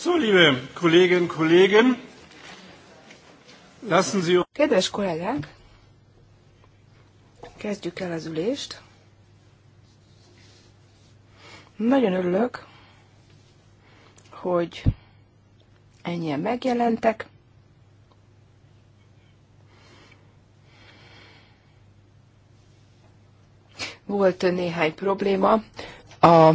So, liebe Kolleginnen, Kollegen, lassen Sie uns... Kedves kollégák, kezdjük el az ülést. Nagyon örülök, hogy ennyien megjelentek. Volt néhány probléma a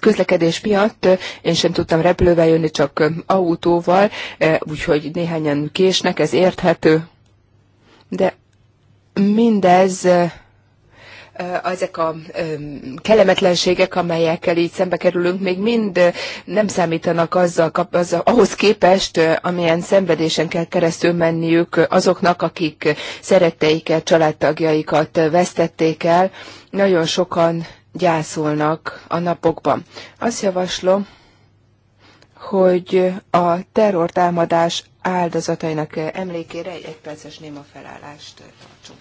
közlekedés miatt én sem tudtam repülővel jönni, csak autóval, úgyhogy néhányan késnek, ez érthető. De mindez ezek a kellemetlenségek, amelyekkel így szembe kerülünk, még mind nem számítanak azzal, azzal, ahhoz képest, amilyen szenvedésen kell keresztül menniük azoknak, akik szeretteiket, családtagjaikat vesztették el. Nagyon sokan gyászolnak a napokban. Azt javaslom, hogy a terrortámadás áldozatainak emlékére egy perces néma felállást tartsunk.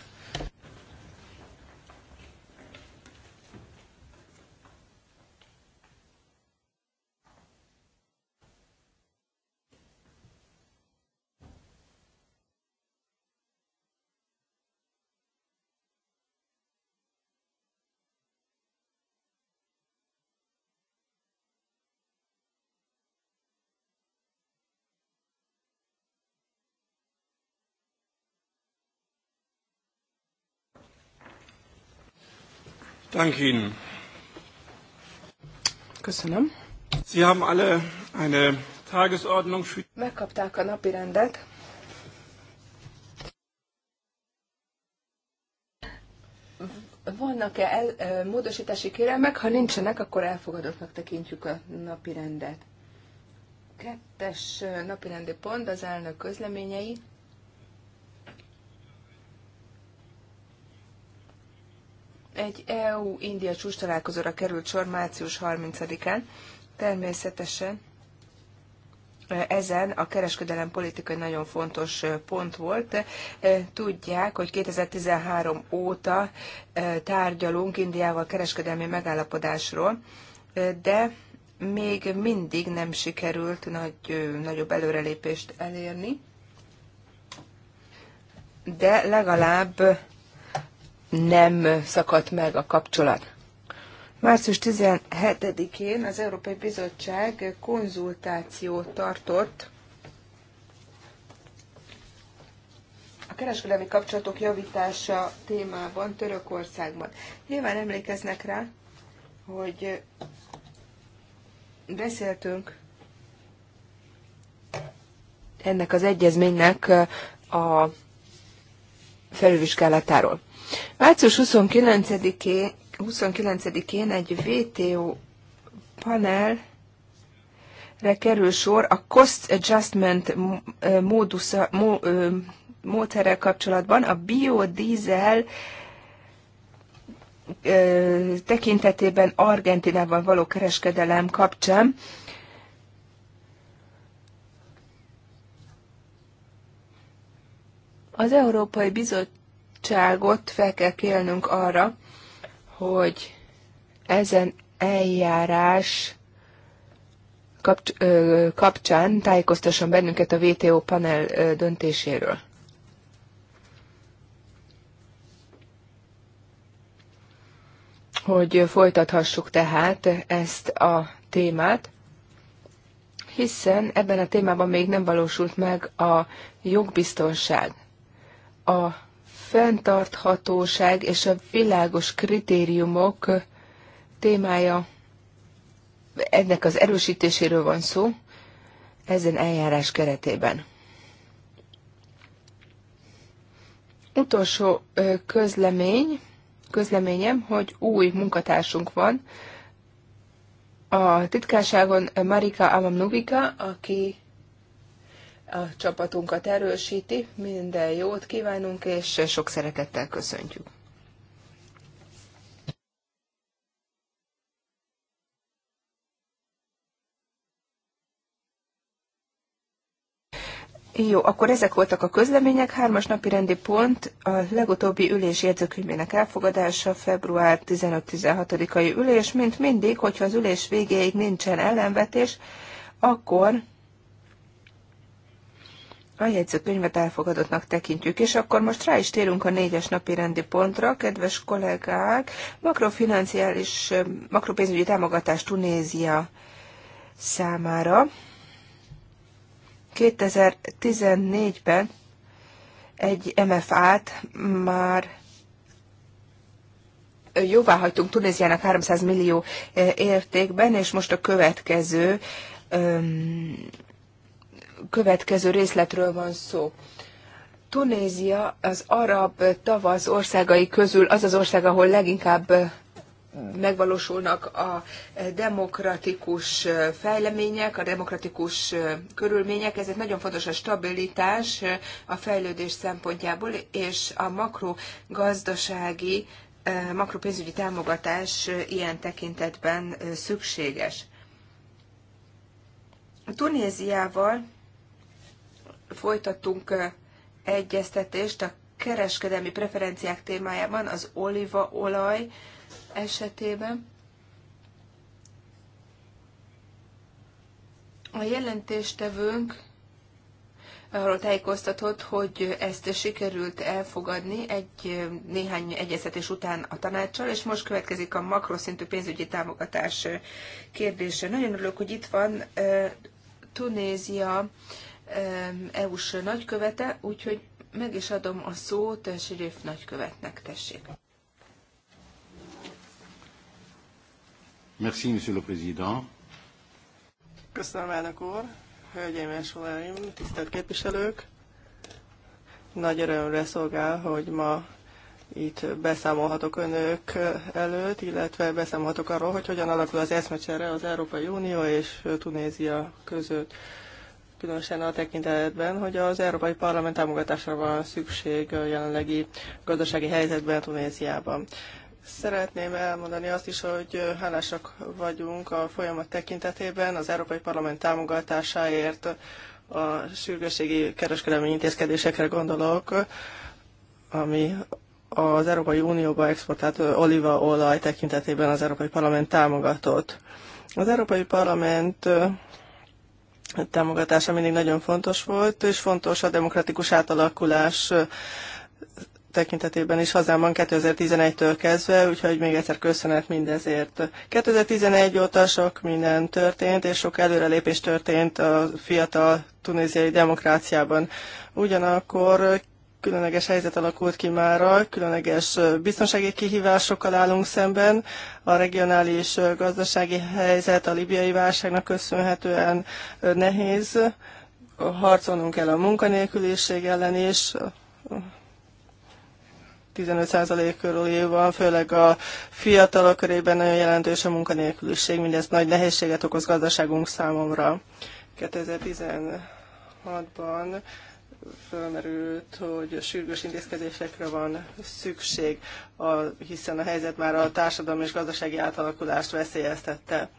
Ihnen. Köszönöm. Sie haben alle eine Tagesordnung für... Megkapták a napi rendet. Vannak-e el, módosítási kérelmek? Ha nincsenek, akkor elfogadottnak tekintjük a napi rendet. Kettes napi rendi pont az elnök közleményei. egy EU-India csúcs találkozóra került sor március 30-án. Természetesen e, ezen a kereskedelem politikai nagyon fontos e, pont volt. E, tudják, hogy 2013 óta tárgyalunk Indiával kereskedelmi megállapodásról, de még mindig nem sikerült nagy, nagyobb előrelépést elérni. De legalább nem szakadt meg a kapcsolat. Március 17-én az Európai Bizottság konzultációt tartott a kereskedelmi kapcsolatok javítása témában Törökországban. Nyilván emlékeznek rá, hogy beszéltünk ennek az egyezménynek a felülvizsgálatáról. Március 29-én 29-én egy VTO panel kerül sor a Cost Adjustment módusza, mó, módszerrel kapcsolatban a biodízel tekintetében Argentinában való kereskedelem kapcsán. Az Európai bizot bizottságot fel kell kérnünk arra, hogy ezen eljárás kapcsán tájékoztasson bennünket a VTO panel döntéséről. Hogy folytathassuk tehát ezt a témát, hiszen ebben a témában még nem valósult meg a jogbiztonság. A fenntarthatóság és a világos kritériumok témája, ennek az erősítéséről van szó ezen eljárás keretében. Utolsó közlemény, közleményem, hogy új munkatársunk van a titkárságon Marika Amamnubika, aki a csapatunkat erősíti. Minden jót kívánunk, és sok szeretettel köszöntjük. Jó, akkor ezek voltak a közlemények. Hármas napi rendi pont a legutóbbi ülés jegyzőkönyvének elfogadása február 15-16-ai ülés. Mint mindig, hogyha az ülés végéig nincsen ellenvetés, akkor a jegyzőkönyvet elfogadottnak tekintjük, és akkor most rá is térünk a négyes napi rendi pontra, kedves kollégák, makrofinanciális, makropénzügyi támogatás Tunézia számára. 2014-ben egy MFA-t már jóvá hagytunk Tunéziának 300 millió eh, értékben, és most a következő következő részletről van szó. Tunézia az arab tavasz országai közül az az ország, ahol leginkább megvalósulnak a demokratikus fejlemények, a demokratikus körülmények, ezért nagyon fontos a stabilitás a fejlődés szempontjából, és a makrogazdasági, makropénzügyi támogatás ilyen tekintetben szükséges. A Tunéziával folytattunk egyeztetést a kereskedelmi preferenciák témájában, az olívaolaj esetében. A jelentéstevőnk arról tájékoztatott, hogy ezt sikerült elfogadni egy néhány egyeztetés után a tanácssal, és most következik a makroszintű pénzügyi támogatás kérdése. Nagyon örülök, hogy itt van Tunézia EU-s nagykövete, úgyhogy meg is adom a szót Sirif nagykövetnek, tessék. Merci, Monsieur le Président. Köszönöm, elnök úr, hölgyeim és uraim, tisztelt képviselők. Nagy örömre szolgál, hogy ma itt beszámolhatok önök előtt, illetve beszámolhatok arról, hogy hogyan alakul az eszmecsere az Európai Unió és Tunézia között különösen a tekintetben, hogy az Európai Parlament támogatásra van szükség a jelenlegi gazdasági helyzetben Tunéziában. Szeretném elmondani azt is, hogy hálásak vagyunk a folyamat tekintetében az Európai Parlament támogatásáért a sürgősségi kereskedelmi intézkedésekre gondolok, ami az Európai Unióba exportált olívaolaj tekintetében az Európai Parlament támogatott. Az Európai Parlament támogatása mindig nagyon fontos volt, és fontos a demokratikus átalakulás tekintetében is hazámban 2011-től kezdve, úgyhogy még egyszer köszönet mindezért. 2011 óta sok minden történt, és sok előrelépés történt a fiatal tunéziai demokráciában. Ugyanakkor különleges helyzet alakult ki mára, különleges biztonsági kihívásokkal állunk szemben. A regionális gazdasági helyzet a libiai válságnak köszönhetően nehéz. Harcolnunk kell a munkanélküliség ellen is. 15% körül van, főleg a fiatalok körében nagyon jelentős a munkanélküliség, mindez nagy nehézséget okoz gazdaságunk számomra. 2016-ban fölmerült, hogy sürgős intézkedésekre van szükség, a, hiszen a helyzet már a társadalmi és gazdasági átalakulást veszélyeztette.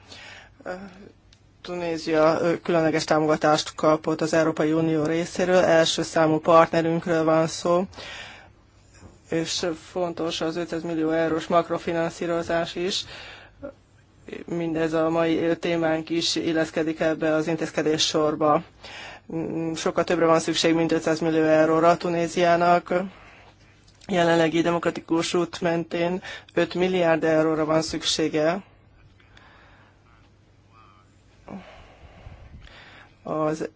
Tunézia különleges támogatást kapott az Európai Unió részéről, első számú partnerünkről van szó, és fontos az 500 millió eurós makrofinanszírozás is. Mindez a mai témánk is illeszkedik ebbe az intézkedés sorba sokkal többre van szükség, mint 500 millió euróra Tunéziának. Jelenlegi demokratikus út mentén 5 milliárd euróra van szüksége. Az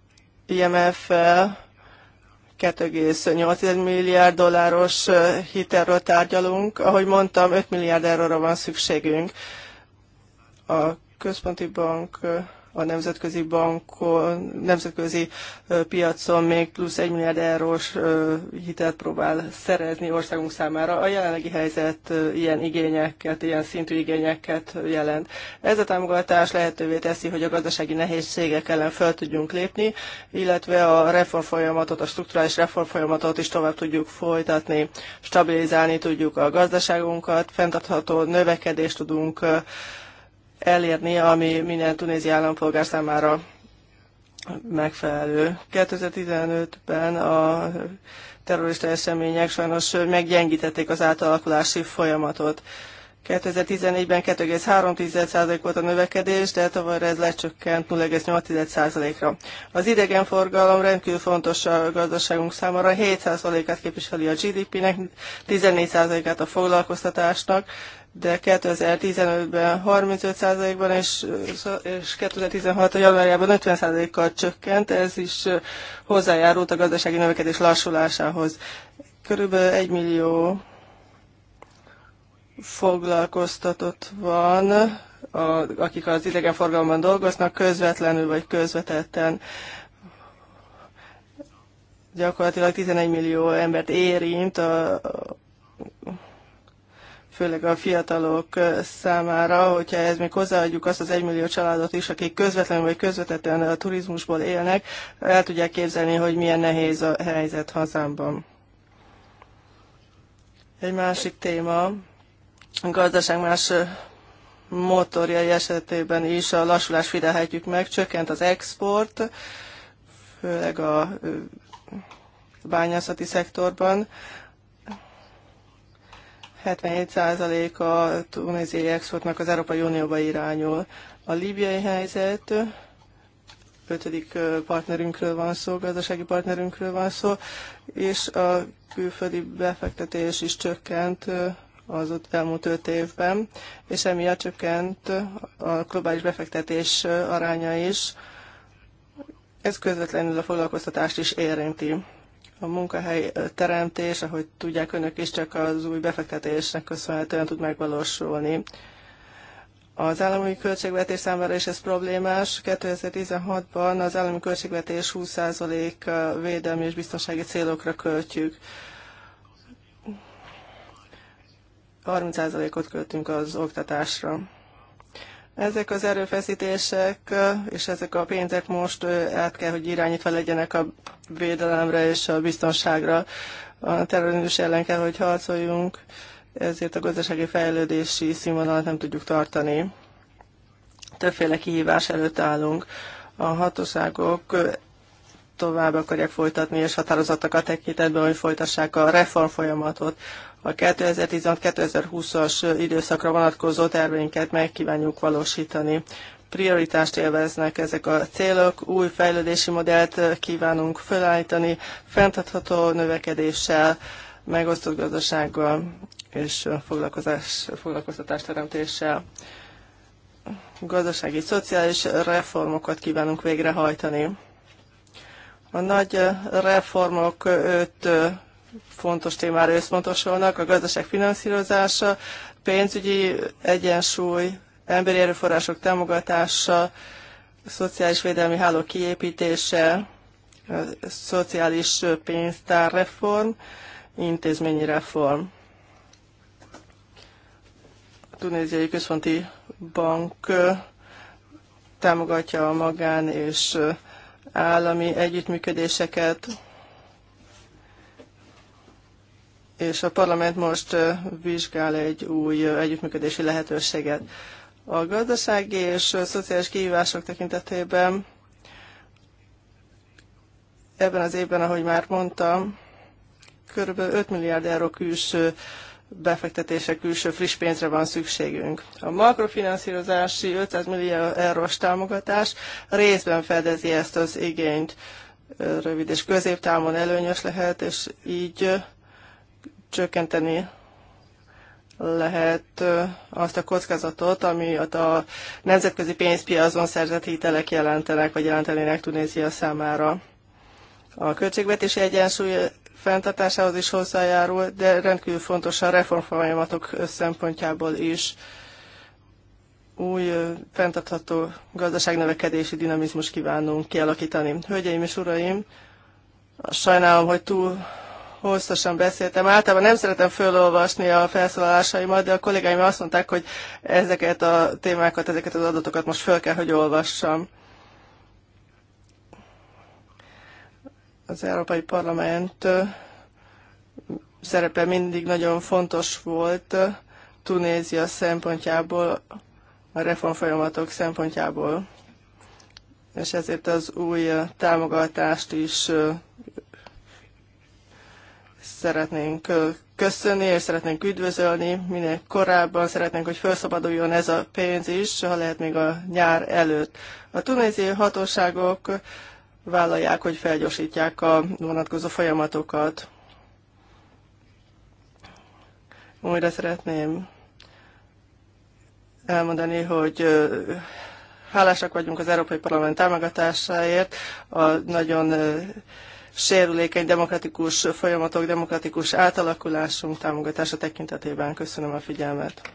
imf 2,8 milliárd dolláros hitelről tárgyalunk. Ahogy mondtam, 5 milliárd euróra van szükségünk. A központi bank a nemzetközi bankon, nemzetközi piacon még plusz egy milliárd eurós hitelt próbál szerezni országunk számára. A jelenlegi helyzet ilyen igényeket, ilyen szintű igényeket jelent. Ez a támogatás lehetővé teszi, hogy a gazdasági nehézségek ellen fel tudjunk lépni, illetve a reformfolyamatot, a strukturális reformfolyamatot is tovább tudjuk folytatni, stabilizálni tudjuk a gazdaságunkat, fenntartható növekedést tudunk elérni, ami minden tunézi állampolgár számára megfelelő. 2015-ben a terrorista események sajnos meggyengítették az átalakulási folyamatot. 2014-ben 2,3% volt a növekedés, de tavalyra ez lecsökkent 0,8%-ra. Az idegenforgalom rendkívül fontos a gazdaságunk számára, 7%-át képviseli a GDP-nek, 14%-át a foglalkoztatásnak, de 2015-ben 35%-ban és, és 2016. januárjában 50%-kal csökkent, ez is hozzájárult a gazdasági növekedés lassulásához. Körülbelül 1 millió foglalkoztatott van, a, akik az idegenforgalomban dolgoznak, közvetlenül vagy közvetetten gyakorlatilag 11 millió embert érint a, a főleg a fiatalok számára, hogyha ez még hozzáadjuk azt az egymillió családot is, akik közvetlenül vagy közvetetten a turizmusból élnek, el tudják képzelni, hogy milyen nehéz a helyzet hazámban. Egy másik téma, a gazdaság más motorjai esetében is a lassulás figyelhetjük meg, csökkent az export, főleg a bányászati szektorban. 77%-a tunéziai exportnak az Európai Unióba irányul. A líbiai helyzet, ötödik partnerünkről van szó, gazdasági partnerünkről van szó, és a külföldi befektetés is csökkent az ott elmúlt öt évben, és emiatt csökkent a globális befektetés aránya is. Ez közvetlenül a foglalkoztatást is érinti. A munkahely teremtés, ahogy tudják önök is, csak az új befektetésnek köszönhetően tud megvalósulni. Az állami költségvetés számára is ez problémás. 2016-ban az állami költségvetés 20% védelmi és biztonsági célokra költjük. 30%-ot költünk az oktatásra. Ezek az erőfeszítések és ezek a pénzek most át kell, hogy irányítva legyenek a védelemre és a biztonságra. A terrorizmus ellen kell, hogy harcoljunk, ezért a gazdasági fejlődési színvonalat nem tudjuk tartani. Többféle kihívás előtt állunk. A hatóságok tovább akarják folytatni, és határozottak a tekintetben, hogy folytassák a reform folyamatot a 2016-2020-as időszakra vonatkozó terveinket meg kívánjuk valósítani. Prioritást élveznek ezek a célok, új fejlődési modellt kívánunk felállítani, fenntartható növekedéssel, megosztott gazdasággal és foglalkozás, teremtéssel. gazdasági, szociális reformokat kívánunk végrehajtani. A nagy reformok öt fontos témára összpontosulnak, a gazdaság finanszírozása, pénzügyi egyensúly, emberi erőforrások támogatása, szociális védelmi háló kiépítése, szociális pénztárreform, intézményi reform. A Tunéziai Központi Bank támogatja a magán és állami együttműködéseket, és a parlament most vizsgál egy új együttműködési lehetőséget. A gazdasági és szociális kihívások tekintetében ebben az évben, ahogy már mondtam, kb. 5 milliárd euró külső befektetése, külső friss pénzre van szükségünk. A makrofinanszírozási 500 millió eurós támogatás részben fedezi ezt az igényt, rövid és középtávon előnyös lehet, és így csökkenteni lehet azt a kockázatot, ami a nemzetközi pénzpiacon szerzett hitelek jelentenek, vagy jelentenének Tunézia számára. A költségvetési egyensúly fenntartásához is hozzájárul, de rendkívül fontos a reformfolyamatok szempontjából is új fenntartható gazdaságnövekedési dinamizmus kívánunk kialakítani. Hölgyeim és uraim, sajnálom, hogy túl hosszasan beszéltem. Általában nem szeretem fölolvasni a felszólalásaimat, de a kollégáim azt mondták, hogy ezeket a témákat, ezeket az adatokat most föl kell, hogy olvassam. Az Európai Parlament szerepe mindig nagyon fontos volt Tunézia szempontjából, a reformfolyamatok szempontjából, és ezért az új támogatást is szeretnénk köszönni, és szeretnénk üdvözölni. Minél korábban szeretnénk, hogy felszabaduljon ez a pénz is, ha lehet még a nyár előtt. A tunéziai hatóságok vállalják, hogy felgyorsítják a vonatkozó folyamatokat. Újra szeretném elmondani, hogy hálásak vagyunk az Európai Parlament támogatásáért. A nagyon sérülékeny demokratikus folyamatok, demokratikus átalakulásunk támogatása tekintetében. Köszönöm a figyelmet.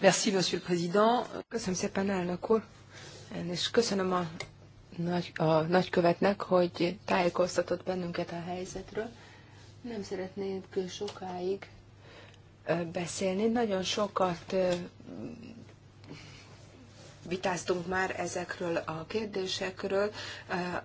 Merci, Monsieur le Président. Köszönöm szépen, elnök úr, és köszönöm a, nagy, a nagykövetnek, hogy tájékoztatott bennünket a helyzetről. Nem szeretnénk sokáig beszélni. Nagyon sokat vitáztunk már ezekről a kérdésekről.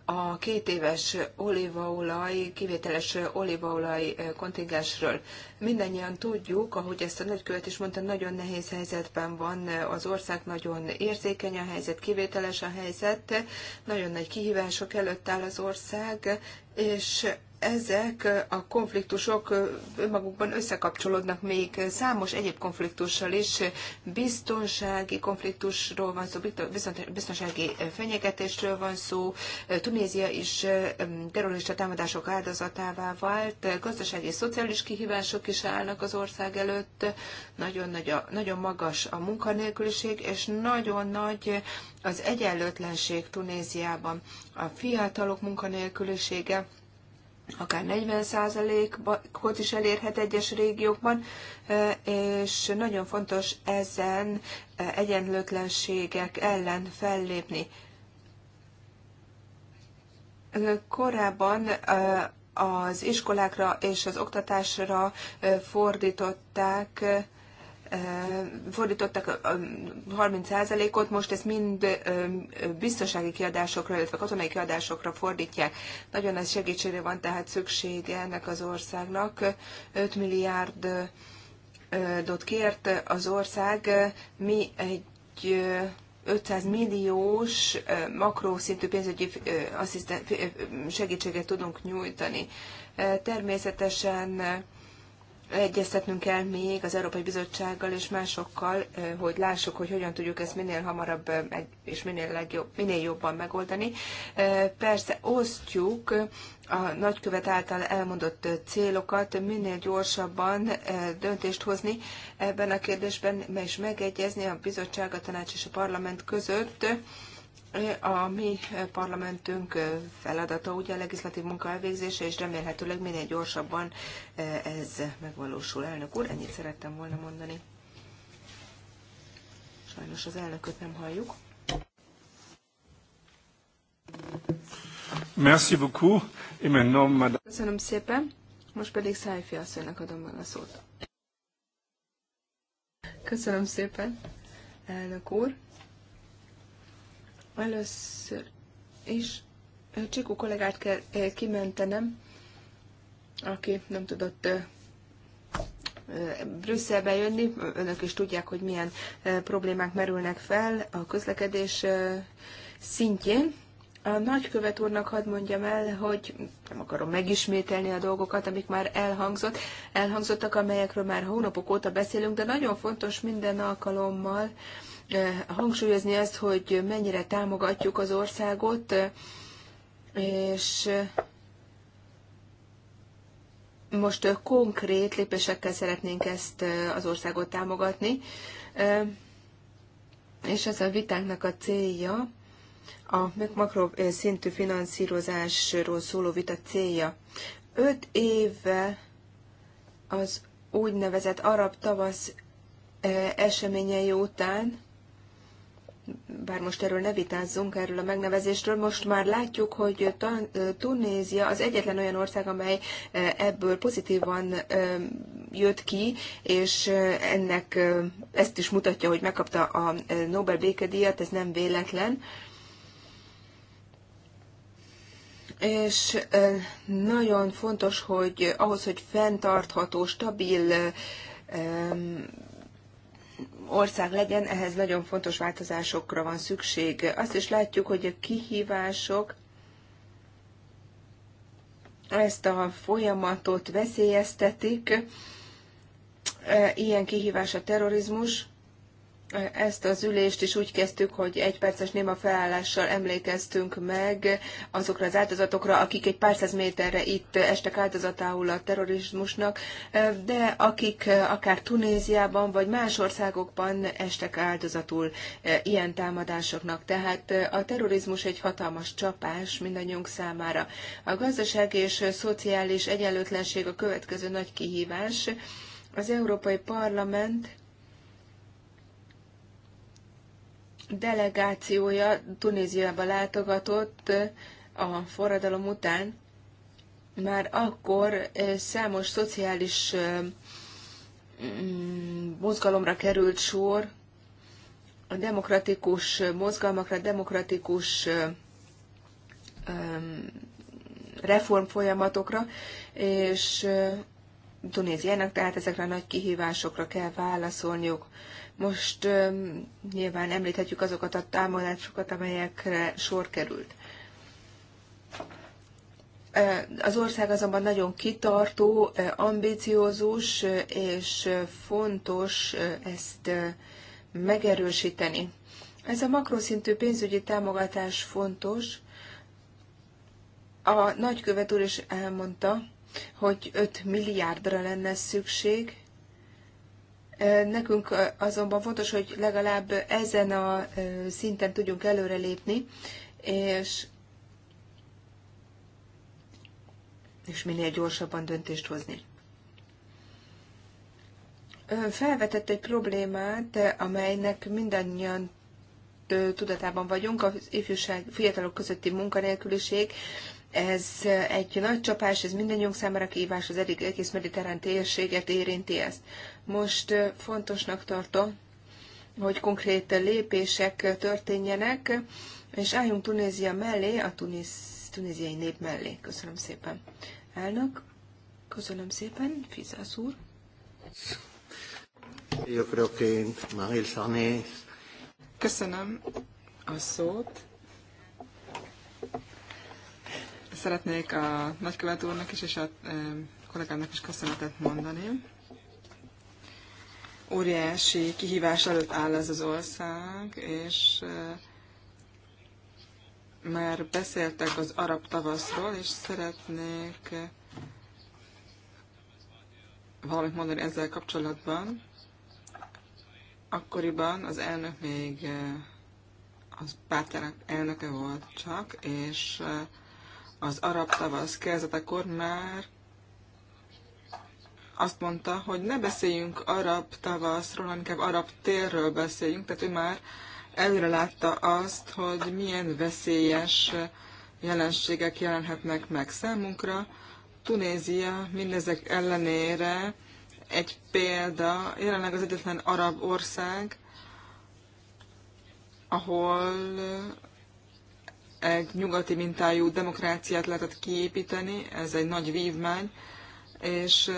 A két éves olívaolaj, kivételes olívaolaj kontingensről. Mindennyian tudjuk, ahogy ezt a nagykövet is mondta, nagyon nehéz helyzetben van az ország, nagyon érzékeny a helyzet, kivételes a helyzet, nagyon nagy kihívások előtt áll az ország, és ezek a konfliktusok önmagukban összekapcsolódnak még számos egyéb konfliktussal is. Biztonsági konfliktusról van szó, biztonsági fenyegetésről van szó. Tunézia is terrorista támadások áldozatává vált. Gazdasági és szociális kihívások is állnak az ország előtt. Nagyon, nagy a, nagyon magas a munkanélküliség, és nagyon nagy az egyenlőtlenség Tunéziában. A fiatalok munkanélkülisége akár 40 százalékot is elérhet egyes régiókban, és nagyon fontos ezen egyenlőtlenségek ellen fellépni. Korábban az iskolákra és az oktatásra fordították fordítottak 30%-ot, most ezt mind biztonsági kiadásokra, illetve katonai kiadásokra fordítják. Nagyon nagy segítségre van tehát szüksége ennek az országnak. 5 milliárd dot kért az ország, mi egy 500 milliós makrószintű pénzügyi segítséget tudunk nyújtani. Természetesen egyeztetnünk kell még az Európai Bizottsággal és másokkal, hogy lássuk, hogy hogyan tudjuk ezt minél hamarabb és minél, legjobb, minél jobban megoldani. Persze osztjuk a nagykövet által elmondott célokat, minél gyorsabban döntést hozni ebben a kérdésben, és megegyezni a bizottság, a tanács és a parlament között, a mi parlamentünk feladata ugye a legislatív munka elvégzése, és remélhetőleg minél gyorsabban ez megvalósul. Elnök úr, ennyit szerettem volna mondani. Sajnos az elnököt nem halljuk. Merci beaucoup. Köszönöm szépen. Most pedig Szájfi asszonynak adom meg a szót. Köszönöm szépen, elnök úr. Először is Csikó kollégát kell kimentenem, aki nem tudott Brüsszelbe jönni. Önök is tudják, hogy milyen problémák merülnek fel a közlekedés szintjén. A nagykövet úrnak hadd mondjam el, hogy nem akarom megismételni a dolgokat, amik már elhangzott, elhangzottak, amelyekről már hónapok óta beszélünk, de nagyon fontos minden alkalommal, hangsúlyozni azt, hogy mennyire támogatjuk az országot, és most konkrét lépésekkel szeretnénk ezt az országot támogatni, és ez a vitánknak a célja, a makro szintű finanszírozásról szóló vita célja. Öt éve az úgynevezett arab tavasz eseményei után bár most erről ne vitázzunk, erről a megnevezésről, most már látjuk, hogy Tunézia az egyetlen olyan ország, amely ebből pozitívan jött ki, és ennek ezt is mutatja, hogy megkapta a Nobel békedíjat, ez nem véletlen. És nagyon fontos, hogy ahhoz, hogy fenntartható, stabil ország legyen, ehhez nagyon fontos változásokra van szükség. Azt is látjuk, hogy a kihívások ezt a folyamatot veszélyeztetik. E, ilyen kihívás a terrorizmus, ezt az ülést is úgy kezdtük, hogy egy perces néma felállással emlékeztünk meg azokra az áldozatokra, akik egy pár száz méterre itt estek áldozatául a terrorizmusnak, de akik akár Tunéziában vagy más országokban estek áldozatul ilyen támadásoknak. Tehát a terrorizmus egy hatalmas csapás mindannyiunk számára. A gazdaság és a szociális egyenlőtlenség a következő nagy kihívás. Az Európai Parlament delegációja Tunéziába látogatott eh, a forradalom után, már akkor eh, számos szociális eh, mm, mozgalomra került sor, a demokratikus mozgalmakra, demokratikus reformfolyamatokra, és Tunéziának tehát ezekre a nagy kihívásokra kell válaszolniuk. Most nyilván említhetjük azokat a támadásokat, amelyekre sor került. Az ország azonban nagyon kitartó, ambiciózus, és fontos ezt megerősíteni. Ez a makroszintű pénzügyi támogatás fontos. A nagykövet úr is elmondta, hogy 5 milliárdra lenne szükség, Nekünk azonban fontos, hogy legalább ezen a szinten tudjunk előrelépni, és, és minél gyorsabban döntést hozni. Ön felvetett egy problémát, amelynek mindannyian tudatában vagyunk, az ifjúság fiatalok közötti munkanélküliség, ez egy nagy csapás, ez mindannyiunk számára kívás, az egész mediterrán térséget érinti ezt. Most fontosnak tartom, hogy konkrét lépések történjenek, és álljunk Tunézia mellé, a tunéz, tunéziai nép mellé. Köszönöm szépen. Elnök, köszönöm szépen, Fizasz úr. Köszönöm a szót. Szeretnék a nagykövet úrnak is és a kollégámnak is köszönetet mondani óriási kihívás előtt áll ez az ország, és már beszéltek az arab tavaszról, és szeretnék valamit mondani ezzel kapcsolatban. Akkoriban az elnök még az pártának elnöke volt csak, és az arab tavasz kezdetekor már azt mondta, hogy ne beszéljünk arab tavaszról, hanem inkább arab térről beszéljünk, tehát ő már előre látta azt, hogy milyen veszélyes jelenségek jelenhetnek meg számunkra. Tunézia mindezek ellenére egy példa, jelenleg az egyetlen arab ország, ahol egy nyugati mintájú demokráciát lehetett kiépíteni, ez egy nagy vívmány, és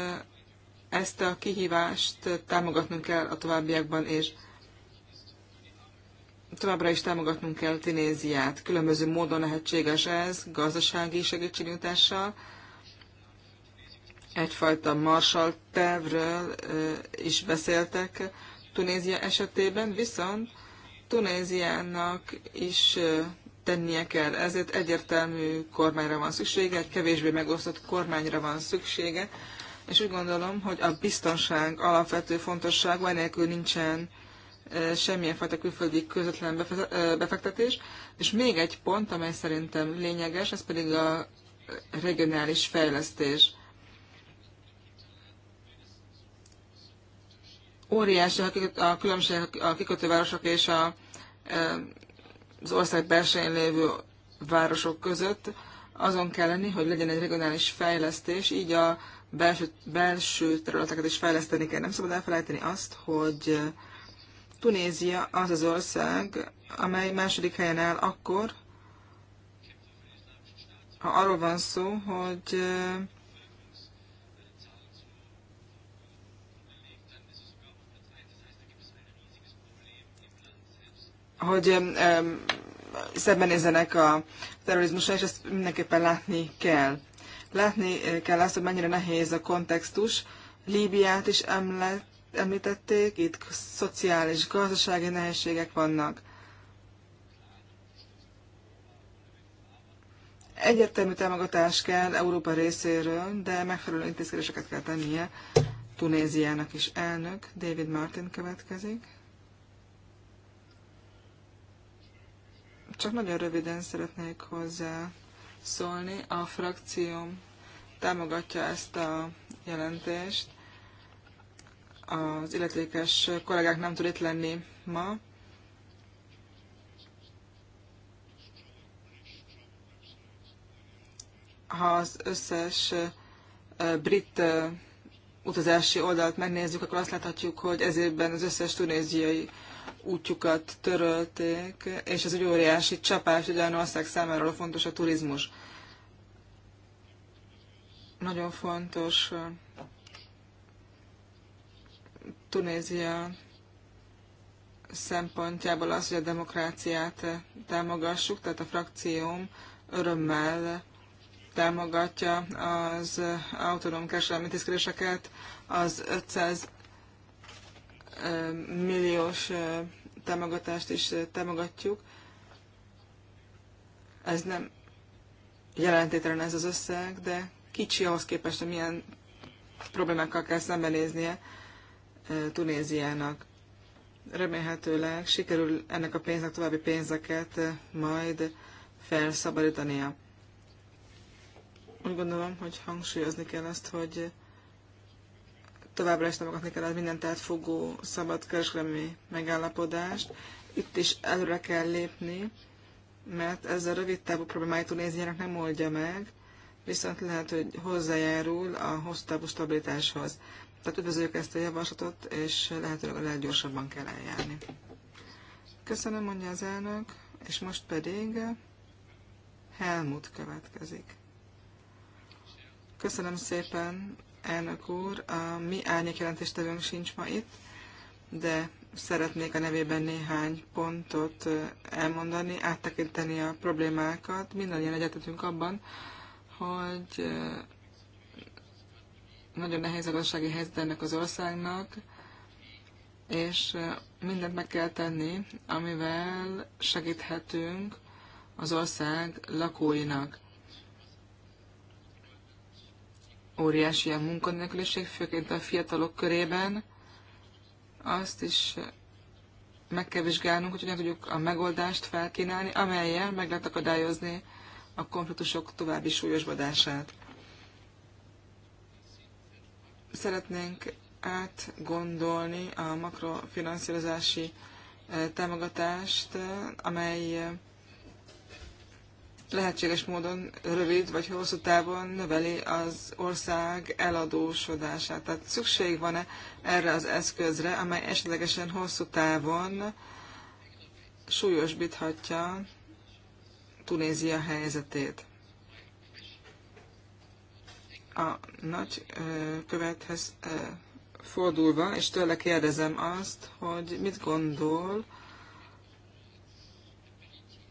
ezt a kihívást támogatnunk kell a továbbiakban, és továbbra is támogatnunk kell Tinéziát. Különböző módon lehetséges ez, gazdasági segítségnyújtással, egyfajta marsal tervről is beszéltek Tunézia esetében, viszont Tunéziának is tennie kell. Ezért egyértelmű kormányra van szüksége, egy kevésbé megosztott kormányra van szüksége, és úgy gondolom, hogy a biztonság alapvető fontosság, vagy nélkül nincsen semmilyen fajta külföldi közvetlen befektetés. És még egy pont, amely szerintem lényeges, ez pedig a regionális fejlesztés. Óriási a különbség a kikötővárosok és a, az ország belsején lévő városok között. Azon kell lenni, hogy legyen egy regionális fejlesztés, így a belső, belső területeket is fejleszteni kell. Nem szabad elfelejteni azt, hogy Tunézia az az ország, amely második helyen áll akkor, ha arról van szó, hogy hogy um, szembenézzenek a terrorizmusra, és ezt mindenképpen látni kell. Látni eh, kell azt, hogy mennyire nehéz a kontextus. Líbiát is említették, itt szociális, gazdasági nehézségek vannak. Egyértelmű támogatás kell Európa részéről, de megfelelő intézkedéseket kell tennie Tunéziának is. Elnök David Martin következik. Csak nagyon röviden szeretnék hozzá szólni. A frakcióm támogatja ezt a jelentést. Az illetékes kollégák nem tud itt lenni ma. Ha az összes brit utazási oldalt megnézzük, akkor azt láthatjuk, hogy ezében az összes tunéziai útjukat törölték, és ez egy óriási csapás, ugyan ország számára fontos a turizmus. Nagyon fontos Tunézia szempontjából az, hogy a demokráciát támogassuk, tehát a frakcióm örömmel támogatja az autonóm kereselmi intézkedéseket, az 500 milliós támogatást is támogatjuk. Ez nem jelentételen ez az összeg, de kicsi ahhoz képest, hogy milyen problémákkal kell szembenéznie Tunéziának. Remélhetőleg sikerül ennek a pénznek további pénzeket majd felszabadítania. Úgy gondolom, hogy hangsúlyozni kell azt, hogy továbbra is támogatni kell minden mindent fogó szabad kereskedelmi megállapodást. Itt is előre kell lépni, mert ez a rövid távú problémáit Tunéziának nem oldja meg, viszont lehet, hogy hozzájárul a hosszú távú stabilitáshoz. Tehát üdvözlők ezt a javaslatot, és lehetőleg a leggyorsabban kell eljárni. Köszönöm, mondja az elnök, és most pedig Helmut következik. Köszönöm szépen, elnök úr. A mi árnyékjelentéstevőnk sincs ma itt, de szeretnék a nevében néhány pontot elmondani, áttekinteni a problémákat. Mindannyian egyetetünk abban, hogy nagyon nehéz a gazdasági helyzet ennek az országnak, és mindent meg kell tenni, amivel segíthetünk az ország lakóinak. óriási a munkanélküliség, főként a fiatalok körében. Azt is meg kell vizsgálnunk, hogy hogyan tudjuk a megoldást felkínálni, amelyel meg lehet akadályozni a konfliktusok további súlyosbodását. Szeretnénk átgondolni a makrofinanszírozási eh, támogatást, eh, amely eh, lehetséges módon rövid vagy hosszú távon növeli az ország eladósodását. Tehát szükség van-e erre az eszközre, amely esetlegesen hosszú távon súlyosbíthatja Tunézia helyzetét. A nagy követhez fordulva, és tőle kérdezem azt, hogy mit gondol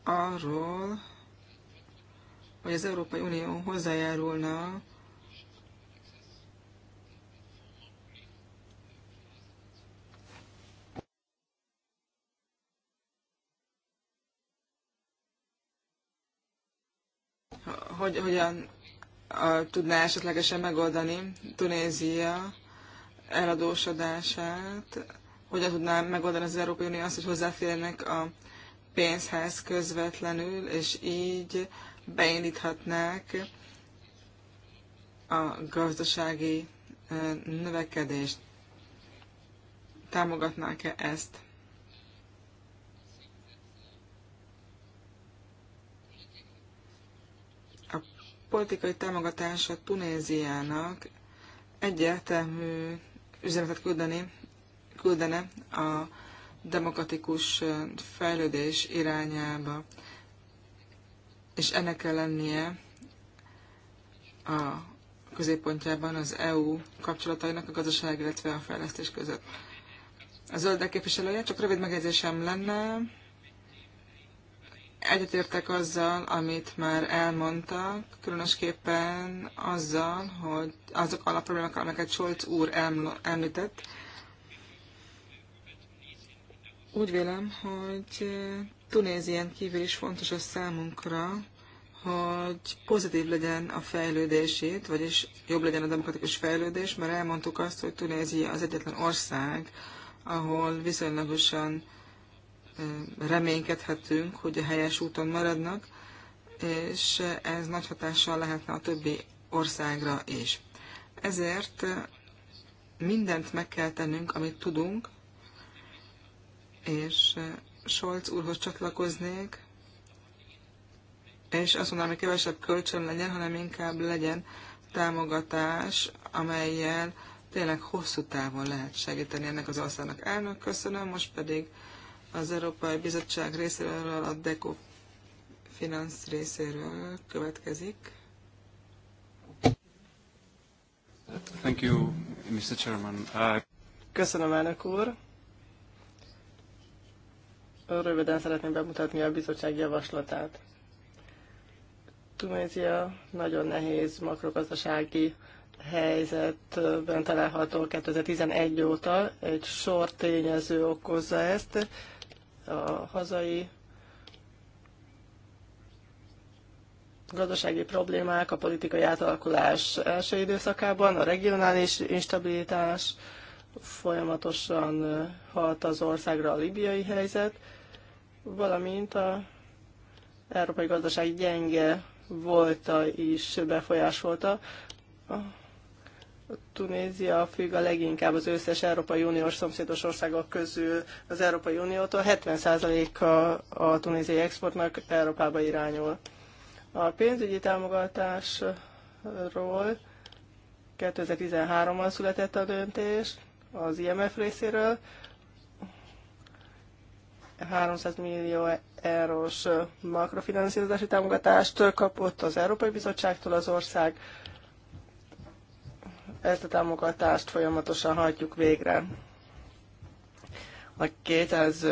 arról, hogy az Európai Unió hozzájárulna hogy hogyan a, tudná esetlegesen megoldani Tunézia eladósodását, hogyan tudná megoldani az Európai Unió azt, hogy hozzáférnek a pénzhez közvetlenül, és így beindíthatnák a gazdasági növekedést. Támogatnák-e ezt? A politikai támogatása Tunéziának egyértelmű üzenetet küldeni, küldene a demokratikus fejlődés irányába és ennek kell lennie a középpontjában az EU kapcsolatainak a gazdaság, illetve a fejlesztés között. A zöldek képviselője, csak rövid megjegyzésem lenne. Egyetértek azzal, amit már elmondtak, különösképpen azzal, hogy azok a problémák, amiket Scholz úr említett, úgy vélem, hogy Tunézien kívül is fontos a számunkra, hogy pozitív legyen a fejlődését, vagyis jobb legyen a demokratikus fejlődés, mert elmondtuk azt, hogy Tunézia az egyetlen ország, ahol viszonylagosan reménykedhetünk, hogy a helyes úton maradnak, és ez nagy hatással lehetne a többi országra is. Ezért mindent meg kell tennünk, amit tudunk, és Scholz úrhoz csatlakoznék, és azt mondanám, hogy kevesebb kölcsön legyen, hanem inkább legyen támogatás, amelyel tényleg hosszú távon lehet segíteni ennek az országnak. Elnök, köszönöm, most pedig az Európai Bizottság részéről a DECO Finance részéről következik. Thank you, Mr. Chairman. Uh... Köszönöm, elnök úr. Röviden szeretném bemutatni a bizottság javaslatát. Tunézia nagyon nehéz makrogazdasági helyzetben található 2011 óta. Egy sor tényező okozza ezt. A hazai gazdasági problémák, a politikai átalakulás első időszakában, a regionális instabilitás, folyamatosan hat az országra a libiai helyzet, valamint a európai gazdaság gyenge volta is befolyásolta. A Tunézia függ a leginkább az összes Európai Uniós szomszédos országok közül az Európai Uniótól. 70%-a a tunéziai exportnak Európába irányul. A pénzügyi támogatásról 2013-ban született a döntés az IMF részéről, 300 millió eurós makrofinanszírozási támogatást kapott az Európai Bizottságtól az ország. Ezt a támogatást folyamatosan hajtjuk végre. A 200,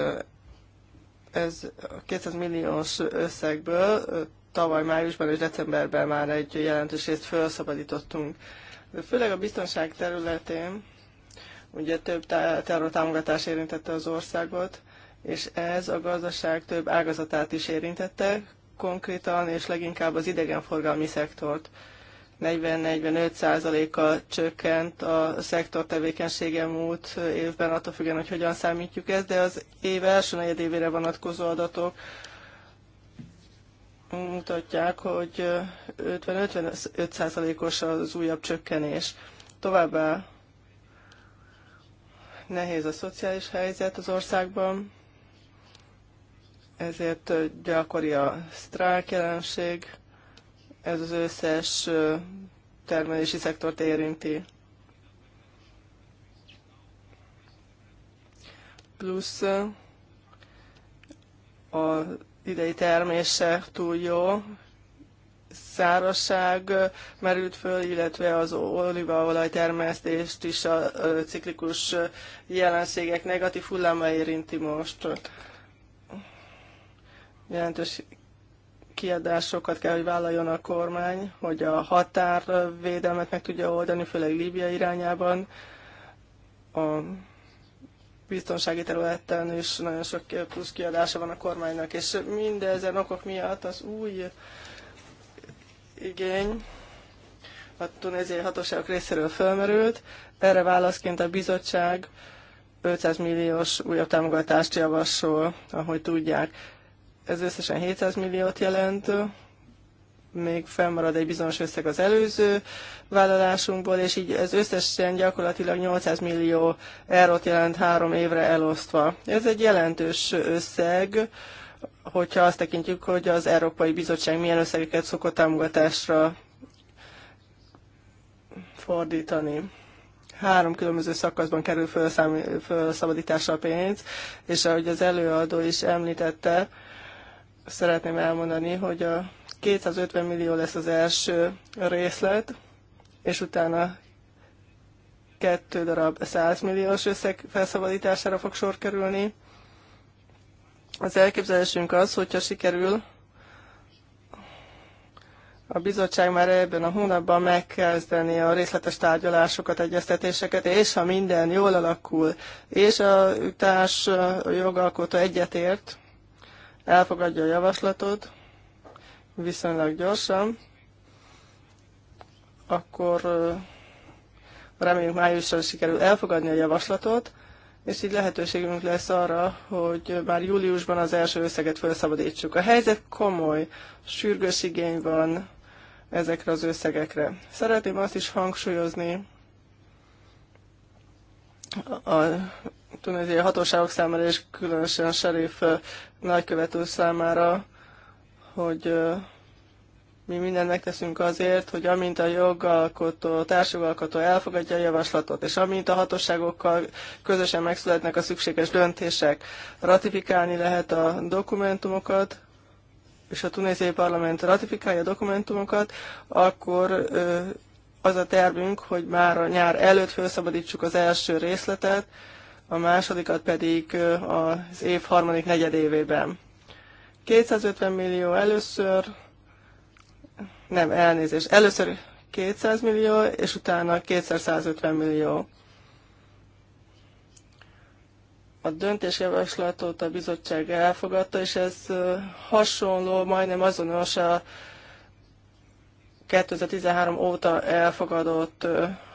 ez, 200 milliós összegből tavaly májusban és decemberben már egy jelentős részt felszabadítottunk. De főleg a biztonság területén, ugye több terrortámogatás érintette az országot, és ez a gazdaság több ágazatát is érintette, konkrétan és leginkább az idegenforgalmi szektort. 40-45 százaléka csökkent a szektor tevékenysége múlt évben, attól függően, hogy hogyan számítjuk ezt, de az év első negyedévére vonatkozó adatok mutatják, hogy 50-55 százalékos az újabb csökkenés. Továbbá nehéz a szociális helyzet az országban, ezért gyakori a sztrájk jelenség, ez az összes termelési szektort érinti. Plusz a idei termése túl jó, szárazság merült föl, illetve az olívaolaj termesztést is a ciklikus jelenségek negatív hulláma érinti most jelentős kiadásokat kell, hogy vállaljon a kormány, hogy a határvédelmet meg tudja oldani, főleg Líbia irányában. A biztonsági területen is nagyon sok plusz kiadása van a kormánynak, és mindezen okok miatt az új igény a tunéziai hatóságok részéről felmerült. Erre válaszként a bizottság 500 milliós újabb támogatást javasol, ahogy tudják ez összesen 700 milliót jelent, még fennmarad egy bizonyos összeg az előző vállalásunkból, és így ez összesen gyakorlatilag 800 millió eurót jelent három évre elosztva. Ez egy jelentős összeg, hogyha azt tekintjük, hogy az Európai Bizottság milyen összegeket szokott támogatásra fordítani. Három különböző szakaszban kerül felszabadításra a pénz, és ahogy az előadó is említette, szeretném elmondani, hogy a 250 millió lesz az első részlet, és utána kettő darab 100 milliós összeg felszabadítására fog sor kerülni. Az elképzelésünk az, hogyha sikerül, a bizottság már ebben a hónapban megkezdeni a részletes tárgyalásokat, egyeztetéseket, és ha minden jól alakul, és a társ jogalkotó egyetért, elfogadja a javaslatot viszonylag gyorsan, akkor reméljük májusra sikerül elfogadni a javaslatot, és így lehetőségünk lesz arra, hogy már júliusban az első összeget felszabadítsuk. A helyzet komoly, sürgős igény van ezekre az összegekre. Szeretném azt is hangsúlyozni a tunéziai hatóságok számára és különösen Serif nagykövető számára, hogy mi mindent megteszünk azért, hogy amint a jogalkotó, a társjogalkotó elfogadja a javaslatot, és amint a hatóságokkal közösen megszületnek a szükséges döntések, ratifikálni lehet a dokumentumokat, és a tunéziai parlament ratifikálja a dokumentumokat, akkor az a tervünk, hogy már a nyár előtt felszabadítsuk az első részletet, a másodikat pedig az év harmadik negyedévében. 250 millió először, nem elnézés, először 200 millió, és utána 250 millió. A döntésjavaslatot a bizottság elfogadta, és ez hasonló, majdnem azonos a 2013 óta elfogadott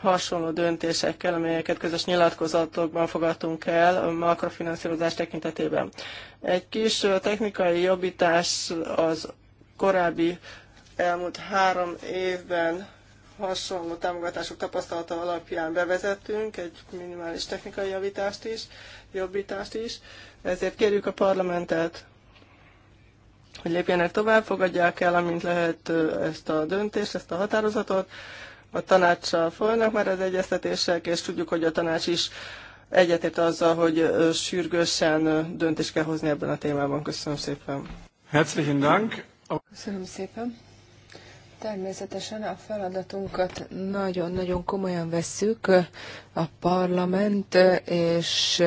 hasonló döntésekkel, amelyeket közös nyilatkozatokban fogadtunk el a makrofinanszírozás tekintetében. Egy kis technikai jobbítás az korábbi elmúlt három évben hasonló támogatások tapasztalata alapján bevezettünk, egy minimális technikai javítást is, jobbítást is. Ezért kérjük a parlamentet, hogy lépjenek tovább, fogadják el, amint lehet ezt a döntést, ezt a határozatot. A tanácssal folynak már az egyeztetések, és tudjuk, hogy a tanács is egyetért azzal, hogy sürgősen döntést kell hozni ebben a témában. Köszönöm szépen. Herzlichen Dank. Köszönöm szépen. Természetesen a feladatunkat nagyon-nagyon komolyan vesszük. A parlament és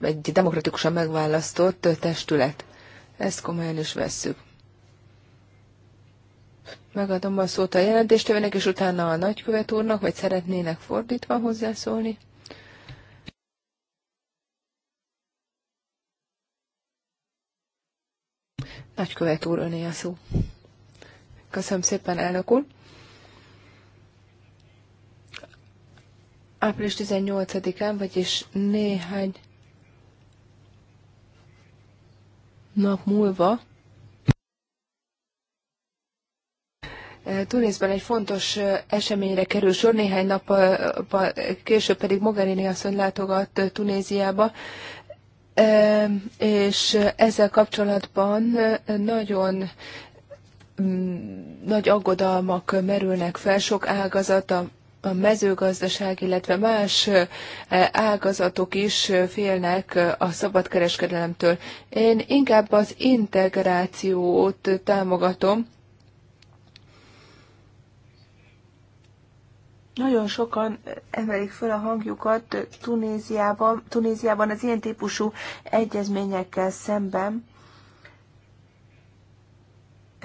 egy demokratikusan megválasztott testület ezt komolyan is vesszük. Megadom a szót a jelentéstevőnek, és utána a nagykövet úrnak, vagy szeretnének fordítva hozzászólni. Nagykövet úr, öné a szó. Köszönöm szépen, elnök úr. Április 18-án, vagyis néhány nap múlva eh, Tunisban egy fontos eh, eseményre kerül sor, néhány nap eh, később pedig Mogherini asszony látogat Tunéziába, és ezzel kapcsolatban nagyon mm, nagy aggodalmak merülnek fel, sok ágazat, a a mezőgazdaság, illetve más ágazatok is félnek a szabadkereskedelemtől. Én inkább az integrációt támogatom. Nagyon sokan emelik fel a hangjukat Tunéziában, Tunéziában az ilyen típusú egyezményekkel szemben.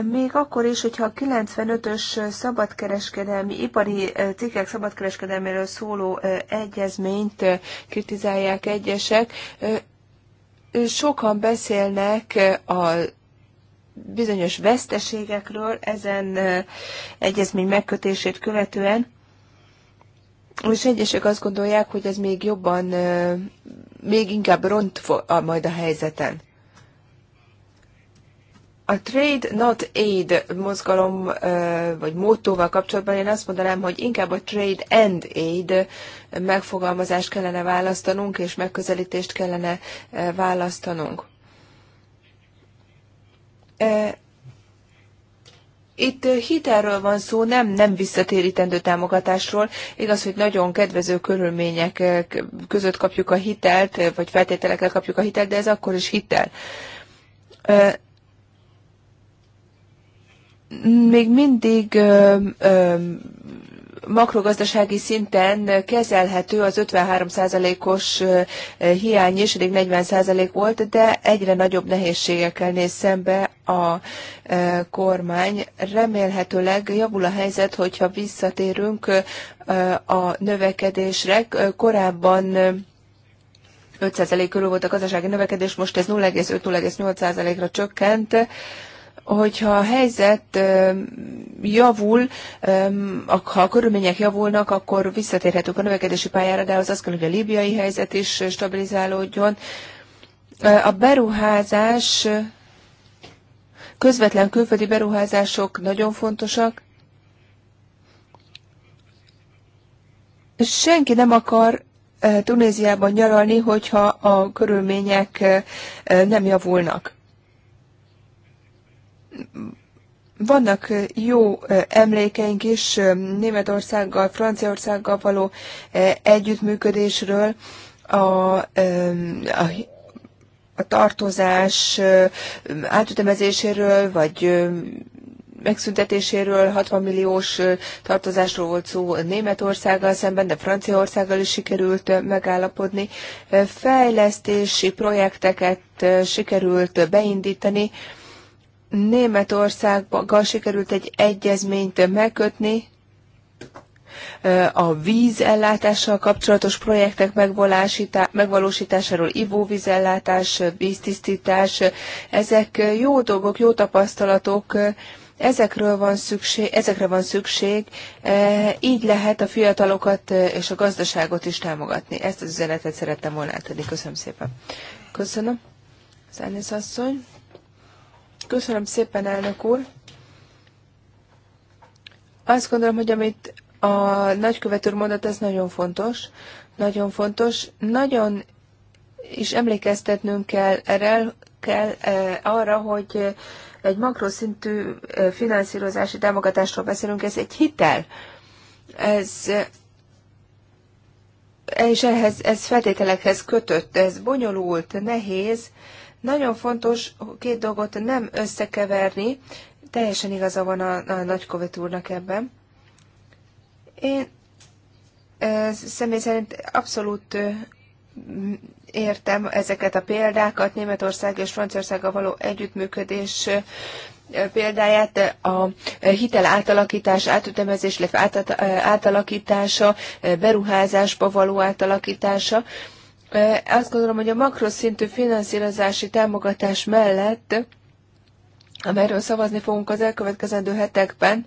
Még akkor is, hogyha a 95-ös szabadkereskedelmi, ipari cikkek szabadkereskedelméről szóló egyezményt kritizálják egyesek, sokan beszélnek a bizonyos veszteségekről ezen egyezmény megkötését követően, és egyesek azt gondolják, hogy ez még jobban, még inkább ront majd a helyzeten. A Trade Not Aid mozgalom vagy módtóval kapcsolatban én azt mondanám, hogy inkább a Trade and Aid megfogalmazást kellene választanunk, és megközelítést kellene választanunk. Itt hitelről van szó, nem, nem visszatérítendő támogatásról. Igaz, hogy nagyon kedvező körülmények között kapjuk a hitelt, vagy feltételekkel kapjuk a hitelt, de ez akkor is hitel még mindig ö, ö, makrogazdasági szinten kezelhető az 53%-os hiány is, eddig 40% volt, de egyre nagyobb nehézségekkel néz szembe a kormány. Remélhetőleg javul a helyzet, hogyha visszatérünk a növekedésre. Korábban 5% körül volt a gazdasági növekedés, most ez 0,5-0,8%-ra csökkent hogyha a helyzet javul, ha a körülmények javulnak, akkor visszatérhetünk a növekedési pályára, de az az kell, hogy a líbiai helyzet is stabilizálódjon. A beruházás, közvetlen külföldi beruházások nagyon fontosak. Senki nem akar Tunéziában nyaralni, hogyha a körülmények nem javulnak vannak jó emlékeink is Németországgal, Franciaországgal való együttműködésről, a, a a tartozás átütemezéséről, vagy megszüntetéséről, 60 milliós tartozásról volt szó Németországgal szemben, de Franciaországgal is sikerült megállapodni. Fejlesztési projekteket sikerült beindítani, Németországgal sikerült egy egyezményt megkötni, a vízellátással kapcsolatos projektek megvalósításáról, ivóvízellátás, víztisztítás, ezek jó dolgok, jó tapasztalatok, Ezekről van szükség, ezekre van szükség, így lehet a fiatalokat és a gazdaságot is támogatni. Ezt az üzenetet szerettem volna átadni. Köszönöm szépen. Köszönöm. Szennész asszony. Köszönöm szépen, elnök úr. Azt gondolom, hogy amit a nagykövetőr mondott, ez nagyon fontos. Nagyon fontos. Nagyon is emlékeztetnünk kell erre, kell eh, arra, hogy egy makroszintű e, finanszírozási támogatásról beszélünk, ez egy hitel. Ez és ehhez, ez feltételekhez kötött, ez bonyolult, nehéz, nagyon fontos két dolgot nem összekeverni, teljesen igaza van a, a nagykövet úrnak ebben. Én személy szerint abszolút értem ezeket a példákat, Németország és Franciaországgal való együttműködés példáját a hitel átalakítás, átütemezés, illetve átalakítása, beruházásba való átalakítása. Azt gondolom, hogy a makroszintű finanszírozási támogatás mellett, amelyről szavazni fogunk az elkövetkezendő hetekben,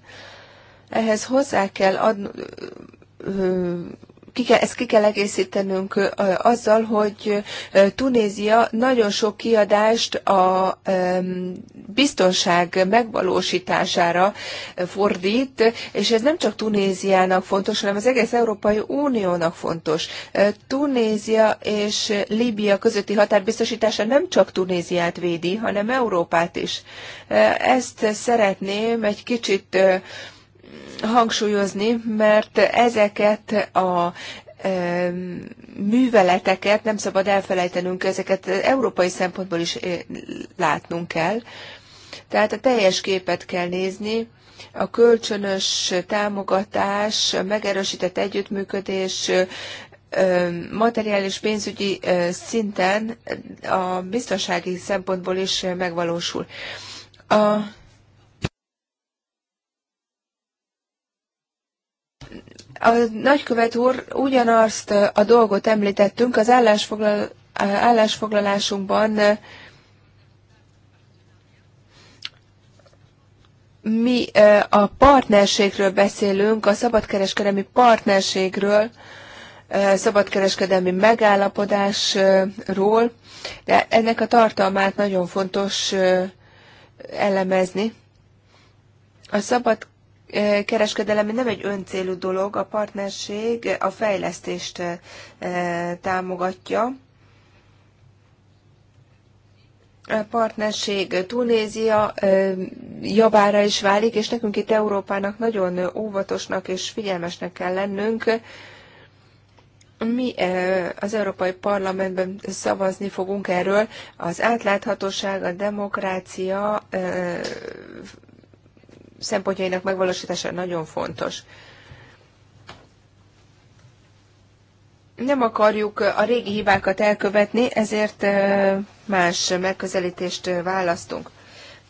ehhez hozzá kell adni ki kell, ezt ki kell egészítenünk azzal, hogy Tunézia nagyon sok kiadást a biztonság megvalósítására fordít, és ez nem csak Tunéziának fontos, hanem az egész Európai Uniónak fontos. Tunézia és Líbia közötti határbiztosítása nem csak Tunéziát védi, hanem Európát is. Ezt szeretném egy kicsit hangsúlyozni, mert ezeket a műveleteket nem szabad elfelejtenünk, ezeket európai szempontból is eh, látnunk kell. Tehát a teljes képet kell nézni, a kölcsönös támogatás, a megerősített együttműködés, materiális pénzügyi eh, szinten a biztonsági szempontból is megvalósul. A A nagykövet úr, ugyanazt a dolgot említettünk az állásfoglal, állásfoglalásunkban, mi a partnerségről beszélünk, a szabadkereskedelmi partnerségről, szabadkereskedelmi megállapodásról, de ennek a tartalmát nagyon fontos elemezni. A szabad kereskedelem nem egy öncélú dolog, a partnerség a fejlesztést támogatja. A partnerség Tunézia javára is válik, és nekünk itt Európának nagyon óvatosnak és figyelmesnek kell lennünk. Mi az Európai Parlamentben szavazni fogunk erről. Az átláthatóság, a demokrácia szempontjainak megvalósítása nagyon fontos. Nem akarjuk a régi hibákat elkövetni, ezért más megközelítést választunk.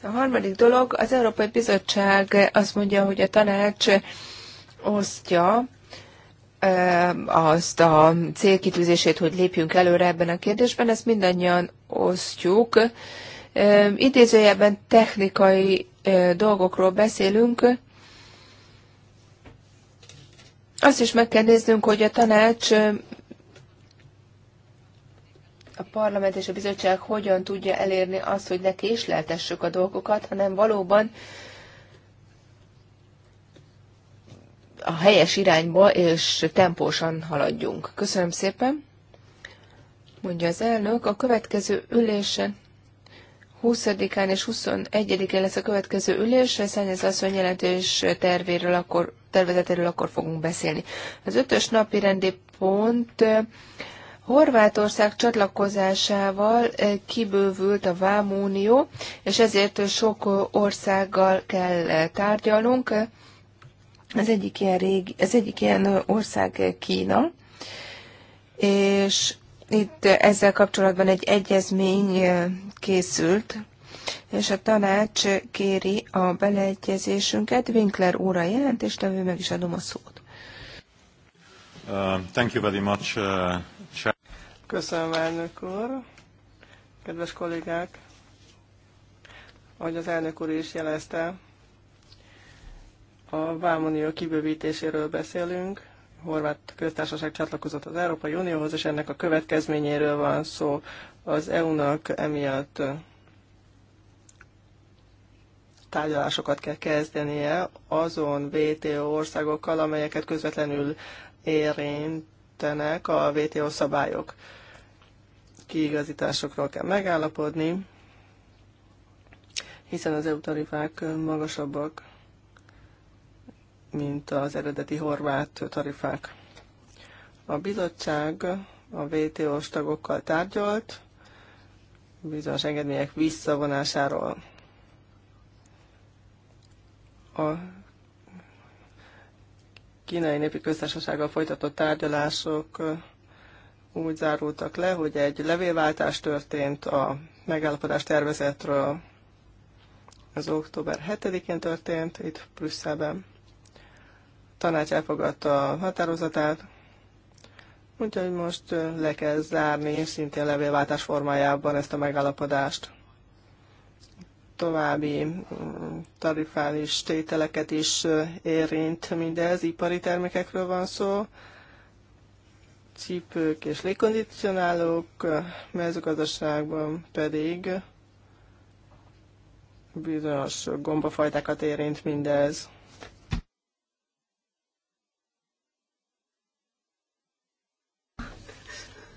A harmadik dolog, az Európai Bizottság azt mondja, hogy a tanács osztja azt a célkitűzését, hogy lépjünk előre ebben a kérdésben, ezt mindannyian osztjuk, Idézőjelben technikai dolgokról beszélünk. Azt is meg kell néznünk, hogy a tanács a parlament és a bizottság hogyan tudja elérni azt, hogy ne késleltessük a dolgokat, hanem valóban a helyes irányba és tempósan haladjunk. Köszönöm szépen, mondja az elnök. A következő ülésen 20-án és 21-én lesz a következő ülés, Szányez asszony jelentős tervéről akkor, tervezetéről akkor fogunk beszélni. Az ötös napi rendi pont Horvátország csatlakozásával kibővült a Vámunió, és ezért sok országgal kell tárgyalnunk. Az egyik ilyen, régi, az egyik ilyen ország Kína, és itt eh, ezzel kapcsolatban egy egyezmény eh, készült, és a tanács eh, kéri a beleegyezésünket. Winkler úra tevő meg is adom a szót. Uh, thank you very much, uh, Köszönöm, elnök úr. Kedves kollégák, ahogy az elnök úr is jelezte, a Vámunió kibővítéséről beszélünk, horvát köztársaság csatlakozott az Európai Unióhoz, és ennek a következményéről van szó az EU-nak emiatt tárgyalásokat kell kezdenie azon WTO országokkal, amelyeket közvetlenül érintenek a WTO szabályok. Kiigazításokról kell megállapodni, hiszen az EU tarifák magasabbak mint az eredeti horvát tarifák. A bizottság a WTO-s tagokkal tárgyalt bizonyos engedmények visszavonásáról. A kínai népi köztársasággal folytatott tárgyalások úgy zárultak le, hogy egy levélváltás történt a megállapodás tervezetről. Az október 7-én történt itt Brüsszelben tanács elfogadta a határozatát, úgyhogy most le kell zárni szintén levélváltás formájában ezt a megállapodást. További mm, tarifális tételeket is érint mindez, ipari termékekről van szó, cipők és légkondicionálók, mezőgazdaságban pedig bizonyos gombafajtákat érint mindez.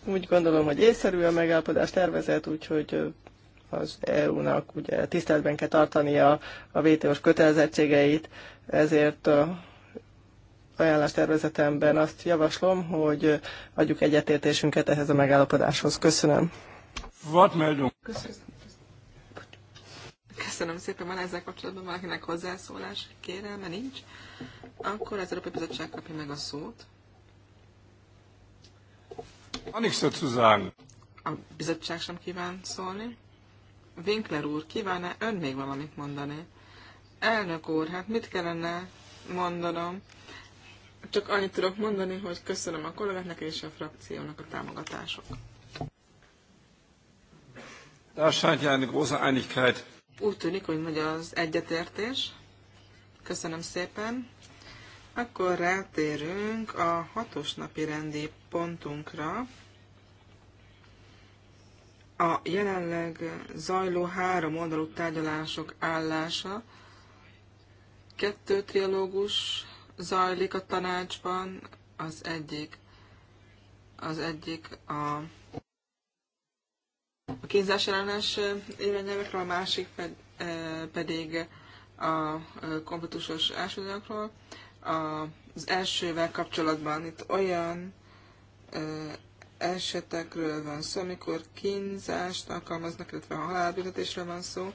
Úgy gondolom, hogy észszerű a megállapodás tervezet, úgyhogy az EU-nak ugye tiszteletben kell tartania a WTO-s kötelezettségeit, ezért tervezetemben azt javaslom, hogy adjuk egyetértésünket ehhez a megállapodáshoz. Köszönöm. Köszönöm. Köszönöm szépen, van ezzel kapcsolatban valakinek hozzászólás kérelme nincs. Akkor az Európai Bizottság kapja meg a szót. A bizottság sem kíván szólni. Winkler úr, kíván-e ön még valamit mondani? Elnök úr, hát mit kellene mondanom? Csak annyit tudok mondani, hogy köszönöm a kollégáknak és a frakciónak a támogatások. Da scheint ja eine große Einigkeit. Úgy tűnik, hogy nagy az egyetértés. Köszönöm szépen. Akkor rátérünk a hatos napi rendi pontunkra. A jelenleg zajló három oldalú tárgyalások állása. Kettő trialógus zajlik a tanácsban, az egyik az egyik a a kínzás ellenes irányelvekről, a másik eh, pedig a eh, konfliktusos ásványokról az elsővel kapcsolatban itt olyan ö, esetekről van szó, amikor kínzást alkalmaznak, illetve a halálbüntetésről van szó.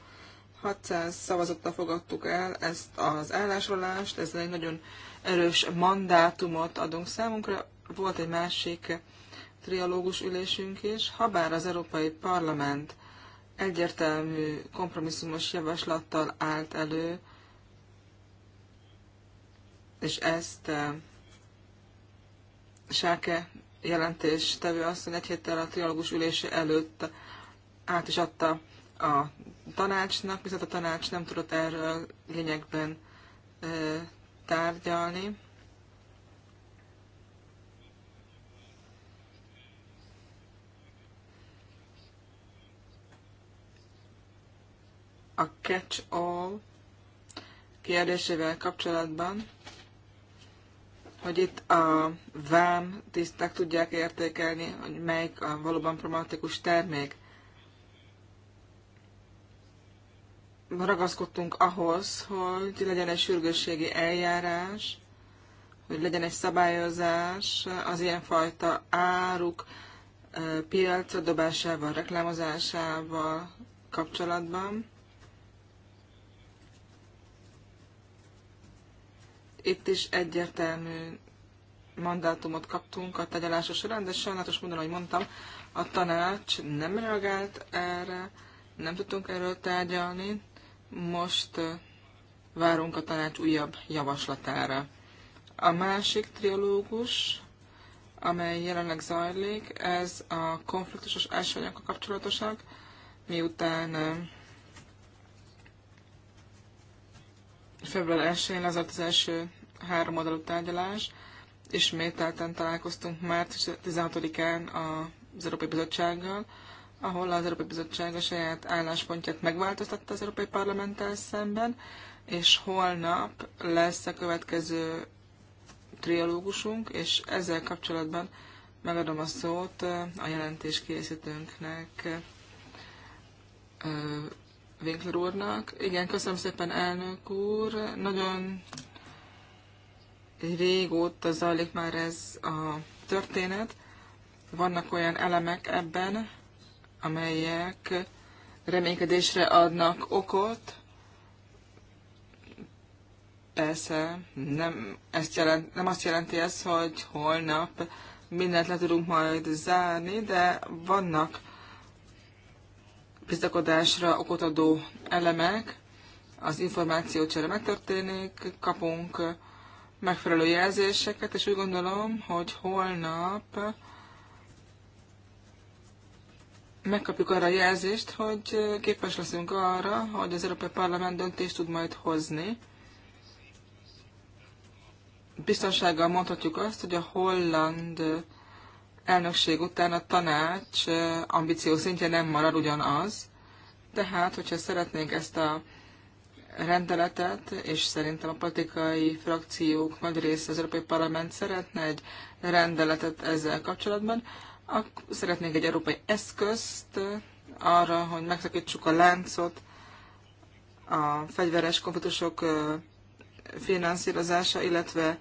600 szavazattal fogadtuk el ezt az állásolást, ezzel egy nagyon erős mandátumot adunk számunkra. Volt egy másik trialógus ülésünk is, habár az Európai Parlament egyértelmű kompromisszumos javaslattal állt elő és ezt eh, Sáke jelentéstevő asszony egy héttel a trialógus ülése előtt át is adta a tanácsnak, viszont a tanács nem tudott erről lényegben eh, tárgyalni. A catch-all kérdésével kapcsolatban hogy itt a vám tiszták tudják értékelni, hogy melyik a valóban problematikus termék. Ragaszkodtunk ahhoz, hogy legyen egy sürgősségi eljárás, hogy legyen egy szabályozás az ilyenfajta áruk eh, piacra dobásával, reklámozásával kapcsolatban. Itt is egyértelmű mandátumot kaptunk a tegyelása során, de sajnálatos módon, ahogy mondtam, a tanács nem reagált erre, nem tudtunk erről tárgyalni, most várunk a tanács újabb javaslatára. A másik triológus, amely jelenleg zajlik, ez a konfliktusos ásványokkal kapcsolatosak, miután február 1-én az az első három oldalú tárgyalás. Ismételten találkoztunk március 16-án az Európai Bizottsággal, ahol az Európai Bizottság a saját álláspontját megváltoztatta az Európai Parlamenttel szemben, és holnap lesz a következő triológusunk, és ezzel kapcsolatban megadom a szót a jelentés készítőnknek, Winkler úrnak. Igen, köszönöm szépen, elnök úr. Nagyon régóta zajlik már ez a történet. Vannak olyan elemek ebben, amelyek reménykedésre adnak okot. Persze, nem, ezt jelent, nem azt jelenti ez, hogy holnap mindent le tudunk majd zárni, de vannak bizakodásra okot adó elemek, az információcsere megtörténik, kapunk megfelelő jelzéseket, és úgy gondolom, hogy holnap megkapjuk arra a jelzést, hogy képes leszünk arra, hogy az Európai Parlament döntést tud majd hozni. Biztonsággal mondhatjuk azt, hogy a holland elnökség után a tanács ambíció szintje nem marad ugyanaz, tehát, hogyha szeretnénk ezt a rendeletet, és szerintem a politikai frakciók nagy része az Európai Parlament szeretne egy rendeletet ezzel kapcsolatban, akkor szeretnénk egy európai eszközt arra, hogy megszakítsuk a láncot a fegyveres konfliktusok finanszírozása, illetve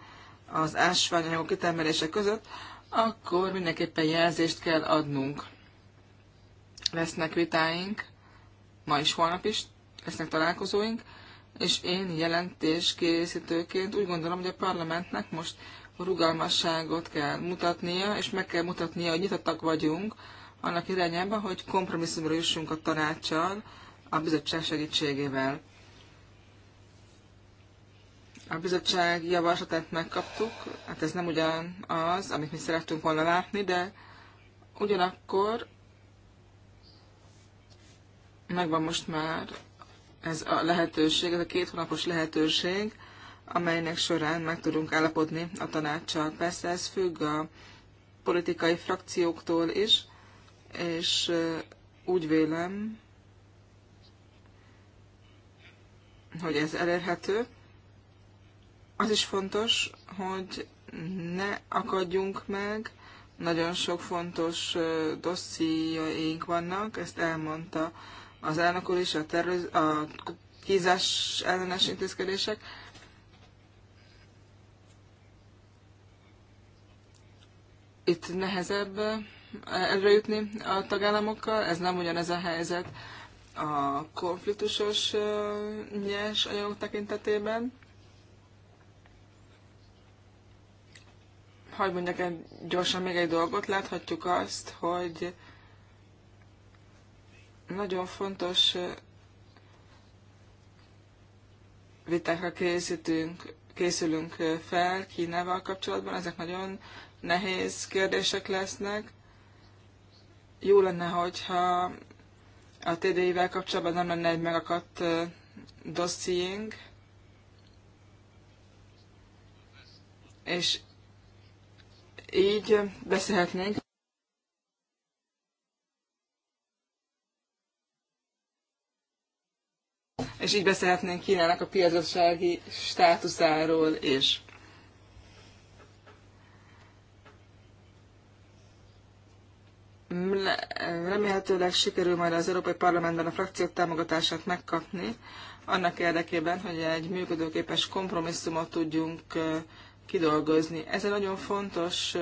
az ásványanyagok kitermelése között, akkor mindenképpen jelzést kell adnunk. Lesznek vitáink, ma is, holnap is, lesznek találkozóink, és én jelentés készítőként úgy gondolom, hogy a parlamentnek most rugalmasságot kell mutatnia, és meg kell mutatnia, hogy nyitottak vagyunk annak irányába, hogy kompromisszumra jussunk a tanácssal, a bizottság segítségével a bizottság javaslatát megkaptuk, hát ez nem ugyanaz, amit mi szerettünk volna látni, de ugyanakkor megvan most már ez a lehetőség, ez a két hónapos lehetőség, amelynek során meg tudunk állapodni a tanácssal. Persze ez függ a politikai frakcióktól is, és úgy vélem, hogy ez elérhető. Az is fontos, hogy ne akadjunk meg, nagyon sok fontos dossziéink vannak, ezt elmondta az elnök úr is, a, terroriz- a kínzás ellenes intézkedések. Itt nehezebb előjutni a tagállamokkal, ez nem ugyanez a helyzet a konfliktusos nyers anyagok tekintetében. hagyd mondjak el gyorsan még egy dolgot. Láthatjuk azt, hogy nagyon fontos vitákra készítünk, készülünk fel Kínával kapcsolatban. Ezek nagyon nehéz kérdések lesznek. Jó lenne, hogyha a TDI-vel kapcsolatban nem lenne egy megakadt dossziénk, és így beszélhetnénk. És így beszélhetnénk Kínának a piacgazdasági státuszáról és Remélhetőleg sikerül majd az Európai Parlamentben a frakciók támogatását megkapni, annak érdekében, hogy egy működőképes kompromisszumot tudjunk kidolgozni. Ez egy nagyon fontos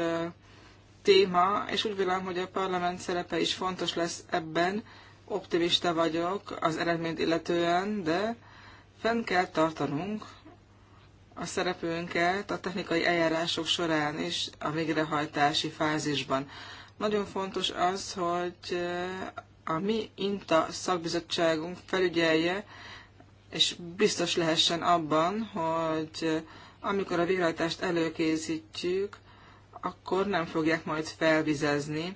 téma, és úgy vélem, hogy a parlament szerepe is fontos lesz ebben. Optimista vagyok az eredményt illetően, de fenn kell tartanunk a szerepünket a technikai eljárások során és a végrehajtási fázisban. Nagyon fontos az, hogy a mi INTA szakbizottságunk felügyelje, és biztos lehessen abban, hogy amikor a végrehajtást előkészítjük, akkor nem fogják majd felvizezni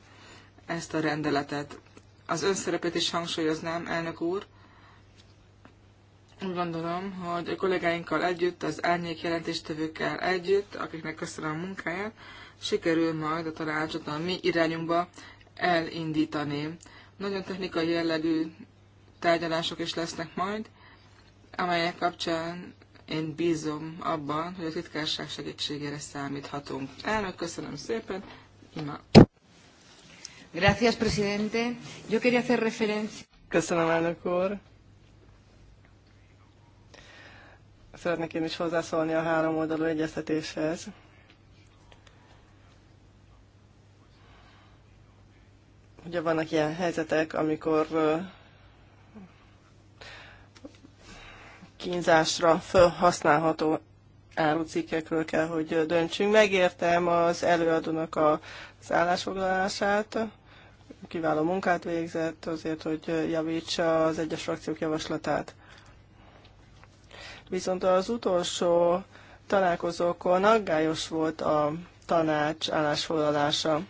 ezt a rendeletet. Az önszerepet is hangsúlyoznám, elnök úr. Úgy gondolom, hogy a kollégáinkkal együtt, az árnyék jelentéstevőkkel együtt, akiknek köszönöm a munkáját, sikerül majd a tanácsot a mi irányunkba elindítani. Nagyon technikai jellegű tárgyalások is lesznek majd, amelyek kapcsán én bízom abban, hogy a titkárság segítségére számíthatunk. Elnök, köszönöm szépen. Ima. Gracias, presidente. Yo quería hacer referencia. Köszönöm, elnök úr. Szeretnék én is hozzászólni a három oldalú egyeztetéshez. Ugye vannak ilyen helyzetek, amikor kínzásra felhasználható árucikkekről kell, hogy döntsünk. Megértem az előadónak a állásfoglalását, kiváló munkát végzett azért, hogy javítsa az egyes frakciók javaslatát. Viszont az utolsó találkozókon aggályos volt a tanács állásfoglalása.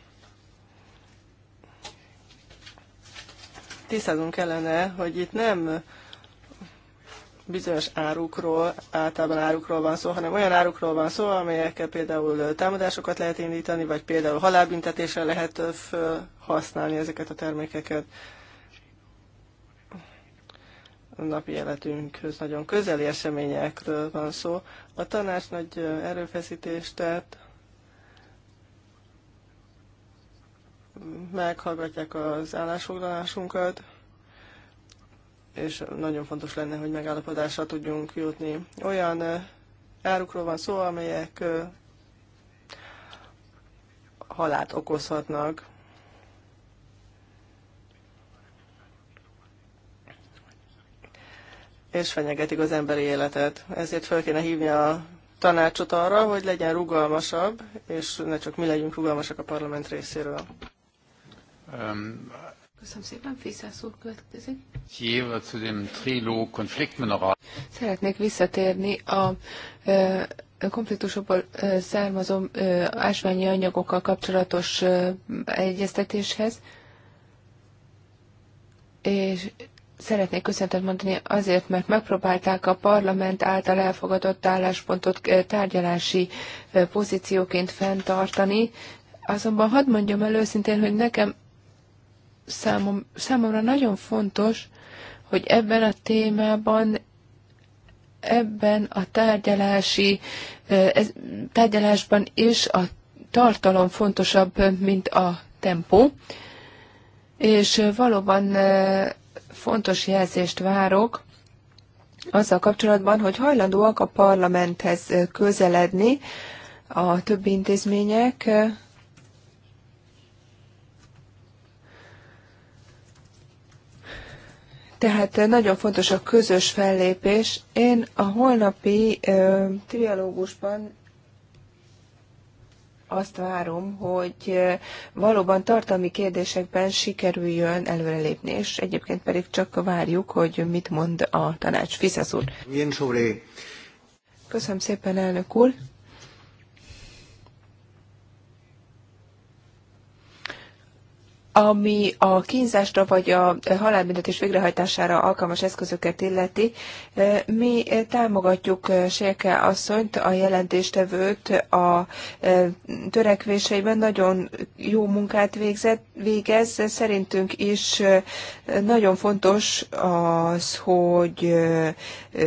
Tisztázunk kellene, hogy itt nem bizonyos árukról, általában árukról van szó, hanem olyan árukról van szó, amelyekkel például támadásokat lehet indítani, vagy például halálbüntetésre lehet használni ezeket a termékeket. A napi életünkhöz nagyon közeli eseményekről van szó. A tanács nagy erőfeszítést tett, meghallgatják az állásfoglalásunkat, és nagyon fontos lenne, hogy megállapodásra tudjunk jutni. Olyan árukról van szó, amelyek halált okozhatnak. és fenyegetik az emberi életet. Ezért fel kéne hívni a tanácsot arra, hogy legyen rugalmasabb, és ne csak mi legyünk rugalmasak a parlament részéről. Um, Köszönöm szépen, Fészász úr következik. Szeretnék visszatérni a konfliktusokból származó ásványi anyagokkal kapcsolatos egyeztetéshez, és szeretnék köszöntet mondani azért, mert megpróbálták a parlament által elfogadott álláspontot tárgyalási pozícióként fenntartani, Azonban hadd mondjam el őszintén, hogy nekem számom, számomra nagyon fontos, hogy ebben a témában, ebben a tárgyalási, ez, tárgyalásban is a tartalom fontosabb, mint a tempó, és valóban fontos jelzést várok azzal kapcsolatban, hogy hajlandóak a parlamenthez közeledni a többi intézmények, Tehát eh, nagyon fontos a közös fellépés. Én a holnapi ö, eh, trialógusban azt várom, hogy eh, valóban tartalmi kérdésekben sikerüljön előrelépni, és egyébként pedig csak várjuk, hogy mit mond a tanács. Fiszesz úr. Köszönöm szépen, elnök úr. ami a kínzásra vagy a halálbüntetés végrehajtására alkalmas eszközöket illeti, mi támogatjuk Sérke asszonyt, a jelentéstevőt a törekvéseiben. Nagyon jó munkát végzett, végez. Szerintünk is nagyon fontos az, hogy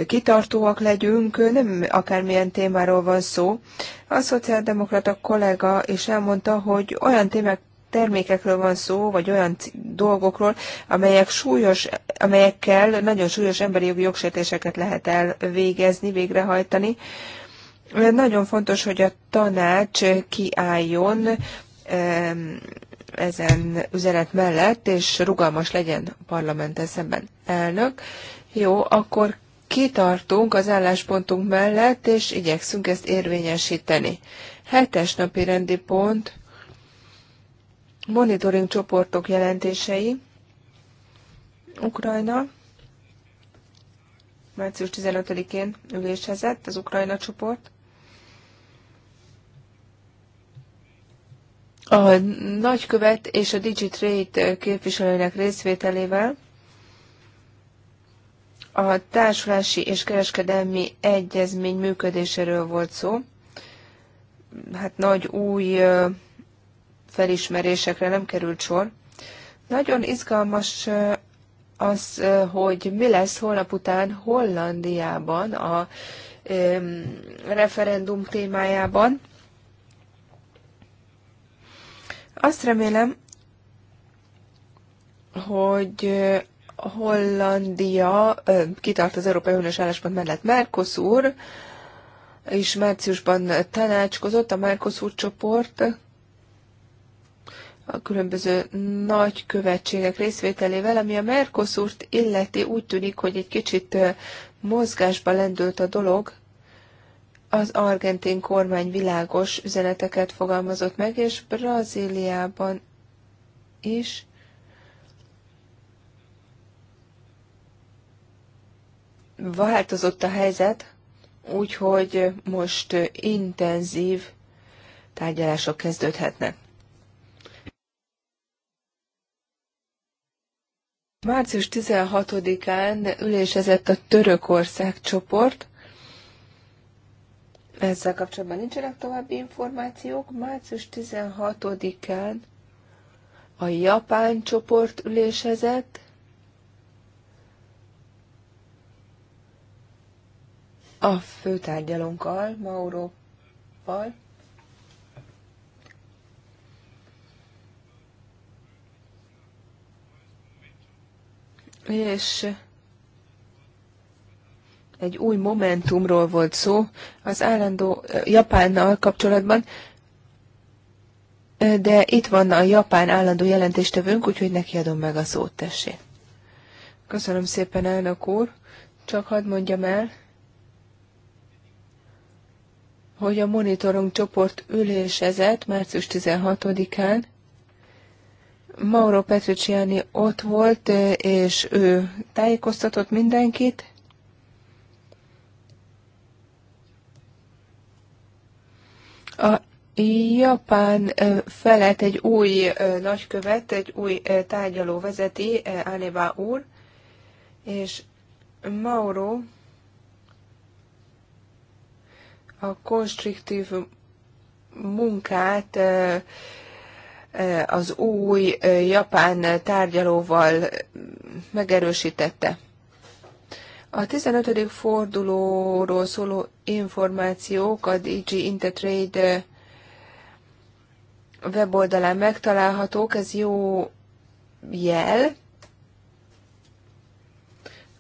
kitartóak legyünk, nem akármilyen témáról van szó. A szociáldemokrata kollega is elmondta, hogy olyan témák termékekről van szó, vagy olyan dolgokról, amelyek súlyos, amelyekkel nagyon súlyos emberi jogi jogsértéseket lehet elvégezni, végrehajtani. Nagyon fontos, hogy a tanács kiálljon ezen üzenet mellett, és rugalmas legyen a parlamenten szemben elnök. Jó, akkor kitartunk az álláspontunk mellett, és igyekszünk ezt érvényesíteni. Hetes napi rendi pont monitoring csoportok jelentései. Ukrajna március 15-én üléshezett az Ukrajna csoport. A nagykövet és a DigiTrade képviselőinek részvételével a társulási és kereskedelmi egyezmény működéséről volt szó. Hát nagy új felismerésekre nem került sor. Nagyon izgalmas az, hogy mi lesz holnap után Hollandiában a referendum témájában. Azt remélem, hogy Hollandia kitart az Európai Uniós álláspont mellett Mercosur, és márciusban tanácskozott a Mercosur csoport a különböző nagy követségek részvételével, ami a Mercosurt illeti úgy tűnik, hogy egy kicsit mozgásba lendült a dolog, az argentin kormány világos üzeneteket fogalmazott meg, és Brazíliában is változott a helyzet, úgyhogy most intenzív tárgyalások kezdődhetnek. Március 16-án ülésezett a Törökország csoport. Ezzel kapcsolatban nincsenek további információk. Március 16-án a japán csoport ülésezett. A főtárgyalónkkal, Mauróval. és egy új momentumról volt szó az állandó Japánnal kapcsolatban, de itt van a japán állandó jelentéstevőnk, úgyhogy neki adom meg a szót, tessé. Köszönöm szépen, elnök úr. Csak hadd mondjam el, hogy a monitorunk csoport ülésezett március 16-án, Mauro Petriciani ott volt, eh, és ő tájékoztatott mindenkit. A Japán eh, felett egy új eh, nagykövet, egy új tárgyaló vezeti, Aneba úr, és Mauro a konstruktív munkát Eh, az új eh, japán tárgyalóval megerősítette. A 15. fordulóról szóló információk a DG Intertrade eh, weboldalán megtalálhatók, ez jó jel.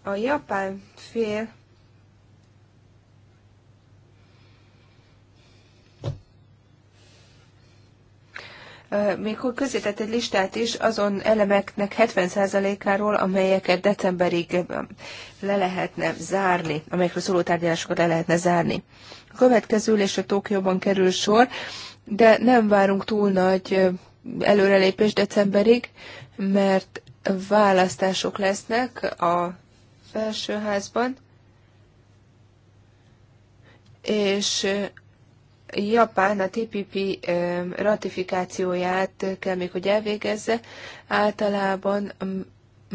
A japán fél még közített egy listát is azon elemeknek 70%-áról, amelyeket decemberig le lehetne zárni, amelyekről szóló tárgyalásokat le lehetne zárni. A következő a Tokióban kerül sor, de nem várunk túl nagy előrelépés decemberig, mert választások lesznek a felsőházban, és Japán a TPP ratifikációját kell még, hogy elvégezze. Általában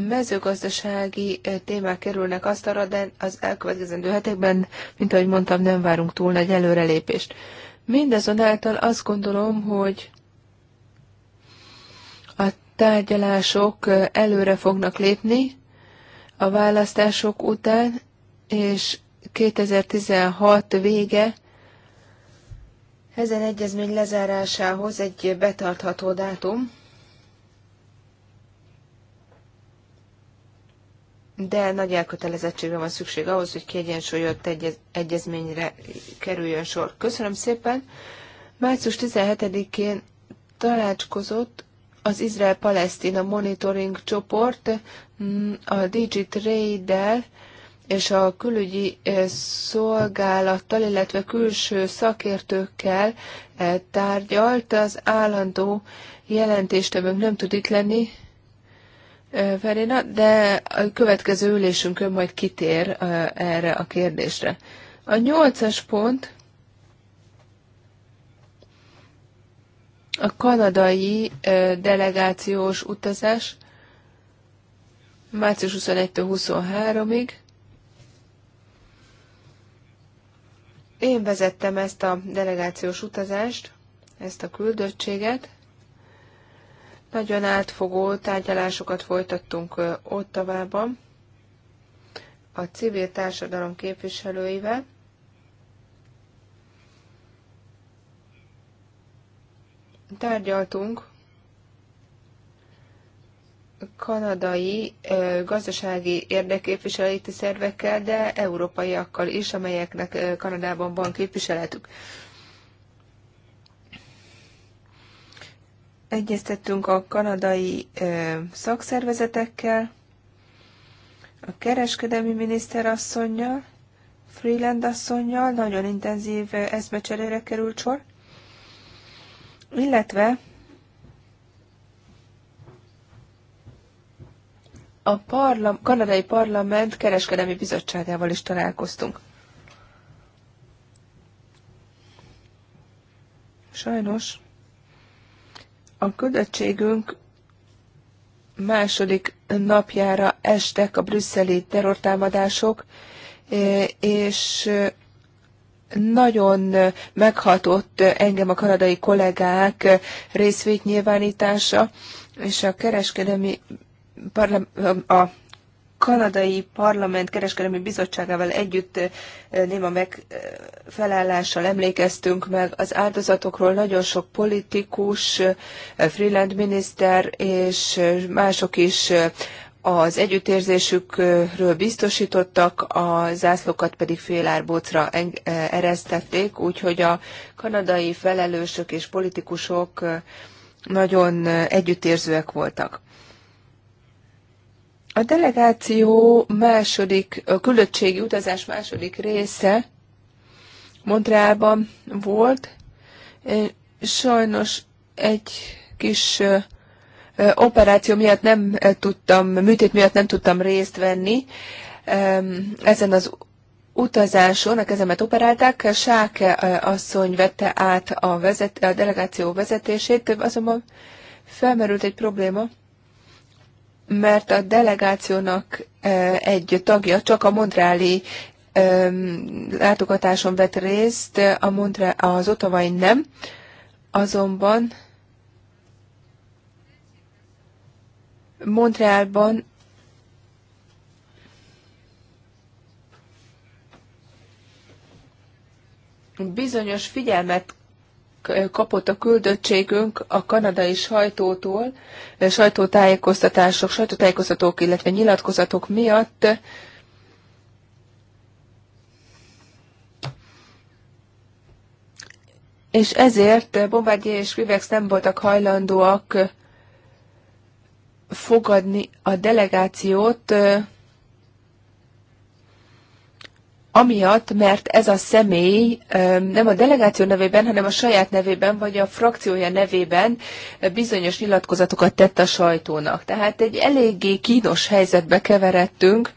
mezőgazdasági eh, témák kerülnek asztalra, de az elkövetkezendő hetekben, mint ahogy mondtam, nem várunk túl nagy előrelépést. Mindazonáltal azt gondolom, hogy a tárgyalások eh, előre fognak lépni a választások után, és 2016 vége ezen egyezmény lezárásához egy betartható dátum, de nagy elkötelezettségre van szükség ahhoz, hogy kiegyensúlyozott egyez, egyezményre kerüljön sor. Köszönöm szépen! Március 17-én találkozott az Izrael-Palesztina Monitoring csoport mm, a DigiTrade-del, és a külügyi eh, szolgálattal, illetve külső szakértőkkel eh, tárgyalt. Az állandó jelentéstevőnk nem tud itt lenni, eh, Verena, de a következő ülésünkön majd kitér erre a kérdésre. A nyolcas pont a kanadai delegációs utazás március 21-23-ig. Én vezettem ezt a delegációs utazást, ezt a küldöttséget. Nagyon átfogó tárgyalásokat folytattunk Ottavában a civil társadalom képviselőivel. Tárgyaltunk kanadai gazdasági érdekképviseleti szervekkel, de európaiakkal is, amelyeknek Kanadában van képviseletük. Egyeztettünk a kanadai szakszervezetekkel, a kereskedelmi miniszter asszonynal, Freeland asszonynal nagyon intenzív eszmecserére került sor, illetve a parla- kanadai parlament kereskedelmi bizottságával is találkoztunk. Sajnos a küldöttségünk második napjára estek a brüsszeli terrortámadások, és nagyon meghatott engem a kanadai kollégák részvétnyilvánítása, és a kereskedelmi a kanadai parlament kereskedelmi bizottságával együtt néma megfelállással emlékeztünk meg az áldozatokról. Nagyon sok politikus, freeland miniszter és mások is az együttérzésükről biztosítottak, a zászlókat pedig félárbócra eresztették, úgyhogy a kanadai felelősök és politikusok nagyon együttérzőek voltak. A delegáció második, a küldöttségi utazás második része Montrealban volt. Sajnos egy kis operáció miatt nem tudtam, műtét miatt nem tudtam részt venni ezen az utazáson, a kezemet operálták, Sáke asszony vette át a, vezet, a delegáció vezetését, azonban felmerült egy probléma, mert a delegációnak egy tagja csak a Montreali látogatáson vett részt, a Montre, az otavai nem, azonban Montrealban bizonyos figyelmet kapott a küldöttségünk a kanadai sajtótól, eh, sajtótájékoztatások, sajtótájékoztatók, illetve nyilatkozatok miatt és ezért Bombardier és Vivex nem voltak hajlandóak fogadni a delegációt, eh, amiatt, mert ez a személy nem a delegáció nevében, hanem a saját nevében, vagy a frakciója nevében bizonyos nyilatkozatokat tett a sajtónak. Tehát egy eléggé kínos helyzetbe keveredtünk,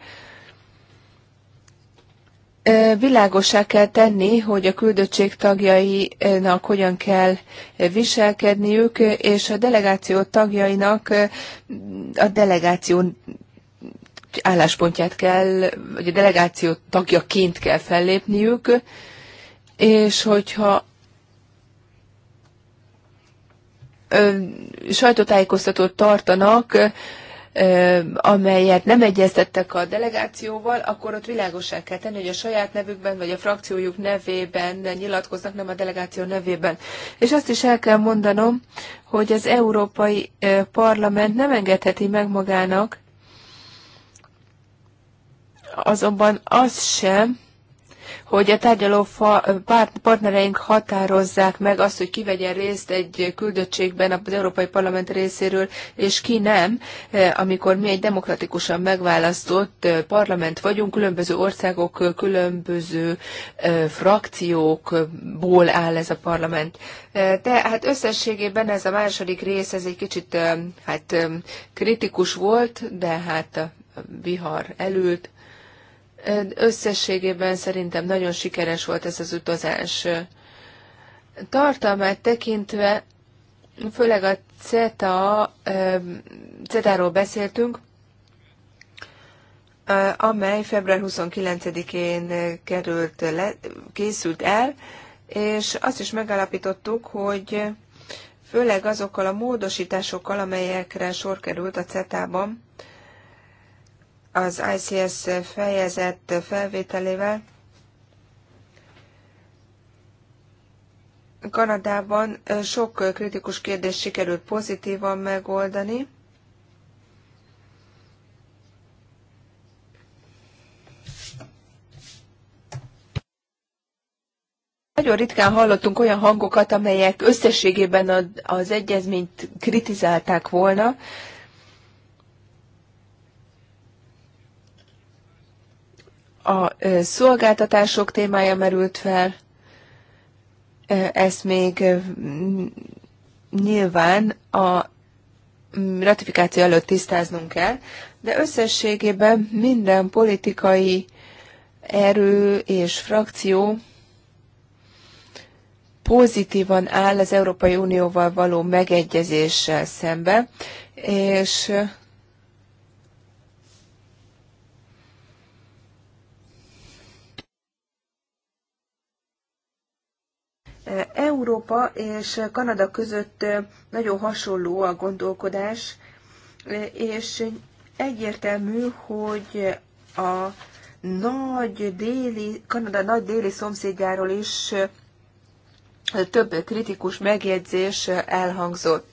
Világosá kell tenni, hogy a küldöttség tagjainak hogyan kell viselkedniük, és a delegáció tagjainak a delegáció álláspontját kell, vagy a delegáció tagjaként kell fellépniük, és hogyha sajtótájékoztatót tartanak, amelyet nem egyeztettek a delegációval, akkor ott világosá kell tenni, hogy a saját nevükben vagy a frakciójuk nevében nyilatkoznak, nem a delegáció nevében. És azt is el kell mondanom, hogy az Európai Parlament nem engedheti meg magának, azonban az sem, hogy a tárgyaló partnereink határozzák meg azt, hogy ki vegyen részt egy küldöttségben az Európai Parlament részéről, és ki nem, eh, amikor mi egy demokratikusan megválasztott eh, parlament vagyunk, különböző országok, eh, különböző frakciókból áll ez a parlament. Tehát összességében ez a második rész, ez egy kicsit hát, kritikus volt, de hát a vihar elült, Összességében szerintem nagyon sikeres volt ez az utazás. Tartalmát tekintve, főleg a CETA, CETA-ról beszéltünk, amely február 29-én került le, készült el, és azt is megállapítottuk, hogy főleg azokkal a módosításokkal, amelyekre sor került a CETA-ban, az ICS fejezet felvételével Kanadában sok kritikus kérdést sikerült pozitívan megoldani. Nagyon ritkán hallottunk olyan hangokat, amelyek összességében az egyezményt kritizálták volna. a szolgáltatások témája merült fel, ezt még nyilván a ratifikáció előtt tisztáznunk kell, de összességében minden politikai erő és frakció pozitívan áll az Európai Unióval való megegyezéssel szembe, és Európa és Kanada között nagyon hasonló a gondolkodás, és egyértelmű, hogy a nagy déli, Kanada nagy déli szomszédjáról is több kritikus megjegyzés elhangzott.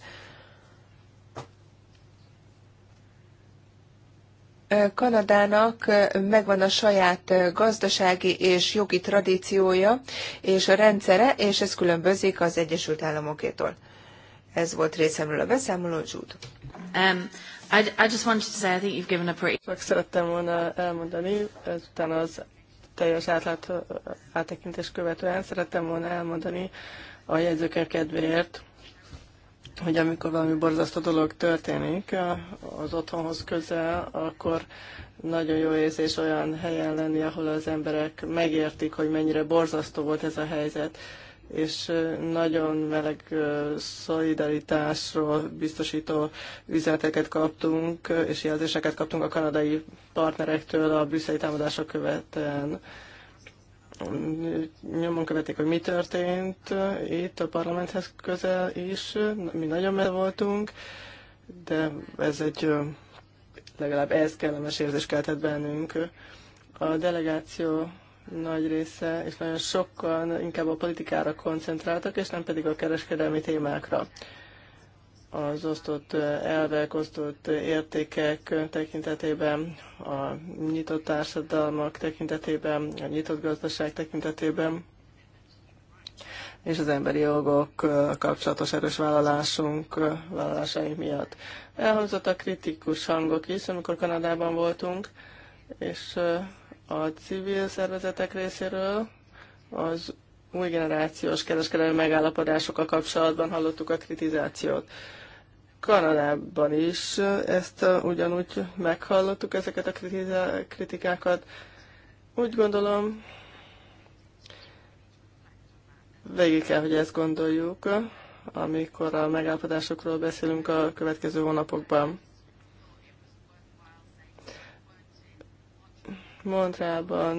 Kanadának megvan a saját gazdasági és jogi tradíciója és a rendszere, és ez különbözik az Egyesült Államokétól. Ez volt részemről a beszámoló, Zsúd. Um, I, I just wanted to say, I think you've given a pretty... Meg szerettem volna elmondani, ezután az teljes átlát, átekintés követően szerettem volna elmondani a jegyzőkkel kedvéért, hogy amikor valami borzasztó dolog történik eh, az otthonhoz közel, akkor nagyon jó érzés olyan helyen lenni, ahol az emberek megértik, hogy mennyire borzasztó volt ez a helyzet, és eh, nagyon meleg eh, szolidaritásról biztosító üzeneteket kaptunk, és jelzéseket kaptunk a kanadai partnerektől a brüsszeli támadások követően nyomon követik, hogy mi történt eh, itt a parlamenthez közel is. Mi nagyon messze voltunk, de ez egy eh, legalább ez kellemes érzés keltett bennünk. A delegáció nagy része, és nagyon sokan inkább a politikára koncentráltak, és nem pedig a kereskedelmi témákra az osztott elvek, osztott értékek tekintetében, a nyitott társadalmak tekintetében, a nyitott gazdaság tekintetében, és az emberi jogok kapcsolatos erős vállalásunk, vállalásaink miatt. a kritikus hangok is, amikor Kanadában voltunk, és a civil szervezetek részéről az új generációs kereskedelmi megállapodásokkal kapcsolatban hallottuk a kritizációt. Kanadában is eh, ezt eh, ugyanúgy meghallottuk, ezeket a kritikákat. Úgy gondolom, végig kell, hogy ezt gondoljuk, eh, amikor a megállapodásokról beszélünk a következő hónapokban. Montrában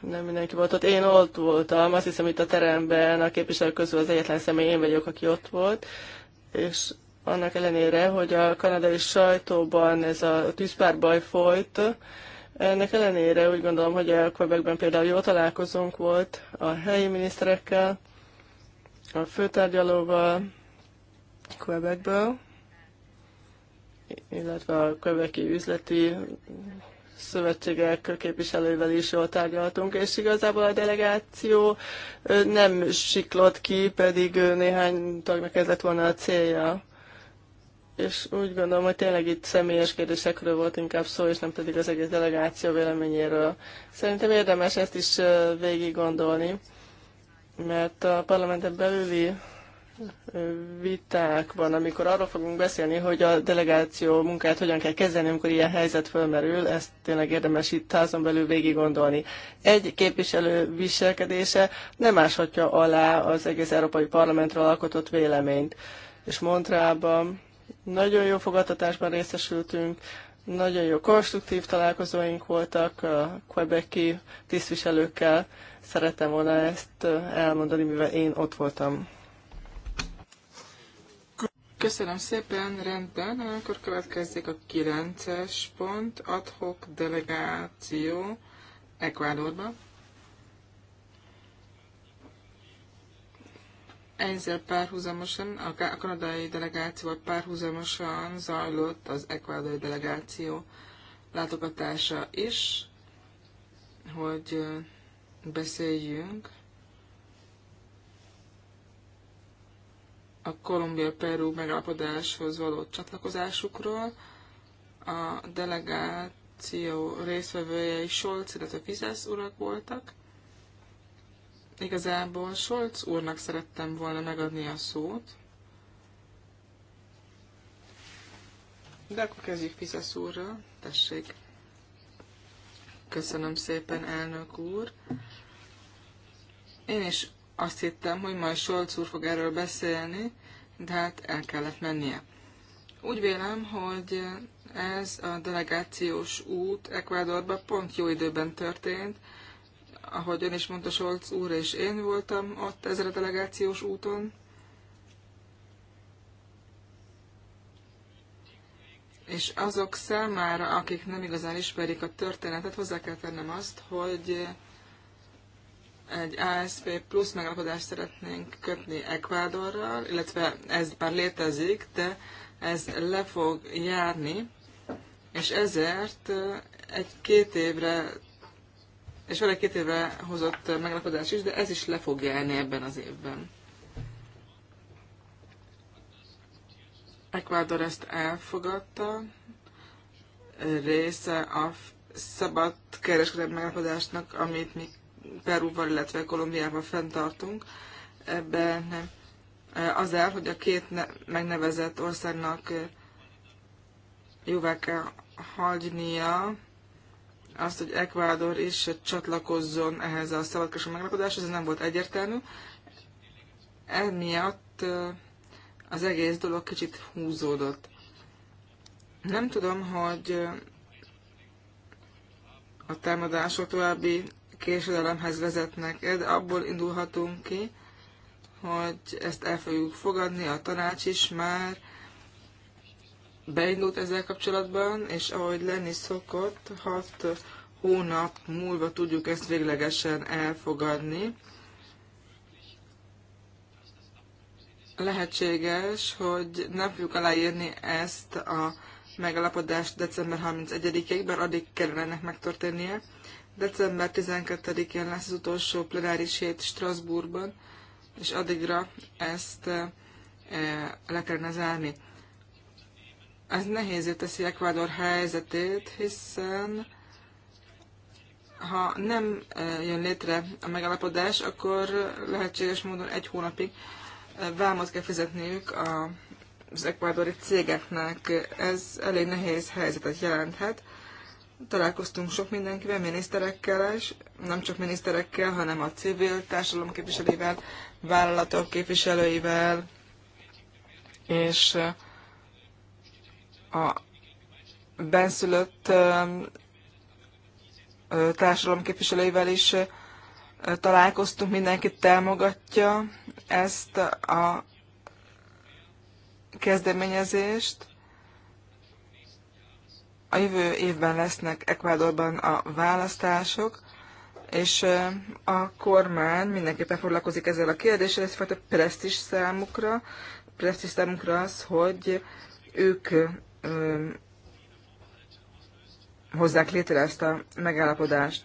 nem mindenki volt ott. Én ott voltam, azt hiszem itt a teremben a képviselők közül az egyetlen személy én vagyok, aki ott volt, és annak ellenére, hogy a kanadai sajtóban ez a tűzpárbaj folyt, ennek ellenére úgy gondolom, hogy a Quebecben például jó találkozónk volt a helyi miniszterekkel, a főtárgyalóval Quebecből, illetve a köveki üzleti szövetségek képviselőivel is jól tárgyaltunk, és igazából a delegáció nem siklott ki, pedig néhány tagnak ez lett volna a célja és úgy gondolom, hogy tényleg itt személyes kérdésekről volt inkább szó, és nem pedig az egész delegáció véleményéről. Szerintem érdemes ezt is végig gondolni, mert a parlamenten belüli vitákban, amikor arról fogunk beszélni, hogy a delegáció munkáját hogyan kell kezdeni, amikor ilyen helyzet fölmerül, ezt tényleg érdemes itt házon belül végig gondolni. Egy képviselő viselkedése nem áshatja alá az egész Európai Parlamentről alkotott véleményt. És Montrában nagyon jó fogadtatásban részesültünk, nagyon jó konstruktív találkozóink voltak a Quebeci tisztviselőkkel. Szeretem volna ezt elmondani, mivel én ott voltam. Köszönöm szépen, rendben. Akkor következik a 9-es pont, adhok delegáció Ecuadorba. Ezzel párhuzamosan a kanadai delegációval párhuzamosan zajlott az ekvádori delegáció látogatása is, hogy beszéljünk a Kolumbia-Peru megállapodáshoz való csatlakozásukról. A delegáció is Solc, illetve Fizesz urak voltak. Igazából Scholz úrnak szerettem volna megadni a szót, de akkor kezdjük Fiszesz úrra. Tessék. Köszönöm szépen, elnök úr. Én is azt hittem, hogy majd Scholz úr fog erről beszélni, de hát el kellett mennie. Úgy vélem, hogy ez a delegációs út Ecuadorba pont jó időben történt, ahogy ön is mondta, Solc úr és én voltam ott ezre a delegációs úton. És azok számára, akik nem igazán ismerik a történetet, hozzá kell tennem azt, hogy egy ASP plusz megalapodást szeretnénk kötni Ekvádorral, illetve ez már létezik, de ez le fog járni, és ezért egy két évre és vele két éve hozott megállapodás is, de ez is le fogja elni ebben az évben. Ecuador ezt elfogadta, része a szabad kereskedelmi megállapodásnak, amit mi Perúval, illetve Kolumbiával fenntartunk. Ebben az el, hogy a két megnevezett országnak jóvá kell hagynia azt, hogy Ecuador is csatlakozzon ehhez a szabadkereskedelmi megállapodáshoz, ez nem volt egyértelmű. Emiatt az egész dolog kicsit húzódott. Nem tudom, hogy a támadások további késedelemhez vezetnek, de abból indulhatunk ki, hogy ezt el fogjuk fogadni, a tanács is már beindult ezzel kapcsolatban, és ahogy lenni szokott, hat hónap múlva tudjuk ezt véglegesen elfogadni. Lehetséges, hogy nem fogjuk aláírni ezt a megalapodást december 31-ig, bár addig kellene ennek megtörténnie. December 12-én lesz az utolsó plenáris hét Strasbourgban, és addigra ezt eh, le kellene zárni. Ez nehézé teszi Ecuador helyzetét, hiszen ha nem eh, jön létre a megalapodás, akkor lehetséges módon egy hónapig eh, vámot kell fizetniük az ekvádori cégeknek. Ez elég nehéz helyzetet jelenthet. Találkoztunk sok mindenkivel, miniszterekkel is, nem csak miniszterekkel, hanem a civil társadalom képviselőivel, vállalatok képviselőivel, és eh, a benszülött társadalom képviselőivel is találkoztunk, mindenki támogatja ezt a kezdeményezést. A jövő évben lesznek Ekvádorban a választások, és a kormány mindenképpen foglalkozik ezzel a kérdéssel, ez fajta presztis számukra. Presztis számukra az, hogy ők hozzák létre ezt a megállapodást.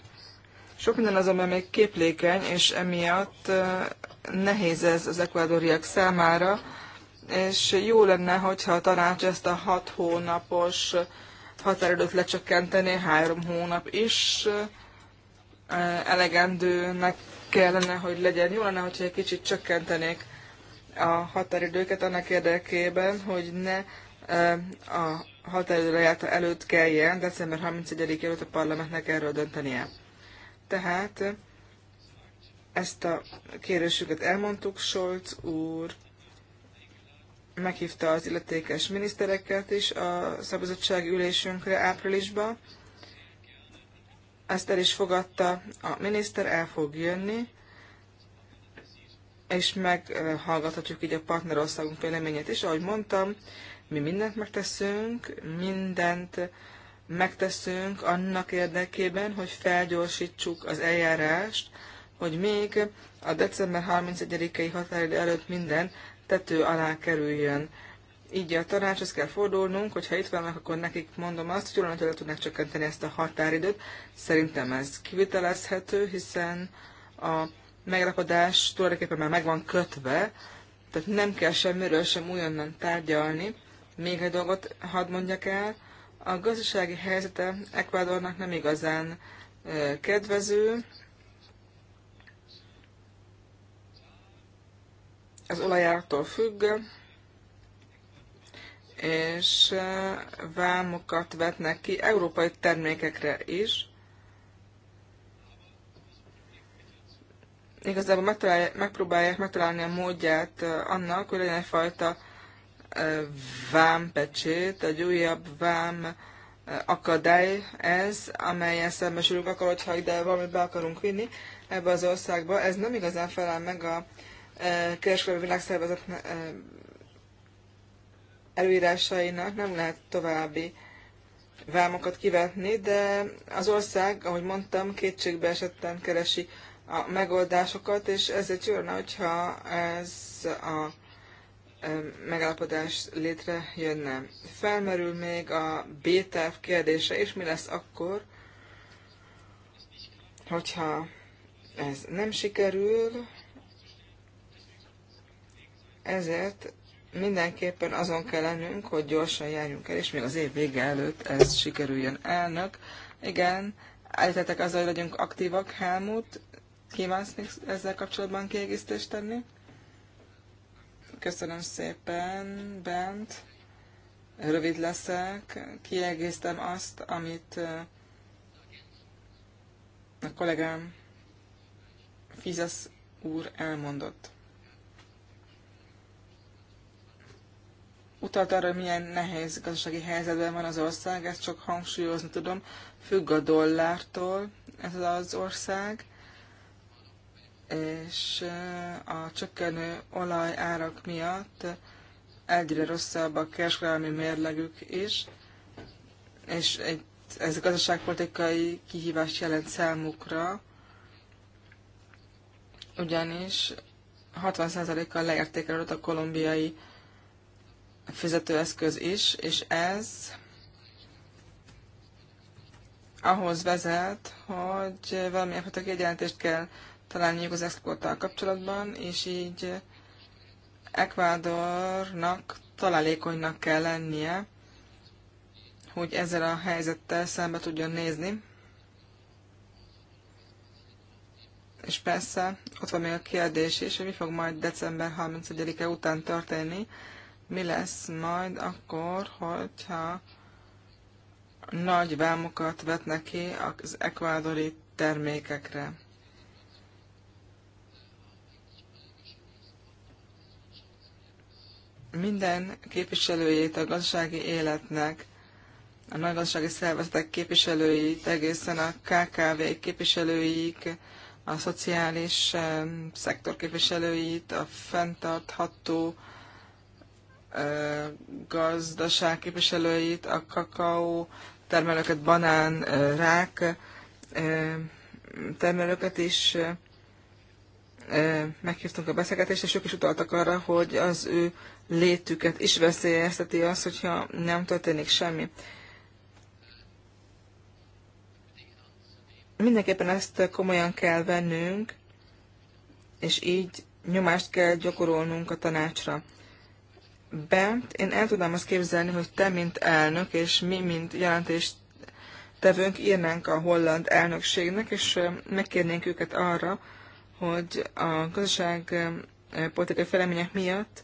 Sok minden azonban még képlékeny, és emiatt nehéz ez az ekvádoriak számára, és jó lenne, hogyha a tanács ezt a hat hónapos határidőt lecsökkenteni, három hónap is elegendőnek kellene, hogy legyen. Jó lenne, hogyha egy kicsit csökkentenék a határidőket annak érdekében, hogy ne a határidőre járta előtt kelljen, december 31 előtt a parlamentnek erről döntenie. Tehát ezt a kérésüket elmondtuk, Scholz úr meghívta az illetékes minisztereket is a szabadság ülésünkre áprilisba. Ezt el is fogadta a miniszter, el fog jönni, és meghallgathatjuk így a partnerországunk véleményét is. Ahogy mondtam, mi mindent megteszünk, mindent megteszünk annak érdekében, hogy felgyorsítsuk az eljárást, hogy még a december 31-i határidő előtt minden tető alá kerüljön. Így a tanácshoz kell fordulnunk, hogyha itt vannak, akkor nekik mondom azt, hogy olyan tudnak csökkenteni ezt a határidőt. Szerintem ez kivitelezhető, hiszen a megrapadás tulajdonképpen már meg van kötve, tehát nem kell semmiről sem újonnan tárgyalni. Még egy dolgot hadd mondjak el, a gazdasági helyzete Ecuadornak nem igazán kedvező. Az olajártól függ, és vámokat vetnek ki európai termékekre is. Igazából megpróbálják megtalálni a módját annak, hogy legyen egyfajta vámpecsét, egy újabb vám akadály ez, amelyen szembesülünk akkor, hogyha ide valamit be akarunk vinni ebbe az országba. Ez nem igazán felel meg a kereskedelmi világszervezet előírásainak, nem lehet további vámokat kivetni, de az ország, ahogy mondtam, kétségbe esetten keresi a megoldásokat, és ezért jó hogyha ez a megállapodás létrejönne. Felmerül még a b kérdése is, mi lesz akkor, hogyha ez nem sikerül, ezért mindenképpen azon kell lennünk, hogy gyorsan járjunk el, és még az év vége előtt ez sikerüljön elnök. Igen, állítatok azzal, hogy legyünk aktívak, Helmut, kívánsz még ezzel kapcsolatban kiegészítést tenni? Köszönöm szépen, Bent. Rövid leszek. Kiegésztem azt, amit a kollégám Fizesz úr elmondott. Utalt arra, hogy milyen nehéz gazdasági helyzetben van az ország, ezt csak hangsúlyozni tudom, függ a dollártól ez az ország, és a csökkenő olajárak miatt egyre rosszabb a kereskedelmi mérlegük is, és ez a gazdaságpolitikai kihívást jelent számukra, ugyanis 60%-kal leértékelődött a kolumbiai fizetőeszköz is, és ez ahhoz vezet, hogy valamilyen fajta kijelentést kell találniuk az exporttal kapcsolatban, és így Ekvádornak találékonynak kell lennie, hogy ezzel a helyzettel szembe tudjon nézni. És persze, ott van még a kérdés is, hogy mi fog majd december 31-e után történni, mi lesz majd akkor, hogyha nagy vámokat vetnek ki az ekvádori termékekre. minden képviselőjét a gazdasági életnek, a nagy gazdasági szervezetek képviselőit, egészen a KKV képviselőik, a szociális szektor képviselőit, a fenntartható gazdaság képviselőit, a kakaó termelőket, banán, rák termelőket is meghívtunk a beszélgetést, és ők is utaltak arra, hogy az ő létüket is veszélyezteti az, hogyha nem történik semmi. Mindenképpen ezt komolyan kell vennünk, és így nyomást kell gyakorolnunk a tanácsra. Bent, én el tudnám azt képzelni, hogy te, mint elnök, és mi, mint jelentést tevünk, írnánk a holland elnökségnek, és megkérnénk őket arra, hogy a gazdaság politikai felemények miatt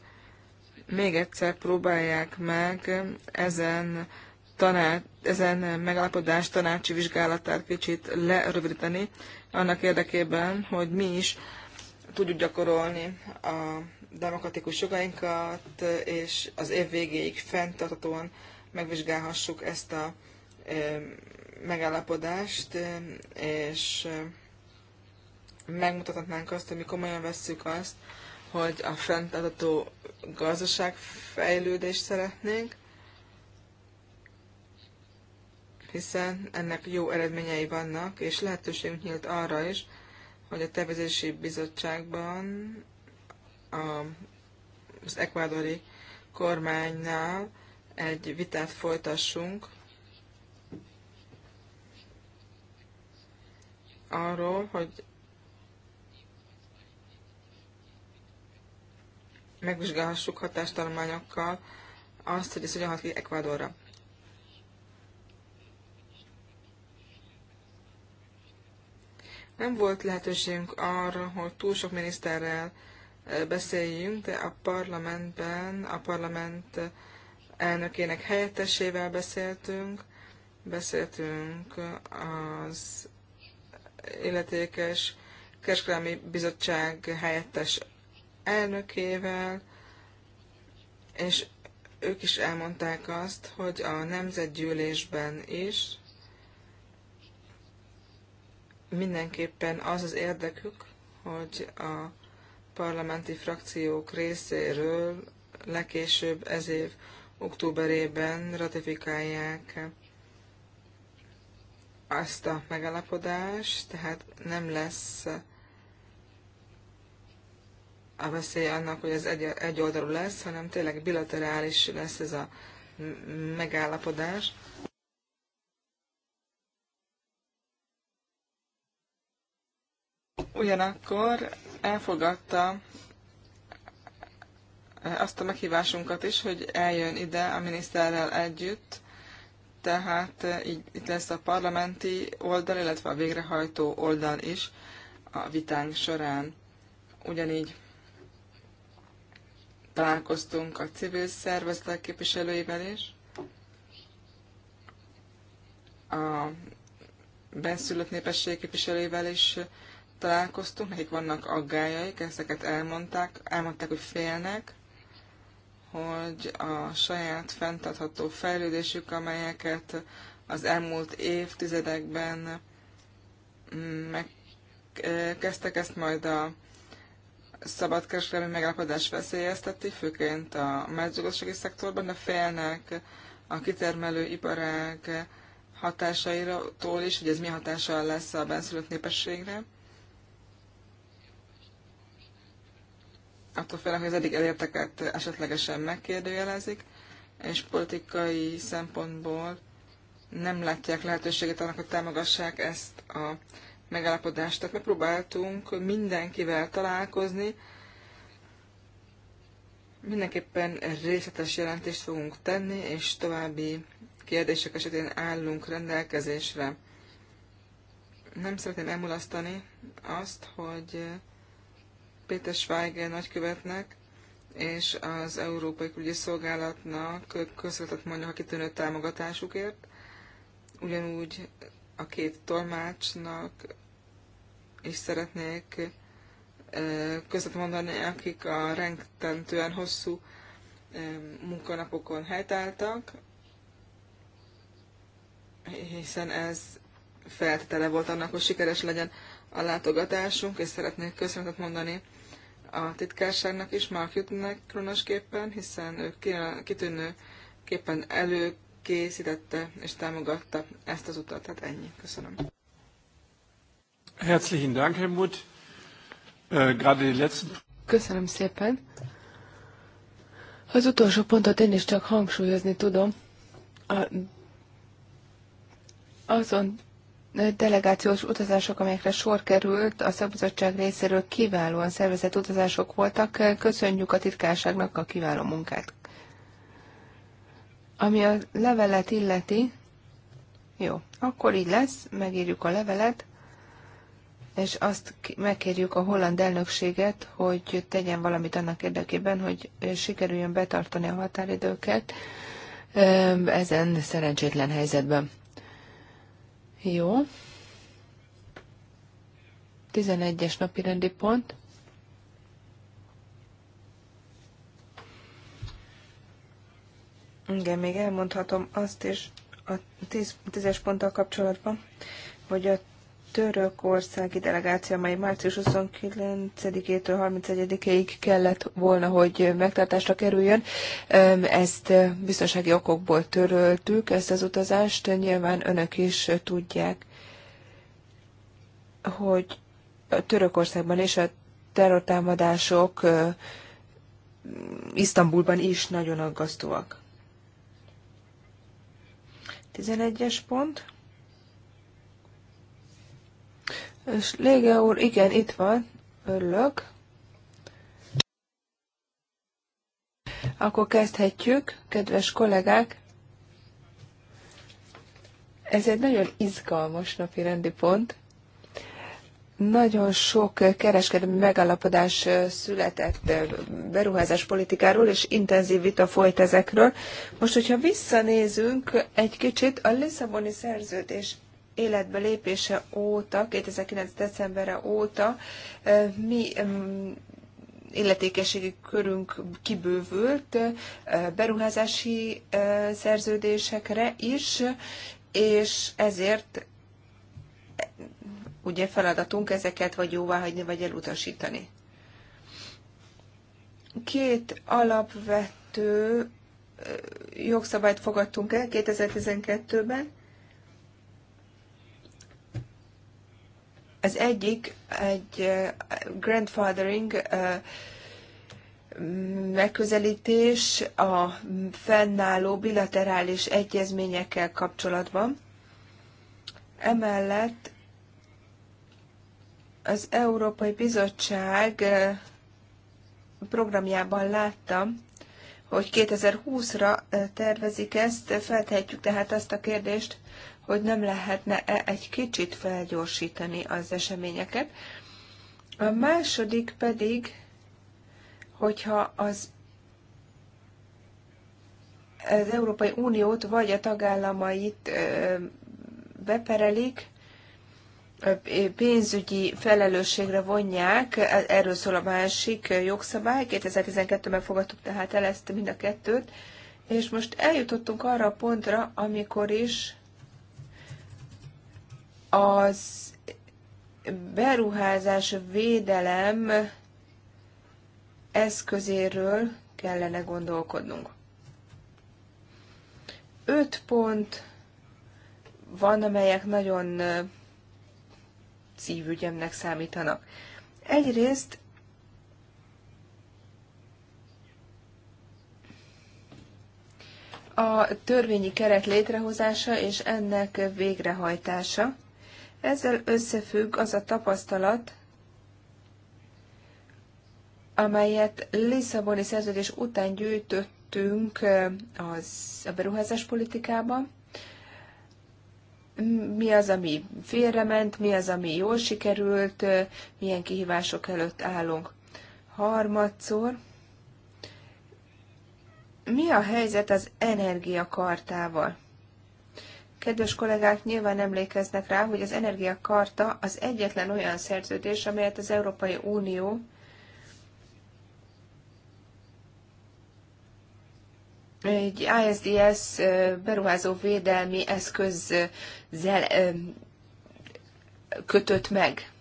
még egyszer próbálják meg ezen, tanács, ezen megállapodás tanácsi vizsgálatát kicsit lerövidíteni, annak érdekében, hogy mi is tudjuk gyakorolni a demokratikus jogainkat, és az év végéig fenntartatóan megvizsgálhassuk ezt a megállapodást, és megmutathatnánk azt, hogy mi komolyan vesszük azt, hogy a gazdaság fejlődést szeretnénk, hiszen ennek jó eredményei vannak, és lehetőségünk nyílt arra is, hogy a tervezési bizottságban a, az ekvádori kormánynál egy vitát folytassunk arról, hogy megvizsgálhassuk hatástalományokkal azt, hogy ez hogyan ki Ecuadorra. Nem volt lehetőségünk arra, hogy túl sok miniszterrel eh, beszéljünk, de a parlamentben, a parlament eh, elnökének helyettesével beszéltünk, beszéltünk az illetékes kereskedelmi bizottság helyettes elnökével, és ők is elmondták azt, hogy a nemzetgyűlésben is mindenképpen az az érdekük, hogy a parlamenti frakciók részéről legkésőbb ez év októberében ratifikálják azt a megalapodást, tehát nem lesz a veszély annak, hogy ez egy, egy oldalú lesz, hanem tényleg bilaterális lesz ez a megállapodás. Ugyanakkor elfogadta azt a meghívásunkat is, hogy eljön ide a miniszterrel együtt, tehát így, itt lesz a parlamenti oldal, illetve a végrehajtó oldal is a vitánk során. Ugyanígy találkoztunk a civil szervezetek képviselőivel is, a benszülött népesség képviselőivel is találkoztunk, nekik vannak aggájaik, ezeket elmondták, elmondták, hogy félnek, hogy a saját fenntartható fejlődésük, amelyeket az elmúlt évtizedekben megkezdtek, ezt majd a szabadkereskedelmi megállapodás veszélyezteti, főként a mezőgazdasági szektorban, de félnek a kitermelő iparág hatásairól is, hogy ez mi hatással lesz a benszülött népességre. Attól félnek, hogy az eddig elérteket esetlegesen megkérdőjelezik, és politikai szempontból nem látják lehetőséget annak, hogy támogassák ezt a megállapodást. Tehát megpróbáltunk mindenkivel találkozni, Mindenképpen részletes jelentést fogunk tenni, és további kérdések esetén állunk rendelkezésre. Nem szeretném emulasztani azt, hogy Péter Schweiger nagykövetnek és az Európai Külügyi Szolgálatnak köszönetet mondjuk a kitűnő támogatásukért, ugyanúgy a két tolmácsnak, is szeretnék között mondani, akik a rendtentően hosszú munkanapokon helytáltak, hiszen ez feltétele volt annak, hogy sikeres legyen a látogatásunk, és szeretnék köszönetet mondani a titkárságnak is, Mark Jutnek különösképpen, hiszen ő kitűnő képpen előkészítette és támogatta ezt az utat. Tehát ennyi. Köszönöm. Herzlichen Dank, äh, Gerade die letzten... Köszönöm szépen. Az utolsó pontot én is csak hangsúlyozni tudom. A, azon delegációs utazások, amelyekre sor került, a szabadság részéről kiválóan szervezett utazások voltak. Köszönjük a titkárságnak a kiváló munkát. Ami a levelet illeti, jó, akkor így lesz, megírjuk a levelet és azt megkérjük a holland elnökséget, hogy tegyen valamit annak érdekében, hogy sikerüljön betartani a határidőket ezen szerencsétlen helyzetben. Jó. 11-es napi rendi pont. Igen, még elmondhatom azt is a 10-es ponttal kapcsolatban, hogy a törökországi delegáció, amely március 29-től 31-ig kellett volna, hogy megtartásra kerüljön. Ezt biztonsági okokból töröltük, ezt az utazást. Nyilván önök is tudják, hogy a Törökországban és a terrortámadások Isztambulban is nagyon aggasztóak. 11-es pont. És Lége úr, igen, itt van, örülök. Akkor kezdhetjük, kedves kollégák. Ez egy nagyon izgalmas napi rendi pont. Nagyon sok kereskedelmi megállapodás született beruházás politikáról, és intenzív vita folyt ezekről. Most, hogyha visszanézünk egy kicsit, a Lisszaboni szerződés életbe lépése óta, 2009. decemberre óta mi illetékességi körünk kibővült beruházási szerződésekre is, és ezért e, ugye feladatunk ezeket vagy jóváhagyni, vagy elutasítani. Két alapvető jogszabályt fogadtunk el 2012-ben, Az egyik egy grandfathering megközelítés a fennálló bilaterális egyezményekkel kapcsolatban. Emellett az Európai Bizottság programjában láttam, hogy 2020-ra tervezik ezt, feltehetjük tehát azt a kérdést, hogy nem lehetne -e egy kicsit felgyorsítani az eseményeket. A második pedig, hogyha az az Európai Uniót vagy a tagállamait beperelik, pénzügyi felelősségre vonják, e, erről szól a másik jogszabály, 2012-ben fogadtuk tehát el ezt mind a kettőt, és most eljutottunk arra a pontra, amikor is az beruházás védelem eszközéről kellene gondolkodnunk. Öt pont van, amelyek nagyon szívügyemnek számítanak. Egyrészt a törvényi keret létrehozása és ennek végrehajtása. Ezzel összefügg az a tapasztalat, amelyet Lisszaboni szerződés után gyűjtöttünk az, a beruházás politikában. Mi az, ami félrement, mi az, ami jól sikerült, milyen kihívások előtt állunk. Harmadszor, mi a helyzet az energiakartával? Kedves kollégák, nyilván emlékeznek rá, hogy az Energiakarta az egyetlen olyan szerződés, amelyet az Európai Unió egy ISDS beruházó védelmi eszközzel kötött meg.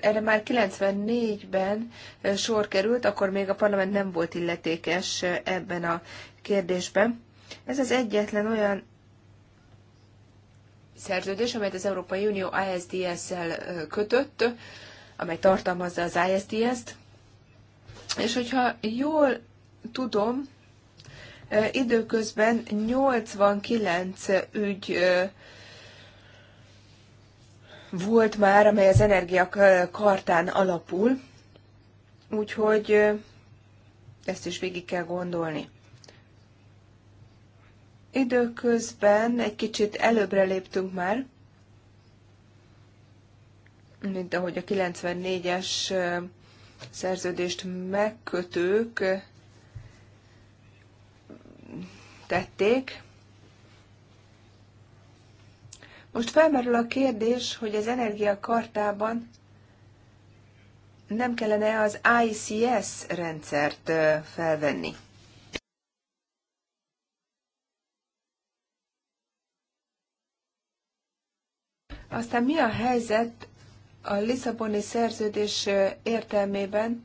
Erre már 94-ben sor került, akkor még a parlament nem volt illetékes ebben a kérdésben. Ez az egyetlen olyan szerződés, amelyet az Európai Unió ISDS-szel kötött, amely tartalmazza az ISDS-t. És hogyha jól tudom, időközben 89 ügy volt már, amely az energiakartán alapul, úgyhogy ezt is végig kell gondolni. Időközben egy kicsit előbbre léptünk már, mint ahogy a 94-es szerződést megkötők tették. Most felmerül a kérdés, hogy az energiakartában nem kellene az ICS rendszert felvenni. Aztán mi a helyzet a Lisszaboni szerződés értelmében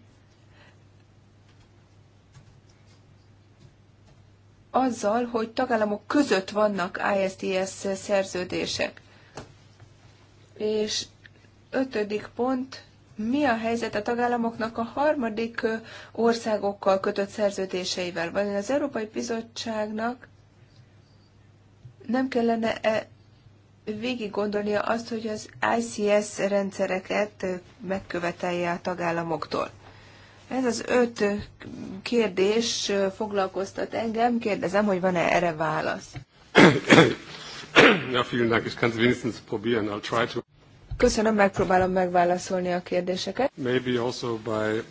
azzal, hogy tagállamok között vannak ISDS szerződések? És ötödik pont, mi a helyzet a tagállamoknak a harmadik országokkal kötött szerződéseivel? Vagy az Európai Bizottságnak nem kellene -e végig gondolnia azt, hogy az ICS rendszereket megkövetelje a tagállamoktól. Ez az öt kérdés foglalkoztat engem, kérdezem, hogy van-e erre válasz. Ja, vielen Dank. Ich kann es wenigstens probieren. I'll try to. Köszönöm, megpróbálom megválaszolni a kérdéseket. Maybe also by...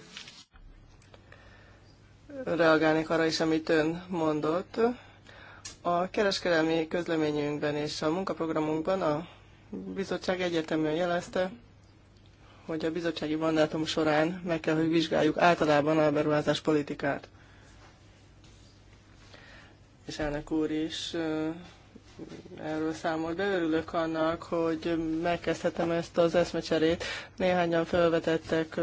Reagálnék arra is, amit ön mondott. A kereskedelmi közleményünkben és a munkaprogramunkban a bizottság egyértelműen jelezte, hogy a bizottsági mandátum során meg kell, hogy vizsgáljuk általában a beruházás politikát. És elnök úr is erről számolt De Örülök annak, hogy megkezdhetem ezt az eszmecserét. Néhányan felvetettek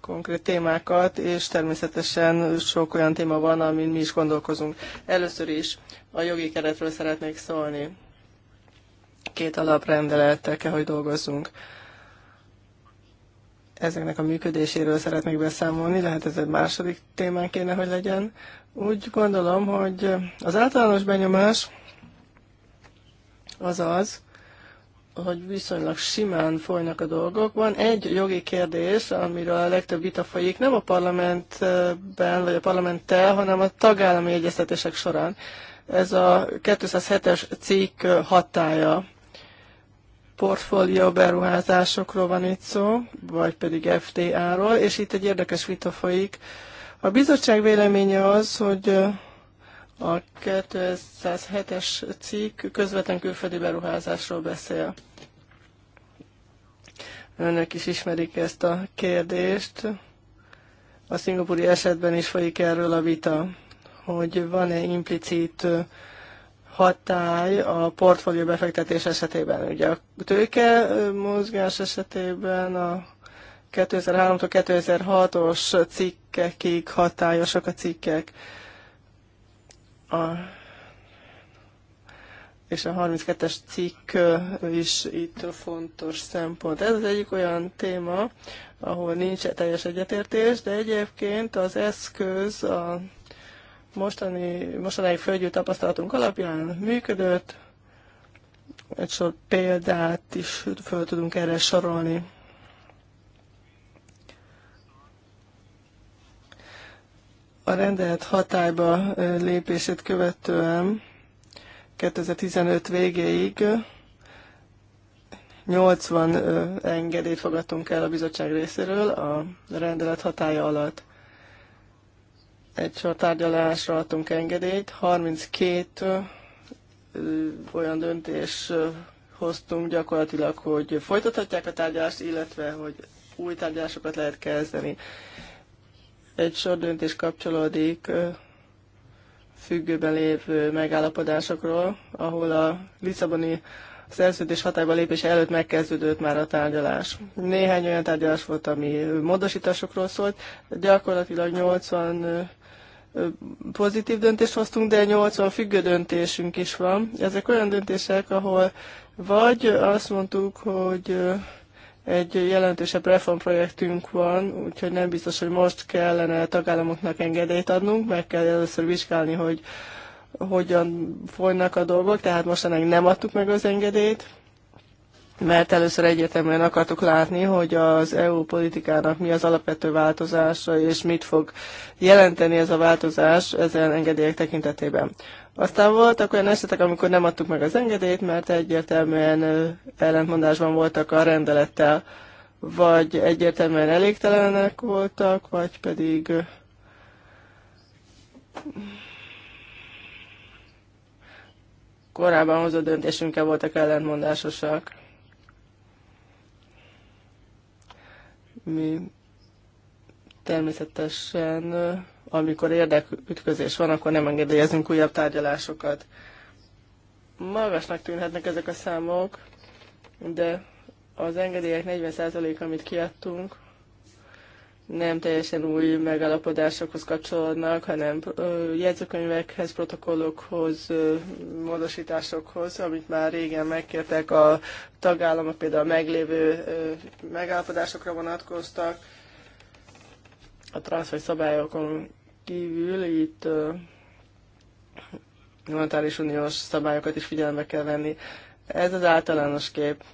konkrét témákat, és természetesen sok olyan téma van, amin mi is gondolkozunk. Először is a jogi keretről szeretnék szólni. Két alaprendelettel kell, hogy dolgozzunk. Ezeknek a működéséről szeretnék beszámolni, lehet ez egy második témán kéne, hogy legyen. Úgy gondolom, hogy az általános benyomás az az, hogy viszonylag simán folynak a dolgok. Van egy jogi kérdés, amiről a legtöbb vita folyik, nem a parlamentben vagy a parlamenttel, hanem a tagállami egyeztetések során. Ez a 207-es cikk hatája. Portfólió beruházásokról van itt szó, vagy pedig FTA-ról, és itt egy érdekes vita folyik. A bizottság véleménye az, hogy a 207-es cikk közvetlen külföldi beruházásról beszél. Önök is ismerik ezt a kérdést. A szingapúri esetben is folyik erről a vita, hogy van-e implicit hatály a portfólió befektetés esetében. Ugye a tőke mozgás esetében a 2003-tól 2006-os cikkekig hatályosak a cikkek. A és a 32-es cikk is itt fontos szempont. Ez az egyik olyan téma, ahol nincs teljes egyetértés, de egyébként az eszköz a mostani, mostanáig földjű tapasztalatunk alapján működött, egy sor példát is föl tudunk erre sorolni. A rendelet hatályba lépését követően 2015 végéig 80 engedélyt fogadtunk el a bizottság részéről a rendelet hatája alatt. Egy sor tárgyalásra adtunk engedélyt, 32 olyan döntés hoztunk gyakorlatilag, hogy folytathatják a tárgyalást, illetve hogy új tárgyalásokat lehet kezdeni. Egy sor döntés kapcsolódik függőben lévő megállapodásokról, ahol a Lisszaboni szerződés hatályba lépése előtt megkezdődött már a tárgyalás. Néhány olyan tárgyalás volt, ami módosításokról szólt, gyakorlatilag 80 pozitív döntést hoztunk, de 80 függő döntésünk is van. Ezek olyan döntések, ahol vagy azt mondtuk, hogy egy jelentősebb reformprojektünk van, úgyhogy nem biztos, hogy most kellene a tagállamoknak engedélyt adnunk, meg kell először vizsgálni, hogy hogyan folynak a dolgok, tehát mostanáig nem adtuk meg az engedélyt, mert először egyértelműen akartuk látni, hogy az EU politikának mi az alapvető változása, és mit fog jelenteni ez a változás ezen engedélyek tekintetében. Aztán voltak olyan esetek, amikor nem adtuk meg az engedélyt, mert egyértelműen ellentmondásban voltak a rendelettel, vagy egyértelműen elégtelenek voltak, vagy pedig korábban hozott döntésünkkel voltak ellentmondásosak. Mi természetesen, amikor érdekütközés van, akkor nem engedélyezünk újabb tárgyalásokat. Magasnak tűnhetnek ezek a számok, de az engedélyek 40%-a, amit kiadtunk, nem teljesen új megállapodásokhoz kapcsolódnak, hanem jegyzőkönyvekhez, protokollokhoz, módosításokhoz, amit már régen megkértek a tagállamok, például a meglévő megállapodásokra vonatkoztak. A transfer szabályokon kívül itt monetáris uniós szabályokat is figyelembe kell venni. Ez az általános kép.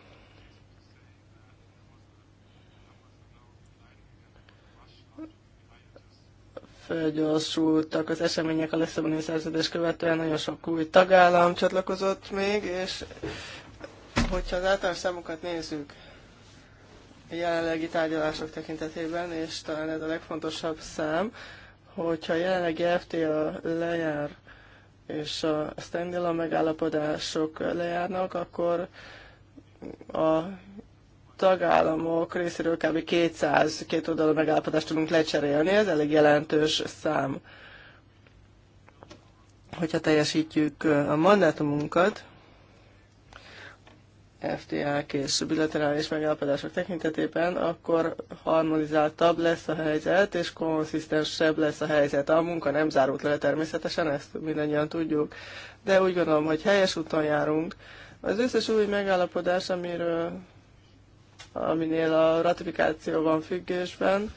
felgyorsultak az események a Lisszaboni szerződés követően, nagyon sok új tagállam csatlakozott még, és hogyha az általános számokat nézzük a jelenlegi tárgyalások tekintetében, és talán ez a legfontosabb szám, hogyha a jelenlegi FTA lejár, és a standalone megállapodások lejárnak, akkor a tagállamok részéről kb. 200 két oldalú megállapodást tudunk lecserélni, ez elég jelentős szám. Hogyha teljesítjük a mandátumunkat, FTA-k és bilaterális megállapodások tekintetében, akkor harmonizáltabb lesz a helyzet, és konszisztensebb lesz a helyzet. A munka nem zárult le természetesen, ezt mindannyian tudjuk, de úgy gondolom, hogy helyes úton járunk. Az összes új megállapodás, amiről aminél a ratifikáció van függésben,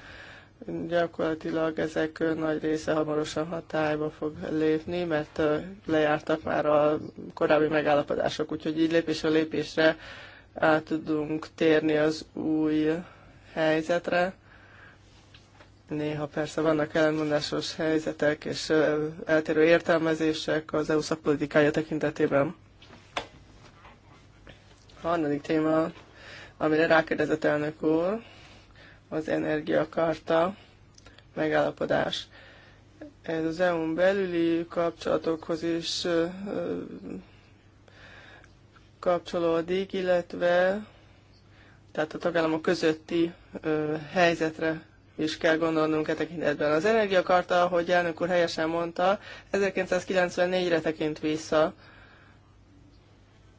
gyakorlatilag ezek nagy része hamarosan hatályba fog lépni, mert lejártak már a korábbi megállapodások, úgyhogy így lépésről lépésre át tudunk térni az új helyzetre. Néha persze vannak ellenmondásos helyzetek és eltérő értelmezések az EU szakpolitikája tekintetében. A harmadik téma amire rákérdezett elnök úr, az energiakarta megállapodás. Ez az EU-n belüli kapcsolatokhoz is kapcsolódik, illetve tehát a tagállamok közötti helyzetre is kell gondolnunk e tekintetben. Az energiakarta, ahogy elnök úr helyesen mondta, 1994-re tekint vissza,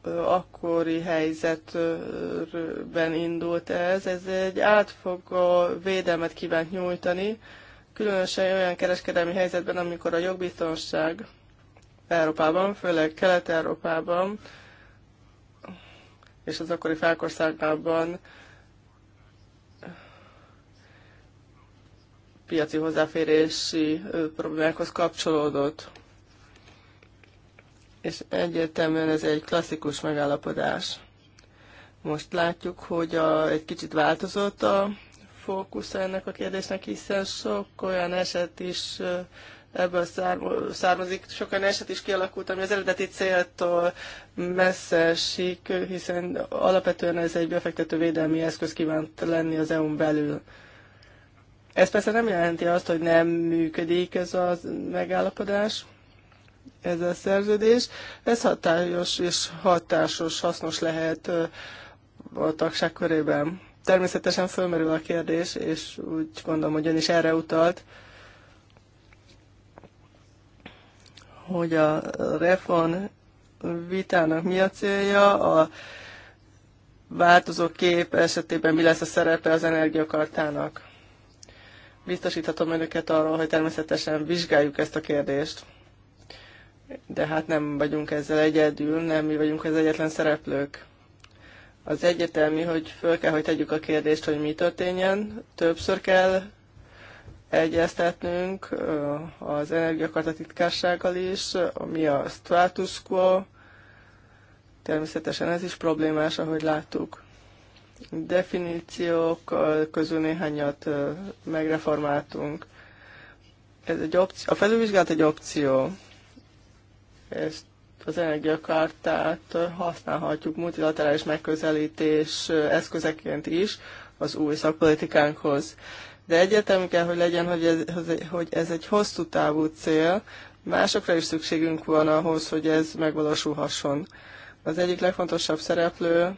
akkori helyzetben indult ez. Ez egy átfogó védelmet kívánt nyújtani, különösen olyan kereskedelmi helyzetben, amikor a jogbiztonság Európában, főleg Kelet-Európában és az akkori felkországában piaci hozzáférési problémákhoz kapcsolódott és egyértelműen ez egy klasszikus megállapodás. Most látjuk, hogy a, egy kicsit változott a fókusz ennek a kérdésnek, hiszen sok olyan eset is eh, ebből származik, sok olyan eset is kialakult, ami az eredeti céltól messze esik, hiszen alapvetően ez egy befektető védelmi eszköz kívánt lenni az EU-n belül. Ez persze nem jelenti azt, hogy nem működik ez a megállapodás, ez a szerződés. Ez hatályos és hatásos, hasznos lehet a tagság körében. Természetesen fölmerül a kérdés, és úgy gondolom, hogy ön is erre utalt, hogy a reform vitának mi a célja, a változó kép esetében mi lesz a szerepe az energiakartának. Biztosíthatom önöket arról, hogy természetesen vizsgáljuk ezt a kérdést de hát nem vagyunk ezzel egyedül, nem mi vagyunk az egyetlen szereplők. Az egyetemi, hogy föl kell, hogy tegyük a kérdést, hogy mi történjen. Többször kell egyeztetnünk az energiakarta titkársággal is, mi a status quo, természetesen ez is problémás, ahogy láttuk. Definíciók közül néhányat megreformáltunk. Ez egy opció. A felülvizsgálat egy opció ezt az energiakártát használhatjuk multilaterális megközelítés eszközeként is az új szakpolitikánkhoz. De egyértelmű kell, hogy legyen, hogy ez, hogy ez egy hosszú távú cél, másokra is szükségünk van ahhoz, hogy ez megvalósulhasson. Az egyik legfontosabb szereplő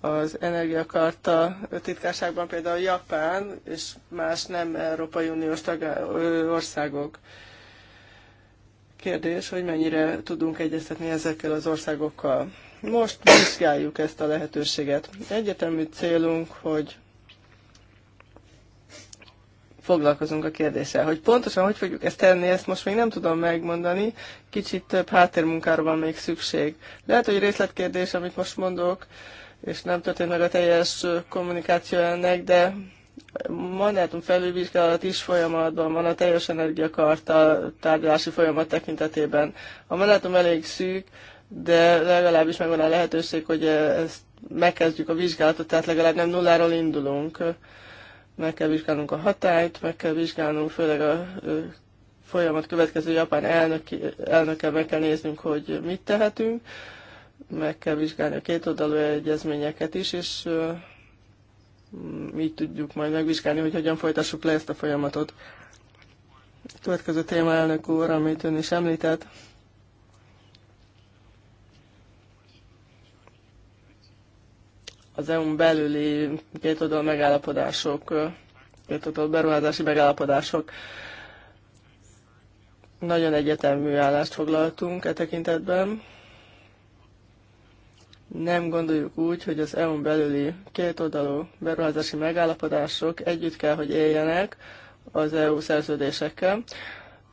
az energiakarta titkárságban például Japán és más nem Európai Uniós országok. Kérdés, hogy mennyire tudunk egyeztetni ezekkel az országokkal. Most vizsgáljuk ezt a lehetőséget. Egyetemű célunk, hogy foglalkozunk a kérdéssel. Hogy pontosan hogy fogjuk ezt tenni, ezt most még nem tudom megmondani. Kicsit több háttérmunkára van még szükség. Lehet, hogy részletkérdés, amit most mondok, és nem történt meg a teljes kommunikáció ennek, de mandátum felülvizsgálat is folyamatban van a teljes energiakarta tárgyalási folyamat tekintetében. A mandátum elég szűk, de legalábbis megvan a lehetőség, hogy ezt megkezdjük a vizsgálatot, tehát legalább nem nulláról indulunk. Meg kell vizsgálnunk a hatályt, meg kell vizsgálnunk főleg a folyamat következő japán elnöki, elnöke, meg kell néznünk, hogy mit tehetünk, meg kell vizsgálni a kétoldalú egyezményeket is, és Mm, így tudjuk majd megvizsgálni, hogy hogyan folytassuk le ezt a folyamatot. A következő téma, elnök úr, amit ön is említett, az EU-n belüli kétoldal megállapodások, kétoldal beruházási megállapodások. Nagyon egyetemű állást foglaltunk e tekintetben nem gondoljuk úgy, hogy az EU-n belüli kétoldalú beruházási megállapodások együtt kell, hogy éljenek az EU szerződésekkel.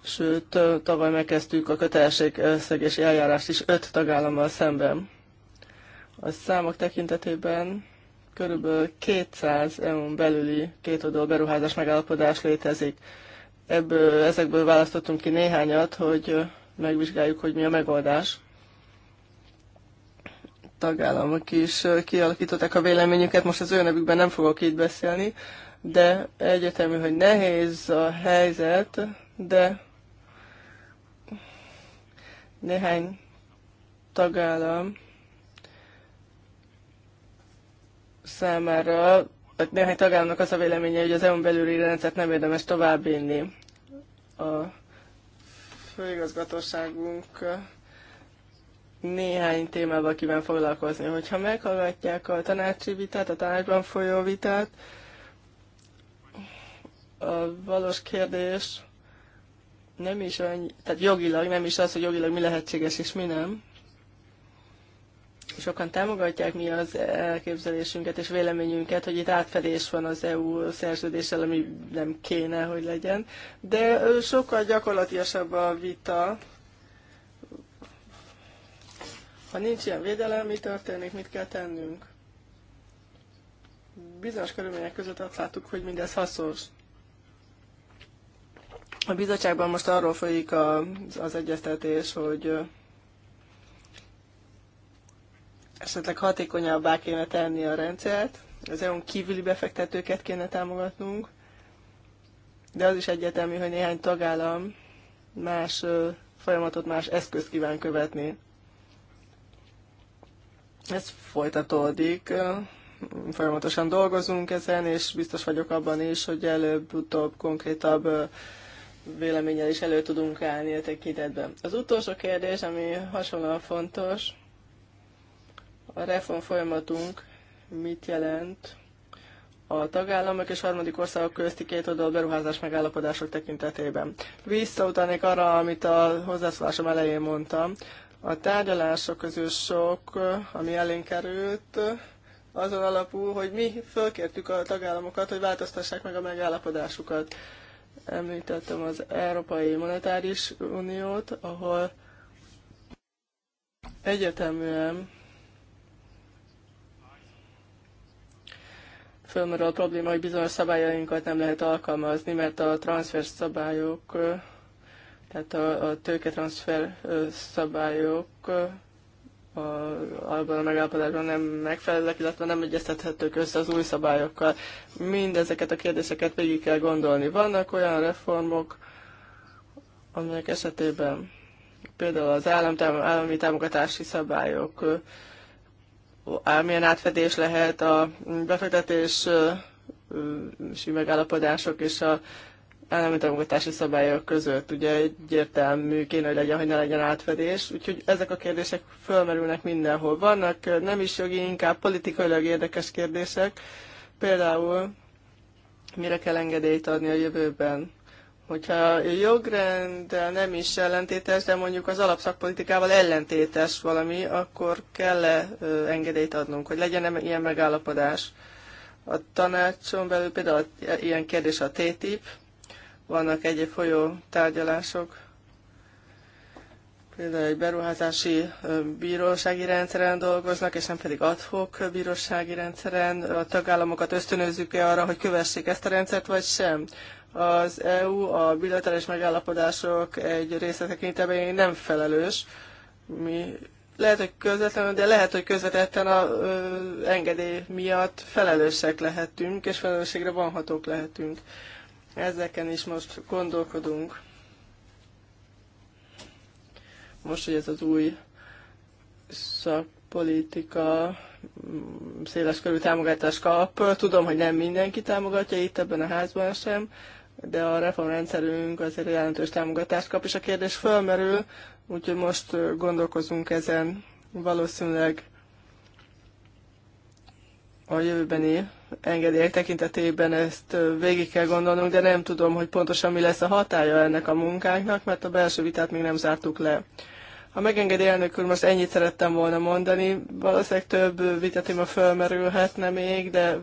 Sőt, tavaly megkezdtük a kötelesség összegési eljárást is öt tagállammal szemben. A számok tekintetében körülbelül 200 EU-n belüli kétoldalú beruházás megállapodás létezik. Ebből, ezekből választottunk ki néhányat, hogy megvizsgáljuk, hogy mi a megoldás tagállamok is kialakították a véleményüket, most az ő nevükben nem fogok így beszélni, de egyetemű, hogy nehéz a helyzet, de néhány tagállam számára, vagy néhány tagállamnak az a véleménye, hogy az EU-n belüli rendszert nem érdemes továbbvinni. A főigazgatóságunk néhány témával kíván foglalkozni. Hogyha meghallgatják a tanácsi vitát, a tanácsban folyó vitát, a valós kérdés nem is annyi, tehát jogilag nem is az, hogy jogilag mi lehetséges és mi nem. Sokan támogatják mi az elképzelésünket és véleményünket, hogy itt átfedés van az EU szerződéssel, ami nem kéne, hogy legyen. De sokkal gyakorlatilasabb a vita, ha nincs ilyen védelem, mi történik, mit kell tennünk? Bizonyos körülmények között azt láttuk, hogy mindez hasznos. A bizottságban most arról folyik az, az egyeztetés, hogy esetleg hatékonyabbá kéne tenni a rendszert, az EU-n kívüli befektetőket kéne támogatnunk, de az is egyetemű, hogy néhány tagállam más folyamatot, más eszközt kíván követni. Ez folytatódik, folyamatosan dolgozunk ezen, és biztos vagyok abban is, hogy előbb-utóbb konkrétabb véleménnyel is elő tudunk állni a tekintetben. Az utolsó kérdés, ami hasonlóan fontos, a reform folyamatunk mit jelent a tagállamok és harmadik országok közti két oldal beruházás megállapodások tekintetében. Visszautalnék arra, amit a hozzászólásom elején mondtam. A tárgyalások közül sok, ami elénk került, azon alapul, hogy mi fölkértük a tagállamokat, hogy változtassák meg a megállapodásukat. Említettem az Európai Monetáris Uniót, ahol egyeteműen fölmerül a probléma, hogy bizonyos szabályainkat nem lehet alkalmazni, mert a transfer szabályok tehát a, a tőketranszfer szabályok a, abban a megállapodásban nem megfelelnek, illetve nem egyeztethetők össze az új szabályokkal. Mindezeket a kérdéseket végig kell gondolni. Vannak olyan reformok, amelyek esetében például az állam, állami támogatási szabályok, milyen átfedés lehet a befektetési megállapodások és a állami támogatási szabályok között. Ugye egyértelmű kéne, hogy legyen, hogy ne legyen átfedés. Úgyhogy ezek a kérdések fölmerülnek mindenhol. Vannak nem is jogi, inkább politikailag érdekes kérdések. Például mire kell engedélyt adni a jövőben? Hogyha a jogrend nem is ellentétes, de mondjuk az alapszakpolitikával ellentétes valami, akkor kell -e engedélyt adnunk, hogy legyen -e ilyen megállapodás? A tanácson belül például ilyen kérdés a TTIP, vannak egyéb folyó tárgyalások, például egy beruházási bírósági rendszeren dolgoznak, és nem pedig adhok bírósági rendszeren. A tagállamokat ösztönözzük-e arra, hogy kövessék ezt a rendszert, vagy sem? Az EU a bilaterális megállapodások egy része tekintetében nem felelős. Mi lehet, hogy közvetlenül, de lehet, hogy közvetetten a ö, engedély miatt felelősek lehetünk, és felelősségre vonhatók lehetünk. Ezeken is most gondolkodunk. Most, hogy ez az új szakpolitika széles körű támogatást kap. Tudom, hogy nem mindenki támogatja itt ebben a házban sem, de a reformrendszerünk azért jelentős támogatást kap, és a kérdés fölmerül, úgyhogy most gondolkozunk ezen valószínűleg a jövőbeni engedélyek tekintetében ezt végig kell gondolnunk, de nem tudom, hogy pontosan mi lesz a hatája ennek a munkánknak, mert a belső vitát még nem zártuk le. Ha megengedi elnök úr, most ennyit szerettem volna mondani, valószínűleg több vitatéma fölmerülhetne még, de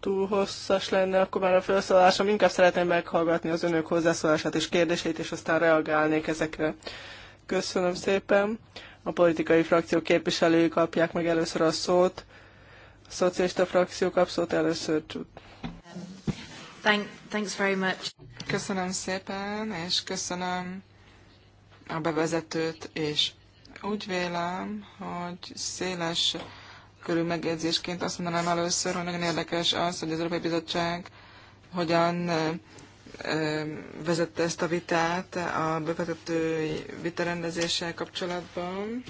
túl hosszas lenne, akkor már a felszólásom. Inkább szeretném meghallgatni az önök hozzászólását és kérdéseit, és aztán reagálnék ezekre. Köszönöm szépen. A politikai frakció képviselői kapják meg először a szót. A szocialista frakció kapszott először. Thank, thanks very much. Köszönöm szépen, és köszönöm a bevezetőt, és úgy vélem, hogy széles körű megjegyzésként azt mondanám először, hogy nagyon érdekes az, hogy az Európai Bizottság hogyan vezette ezt a vitát a bevezető vitarendezéssel kapcsolatban.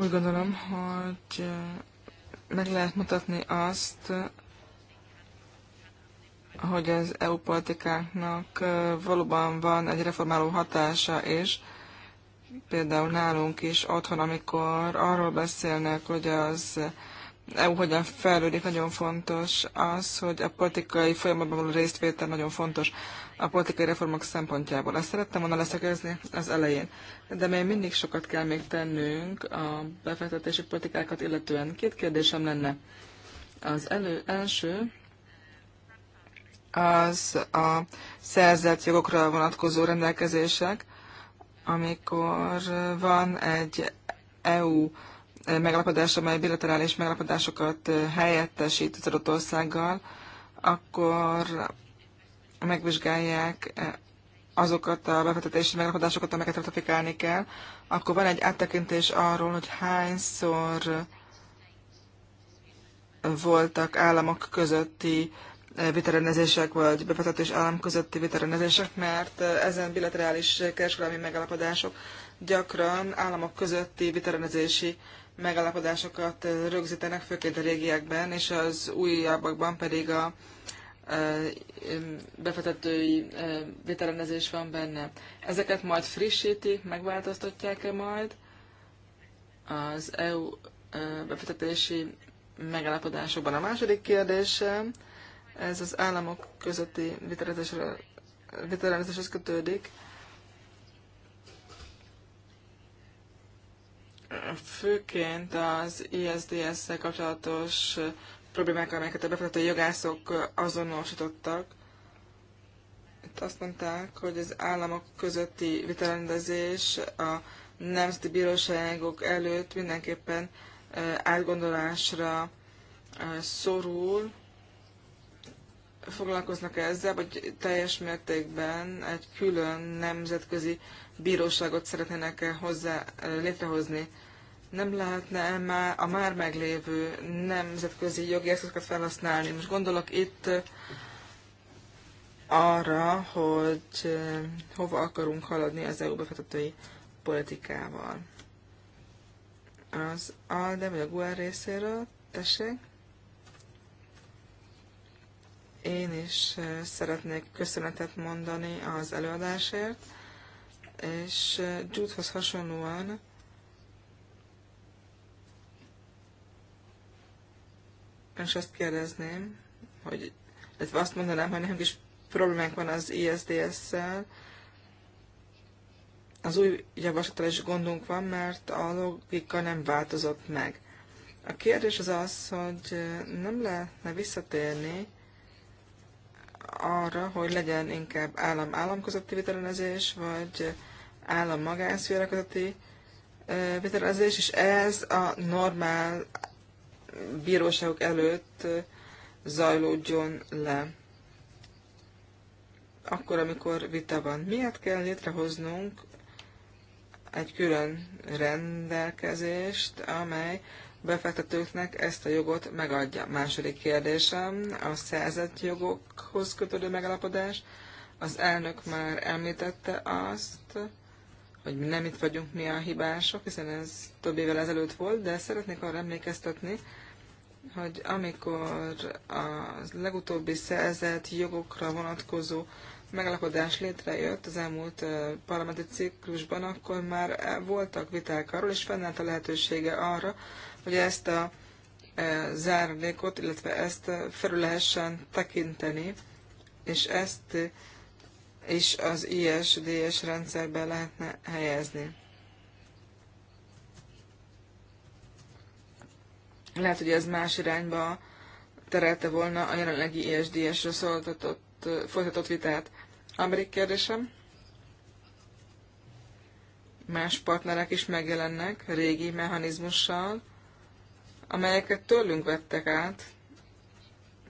Úgy gondolom, hogy eh, meg lehet mutatni azt, hogy az EU politikáknak eh, valóban van egy reformáló hatása, és például nálunk is otthon, amikor arról beszélnek, hogy az EU hogyan fejlődik, nagyon fontos az, hogy a politikai folyamatban való résztvétel nagyon fontos a politikai reformok szempontjából. Ezt szerettem volna leszögezni az elején, de még mindig sokat kell még tennünk a befektetési politikákat illetően. Két kérdésem lenne. Az elő, első az a szerzett jogokra vonatkozó rendelkezések, amikor van egy EU megállapodás, amely bilaterális megállapodásokat helyettesít az adott országgal, akkor megvizsgálják azokat a befektetési megállapodásokat, amelyeket ratifikálni kell, akkor van egy áttekintés arról, hogy hányszor voltak államok közötti vitarendezések, vagy befektetés állam közötti vitarendezések, mert ezen bilaterális kereskedelmi megállapodások gyakran államok közötti vitarendezési megállapodásokat rögzítenek, főként a régiekben, és az újabbakban pedig a befetetői vételenezés van benne. Ezeket majd frissítik, megváltoztatják-e majd az EU befektetési megállapodásokban? A második kérdésem, ez az államok közötti vételenezéshez kötődik. főként az ISDS-szel kapcsolatos problémák, amelyeket a befektető jogászok azonosítottak. Itt azt mondták, hogy az államok közötti vitarendezés a nemzeti bíróságok előtt mindenképpen átgondolásra szorul. Foglalkoznak -e ezzel, vagy teljes mértékben egy külön nemzetközi bíróságot szeretnének hozzá létrehozni. Nem lehetne már a már meglévő nemzetközi jogi eszközöket felhasználni? Most gondolok itt eh, arra, hogy eh, hova akarunk haladni az EU befektetői politikával. Az ALDE vagy a GUER részéről, tessék. Én is eh, szeretnék köszönetet mondani az előadásért és Judhoz hasonlóan és azt kérdezném, hogy, illetve azt mondanám, hogy nekünk is problémák van az ISDS-szel, az új javaslatra is gondunk van, mert a logika nem változott meg. A kérdés az az, hogy nem lehetne visszatérni arra, hogy legyen inkább állam-állam közötti vitelezés, vagy állam-magánszféra közötti vitelezés, és ez a normál bíróságok előtt zajlódjon le. Akkor, amikor vita van. Miért kell létrehoznunk egy külön rendelkezést, amely befektetőknek ezt a jogot megadja. Második kérdésem a szerzett jogokhoz kötődő megalapodás. Az elnök már említette azt, hogy nem itt vagyunk mi a hibások, hiszen ez több évvel ezelőtt volt, de szeretnék arra emlékeztetni, hogy amikor a legutóbbi szerzett jogokra vonatkozó megalapodás létrejött az elmúlt parlamenti ciklusban, akkor már voltak viták arról, és fennállt a lehetősége arra, hogy ezt a e, zárnékot, illetve ezt felül lehessen tekinteni, és ezt is az ISDS rendszerbe lehetne helyezni. Lehet, hogy ez más irányba terelte volna a jelenlegi ISDS-ről szolgatott, folytatott vitát. Amerik kérdésem. Más partnerek is megjelennek régi mechanizmussal, amelyeket tőlünk vettek át,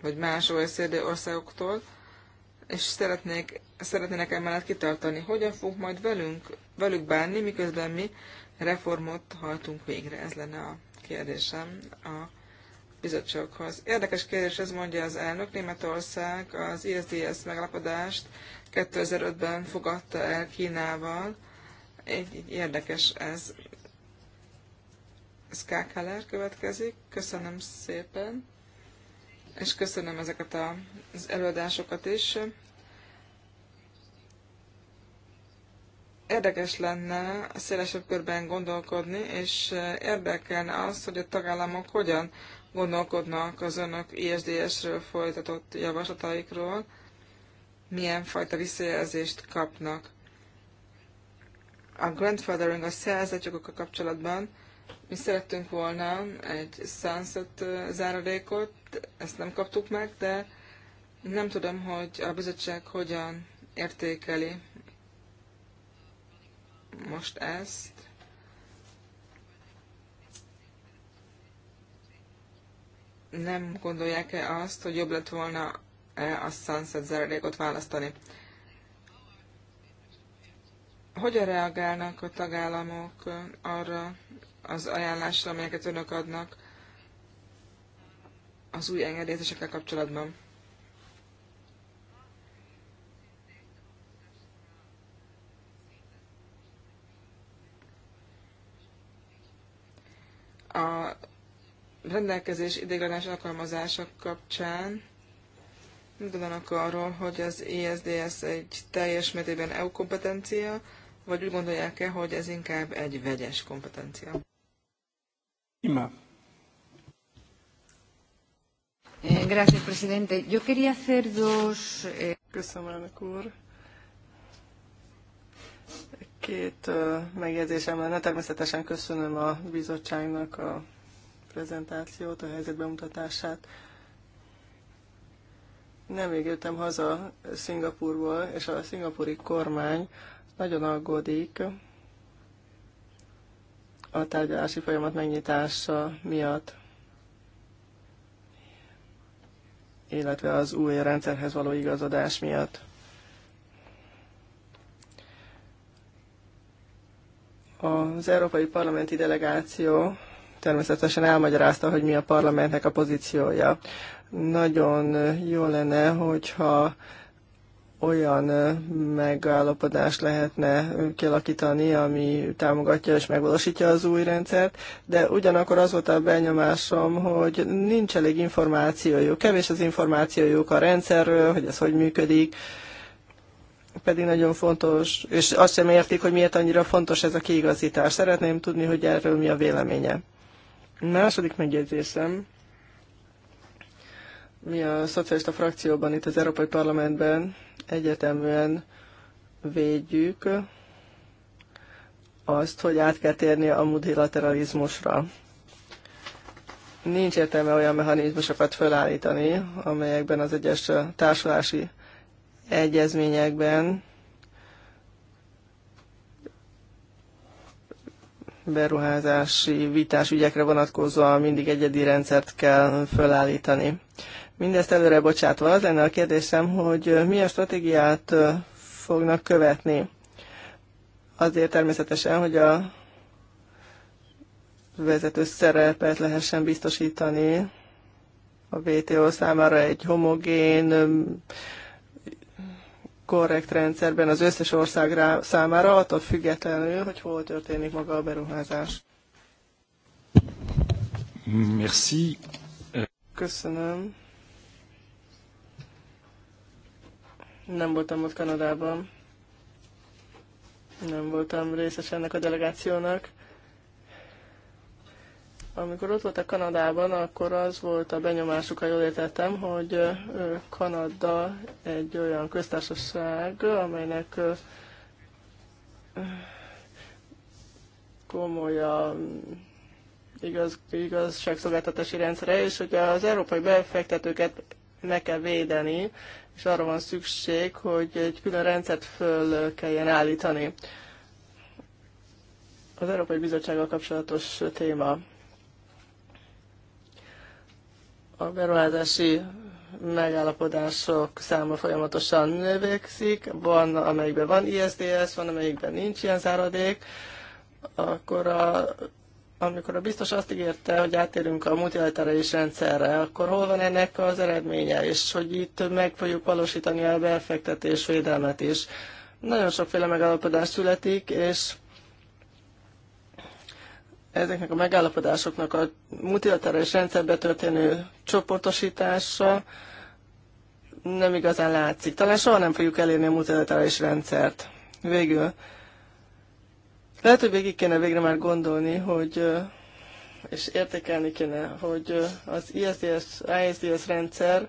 vagy más OECD országoktól, és szeretnék, szeretnének emellett kitartani. Hogyan fog majd velünk, velük bánni, miközben mi reformot hajtunk végre? Ez lenne a kérdésem a bizottsághoz. Érdekes kérdés, ez mondja az elnök. Németország az ISDS megalapodást 2005-ben fogadta el Kínával. Egy, egy érdekes ez. Ská Keller következik. Köszönöm szépen, és köszönöm ezeket a, az előadásokat is. Érdekes lenne a szélesebb körben gondolkodni, és érdekelne az, hogy a tagállamok hogyan gondolkodnak az önök ISDS-ről folytatott javaslataikról, milyen fajta visszajelzést kapnak. A grandfathering, a szerzett jogokkal kapcsolatban mi szerettünk volna egy sunset záradékot, ezt nem kaptuk meg, de nem tudom, hogy a bizottság hogyan értékeli most ezt. Nem gondolják-e azt, hogy jobb lett volna -e a sunset záradékot választani? Hogyan reagálnak a tagállamok arra, az ajánlásra, amelyeket önök adnak az új engedélyezésekkel kapcsolatban. A rendelkezés idéglenes alkalmazása kapcsán mit gondolnak arról, hogy az ESDS egy teljes mértékben EU kompetencia, vagy úgy gondolják-e, hogy ez inkább egy vegyes kompetencia? Ima. Eh, gracias, presidente. Yo quería hacer dos... Eh, köszönöm, elnök úr. Két eh, megjegyzésem lenne. Természetesen köszönöm a bizottságnak a prezentációt, a helyzet bemutatását. Nemrég jöttem haza Szingapurból, és a szingapuri kormány nagyon aggódik a tárgyalási folyamat megnyitása miatt, illetve az új rendszerhez való igazodás miatt. Az Európai Parlamenti Delegáció természetesen elmagyarázta, hogy mi a parlamentnek a pozíciója. Nagyon jó lenne, hogyha olyan megállapodást lehetne kialakítani, ami támogatja és megvalósítja az új rendszert, de ugyanakkor az volt a benyomásom, hogy nincs elég információjuk, kevés az információjuk a rendszerről, hogy ez hogy működik, pedig nagyon fontos, és azt sem értik, hogy miért annyira fontos ez a kiigazítás. Szeretném tudni, hogy erről mi a véleménye. Második megjegyzésem, mi a szocialista frakcióban itt az Európai Parlamentben egyeteműen védjük azt, hogy át kell térni a multilateralizmusra. Nincs értelme olyan mechanizmusokat felállítani, amelyekben az egyes társulási egyezményekben beruházási vitás ügyekre vonatkozóan mindig egyedi rendszert kell felállítani. Mindezt előre bocsátva az lenne a kérdésem, hogy milyen stratégiát fognak követni. Azért természetesen, hogy a vezető szerepet lehessen biztosítani a WTO számára egy homogén, korrekt rendszerben az összes ország számára, attól függetlenül, hogy hol történik maga a beruházás. Merci. Köszönöm. Nem voltam ott Kanadában. Nem voltam részes ennek a delegációnak. Amikor ott voltak Kanadában, akkor az volt a benyomásuk, ha jól értettem, hogy Kanada egy olyan köztársaság, amelynek komoly a igaz, igazságszolgáltatási rendszere, és hogy az európai befektetőket meg kell védeni, és arra van szükség, hogy egy külön rendszert föl kelljen állítani. Az Európai Bizottsággal kapcsolatos téma. A beruházási megállapodások száma folyamatosan növekszik, van, amelyikben van ISDS, van, amelyikben nincs ilyen záradék, akkor a amikor a biztos azt ígérte, hogy átérünk a multilaterális rendszerre, akkor hol van ennek az eredménye, és hogy itt meg fogjuk valósítani a befektetés védelmet is. Nagyon sokféle megállapodás születik, és ezeknek a megállapodásoknak a multilaterális rendszerbe történő csoportosítása nem igazán látszik. Talán soha nem fogjuk elérni a multilaterális rendszert. Végül lehet, hogy végig kéne végre már gondolni, hogy és értékelni kéne, hogy az ISDS, ISDS rendszer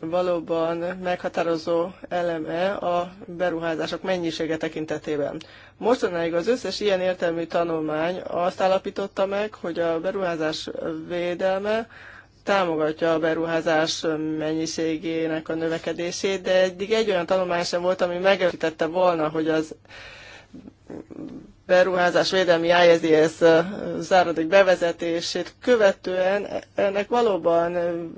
valóban meghatározó eleme a beruházások mennyisége tekintetében. Mostanáig az összes ilyen értelmű tanulmány azt állapította meg, hogy a beruházás védelme támogatja a beruházás mennyiségének a növekedését, de eddig egy olyan tanulmány sem volt, ami megerősítette volna, hogy az beruházás védelmi ISDS záradék bevezetését követően ennek valóban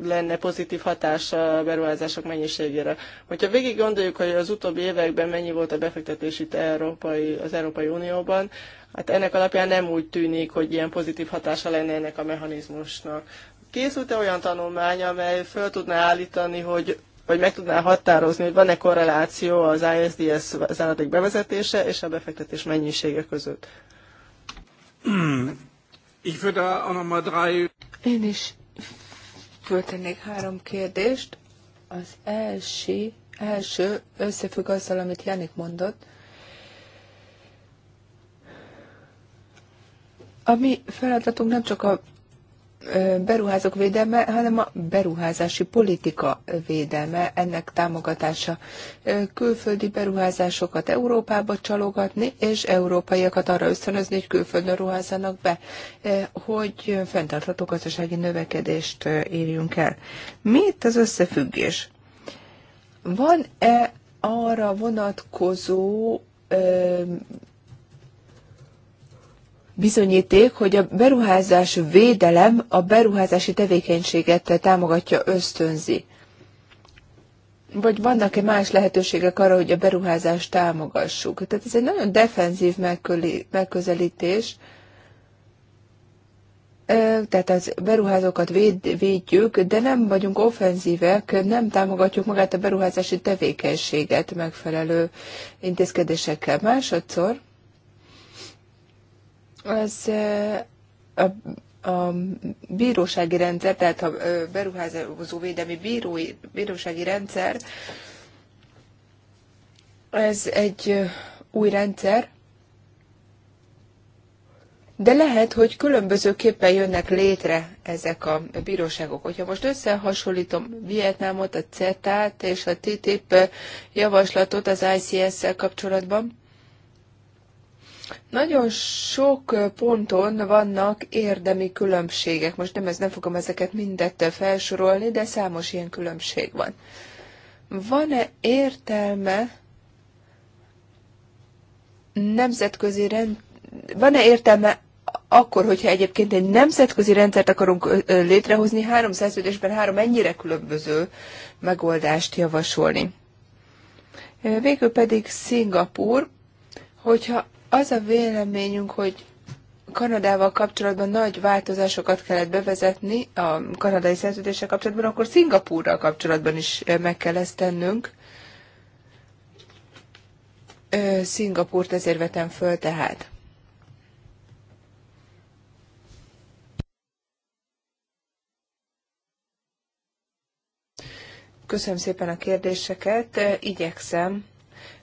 lenne pozitív hatása a beruházások mennyiségére. Hogyha végig gondoljuk, hogy az utóbbi években mennyi volt a befektetés itt Európai, az Európai Unióban, hát ennek alapján nem úgy tűnik, hogy ilyen pozitív hatása lenne ennek a mechanizmusnak. Készült-e olyan tanulmány, amely föl tudná állítani, hogy vagy meg tudná határozni, hogy van-e korreláció az ISDS záradék bevezetése és a befektetés mennyisége között? Én is föltennék három kérdést. Az első, első összefügg azzal, amit Janik mondott. A mi feladatunk nem csak a beruházók védelme, hanem a beruházási politika védelme, ennek támogatása. Külföldi beruházásokat Európába csalogatni, és európaiakat arra ösztönözni, hogy külföldön ruházzanak be, hogy fenntartható gazdasági növekedést érjünk el. Mi itt az összefüggés? Van-e arra vonatkozó bizonyíték, hogy a beruházás védelem a beruházási tevékenységet támogatja, ösztönzi. Vagy vannak-e más lehetőségek arra, hogy a beruházást támogassuk? Tehát ez egy nagyon defenzív megközelítés. Tehát az beruházókat véd, védjük, de nem vagyunk offenzívek, nem támogatjuk magát a beruházási tevékenységet megfelelő intézkedésekkel. Másodszor, az a, a bírósági rendszer, tehát a beruházó védelmi bírói, bírósági rendszer, ez egy új rendszer, de lehet, hogy különbözőképpen jönnek létre ezek a bíróságok. Hogyha most összehasonlítom Vietnámot, a CETA-t és a TTIP javaslatot az ICS-szel kapcsolatban, nagyon sok ponton vannak érdemi különbségek. Most nem, ez nem fogom ezeket mindet felsorolni, de számos ilyen különbség van. Van-e értelme nemzetközi rend... Van-e értelme akkor, hogyha egyébként egy nemzetközi rendszert akarunk létrehozni, három szerződésben három ennyire különböző megoldást javasolni. Végül pedig Szingapur, hogyha az a véleményünk, hogy Kanadával kapcsolatban nagy változásokat kellett bevezetni a kanadai szerződéssel kapcsolatban, akkor Szingapúrral kapcsolatban is meg kell ezt tennünk. Szingapúrt ezért vetem föl tehát. Köszönöm szépen a kérdéseket, igyekszem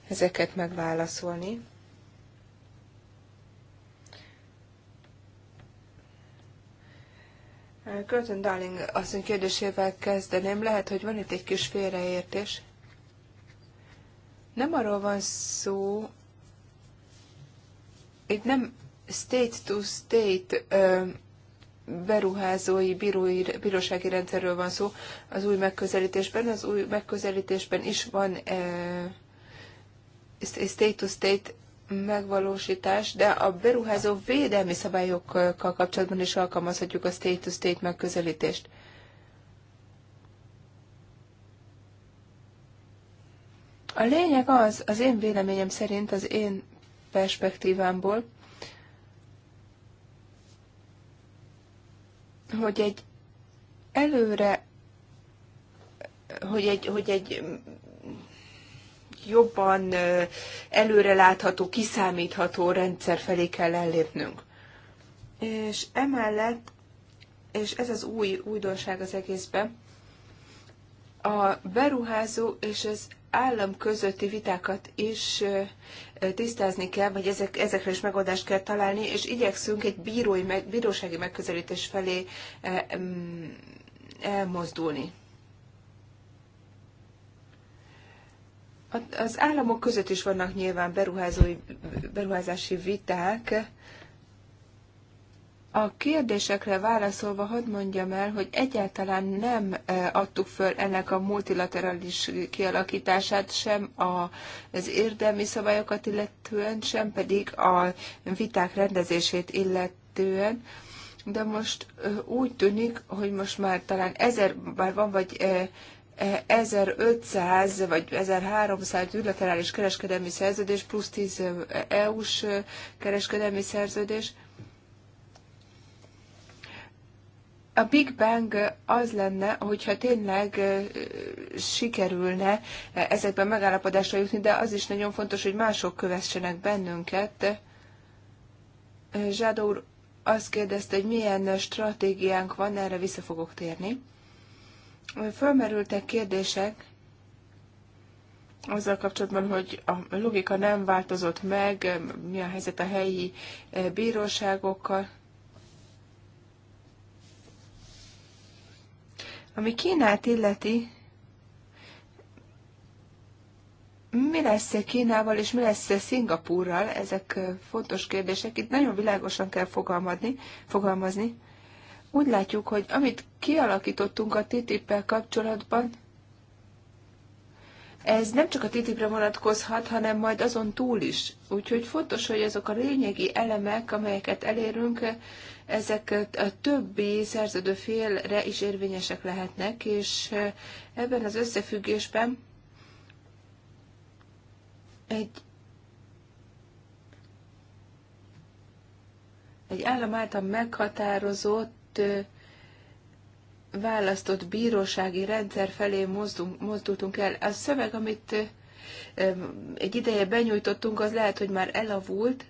ezeket megválaszolni. Curtin Darling asszony kérdésével kezdeném. Lehet, hogy van itt egy kis félreértés. Nem arról van szó, itt nem state-to-state state, beruházói bírói, bírósági rendszerről van szó az új megközelítésben. Az új megközelítésben is van state-to-state state megvalósítás, de a beruházó védelmi szabályokkal kapcsolatban is alkalmazhatjuk a state-to-state -state megközelítést. A lényeg az, az én véleményem szerint, az én perspektívámból, hogy egy előre, hogy egy, hogy egy jobban előrelátható, kiszámítható rendszer felé kell ellépnünk. És emellett, és ez az új újdonság az egészben, a beruházó és az állam közötti vitákat is tisztázni kell, vagy ezek, ezekre is megoldást kell találni, és igyekszünk egy bírói, bírósági megközelítés felé elmozdulni. Az államok között is vannak nyilván beruházói, beruházási viták. A kérdésekre válaszolva hadd mondjam el, hogy egyáltalán nem e, adtuk föl ennek a multilaterális kialakítását, sem az érdemi szabályokat illetően, sem pedig a viták rendezését illetően de most úgy tűnik, hogy most már talán ezer, már van vagy e, 1500 vagy 1300 bilaterális kereskedelmi szerződés, plusz 10 EU-s kereskedelmi szerződés. A Big Bang az lenne, hogyha tényleg sikerülne ezekben megállapodásra jutni, de az is nagyon fontos, hogy mások kövessenek bennünket. Zsádó úr azt kérdezte, hogy milyen stratégiánk van, erre vissza fogok térni. Fölmerültek kérdések azzal kapcsolatban, hogy a logika nem változott meg, mi a helyzet a helyi eh, bíróságokkal. Ami Kínát illeti, mi lesz Kínával és mi lesz Szingapúrral? Ezek eh, fontos kérdések. Itt nagyon világosan kell fogalmazni. fogalmazni. Úgy látjuk, hogy amit kialakítottunk a TTIP-pel kapcsolatban, ez nem csak a TTIP-re vonatkozhat, hanem majd azon túl is. Úgyhogy fontos, hogy azok a lényegi elemek, amelyeket elérünk, ezek a többi szerződő félre is érvényesek lehetnek, és ebben az összefüggésben egy egy állam által meghatározott választott bírósági rendszer felé mozdunk, mozdultunk el. A szöveg, amit egy ideje benyújtottunk, az lehet, hogy már elavult,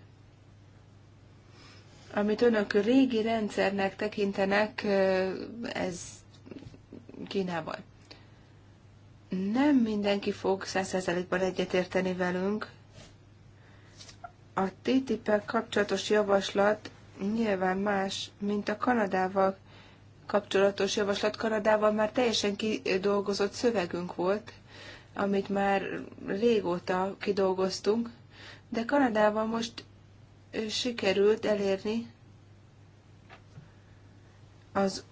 amit önök régi rendszernek tekintenek, ez Kínában. Nem mindenki fog százszerzelékben egyetérteni velünk. A ttip kapcsolatos javaslat nyilván más, mint a Kanadával kapcsolatos javaslat. Kanadával már teljesen kidolgozott szövegünk volt, amit már régóta kidolgoztunk, de Kanadával most sikerült elérni az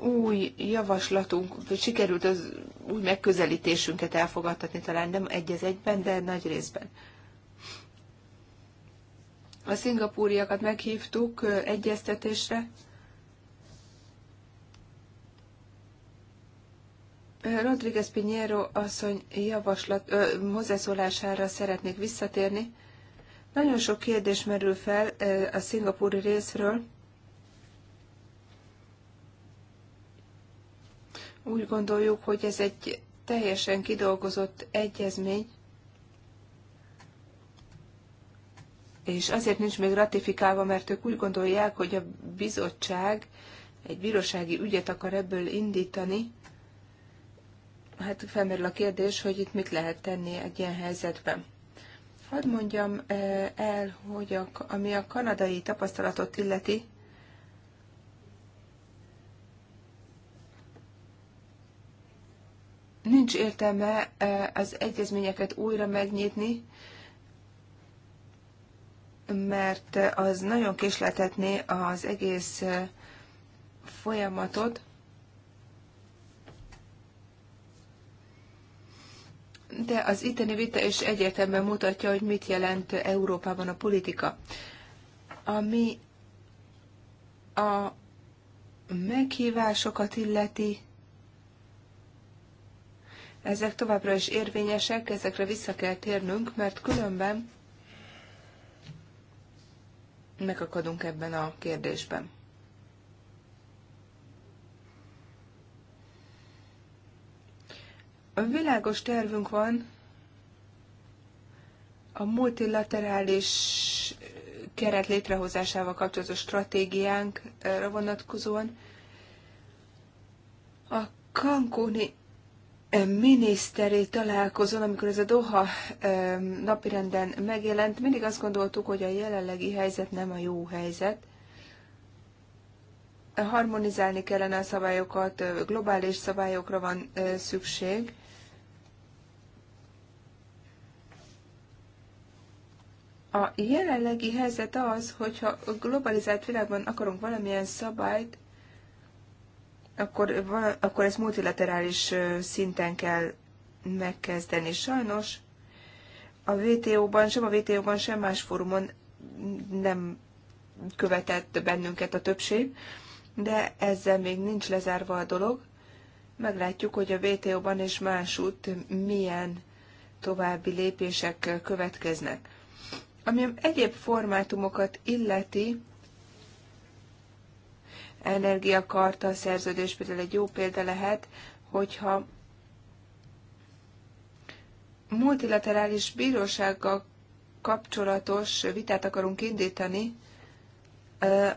új javaslatunk, vagy sikerült az új megközelítésünket elfogadtatni talán nem egy az egyben, de nagy részben. A szingapúriakat meghívtuk egyeztetésre. Rodriguez Pinheiro asszony javaslat, ö, hozzászólására szeretnék visszatérni. Nagyon sok kérdés merül fel ö, a szingapúri részről. Úgy gondoljuk, hogy ez egy teljesen kidolgozott egyezmény, és azért nincs még ratifikálva, mert ők úgy gondolják, hogy a bizottság egy bírósági ügyet akar ebből indítani. Hát felmerül a kérdés, hogy itt mit lehet tenni egy ilyen helyzetben. Hadd mondjam eh, el, hogy a, ami a kanadai tapasztalatot illeti, nincs értelme eh, az egyezményeket újra megnyitni, mert az nagyon késletetné az egész folyamatot. De az itteni vita is egyértelműen mutatja, hogy mit jelent Európában a politika. Ami a meghívásokat illeti, ezek továbbra is érvényesek, ezekre vissza kell térnünk, mert különben megakadunk ebben a kérdésben. A világos tervünk van a multilaterális keret létrehozásával kapcsolatos stratégiánkra vonatkozóan. A Cancúni miniszteri találkozón, amikor ez a Doha napirenden megjelent, mindig azt gondoltuk, hogy a jelenlegi helyzet nem a jó helyzet. Harmonizálni kellene a szabályokat, globális szabályokra van szükség. A jelenlegi helyzet az, hogyha globalizált világban akarunk valamilyen szabályt, akkor, akkor ezt multilaterális szinten kell megkezdeni. Sajnos a WTO-ban, sem a WTO-ban, sem más fórumon nem követett bennünket a többség, de ezzel még nincs lezárva a dolog. Meglátjuk, hogy a WTO-ban és másút milyen további lépések következnek. Ami egyéb formátumokat illeti, energiakarta szerződés például egy jó példa lehet, hogyha multilaterális bírósággal kapcsolatos vitát akarunk indítani,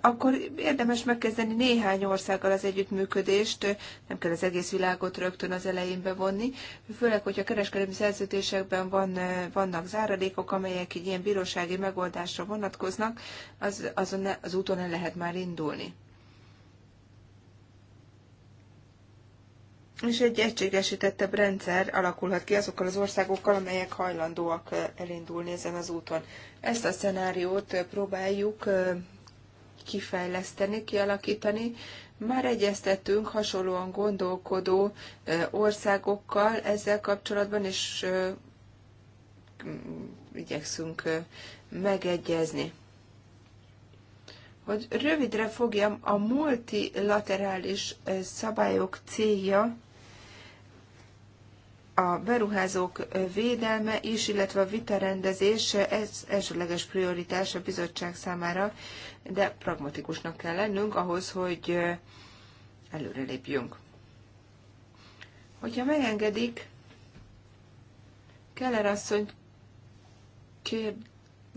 akkor érdemes megkezdeni néhány országgal az együttműködést, nem kell az egész világot rögtön az elején bevonni, főleg, hogyha kereskedelmi szerződésekben van, vannak záradékok, amelyek így ilyen bírósági megoldásra vonatkoznak, az, azon az úton el lehet már indulni. és egy egységesítettebb rendszer alakulhat ki azokkal az országokkal, amelyek hajlandóak elindulni ezen az úton. Ezt a szenáriót próbáljuk kifejleszteni, kialakítani. Már egyeztettünk hasonlóan gondolkodó országokkal ezzel kapcsolatban, és mm, igyekszünk megegyezni. Hogy rövidre fogjam, a multilaterális szabályok célja, a beruházók védelme is, illetve a vitarendezés, ez elsőleges prioritás a bizottság számára, de pragmatikusnak kell lennünk ahhoz, hogy előrelépjünk. Hogyha megengedik, Keller asszony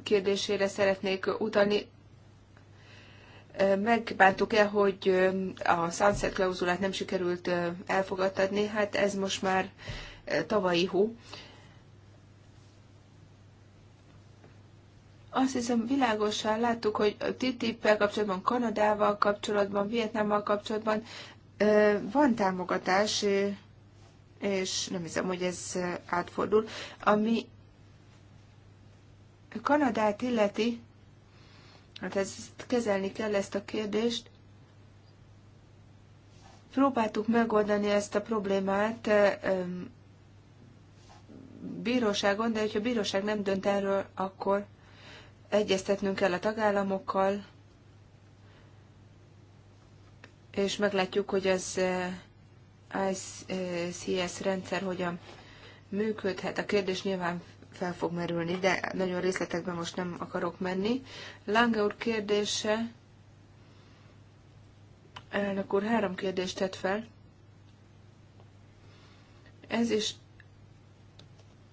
kérdésére szeretnék utalni. Megbántuk-e, hogy a sunset klauzulát nem sikerült elfogadtadni? Hát ez most már tavalyi hó. Azt hiszem, világosan láttuk, hogy a TTIP-pel kapcsolatban, Kanadával kapcsolatban, Vietnámmal kapcsolatban van támogatás, és nem hiszem, hogy ez átfordul. Ami Kanadát illeti, hát ezt kezelni kell ezt a kérdést, próbáltuk megoldani ezt a problémát bíróságon, de hogyha a bíróság nem dönt erről, akkor egyeztetnünk kell a tagállamokkal, és meglátjuk, hogy az eh, ICS rendszer hogyan működhet. A kérdés nyilván fel fog merülni, de nagyon részletekben most nem akarok menni. Lange úr kérdése, elnök úr három kérdést tett fel. Ez is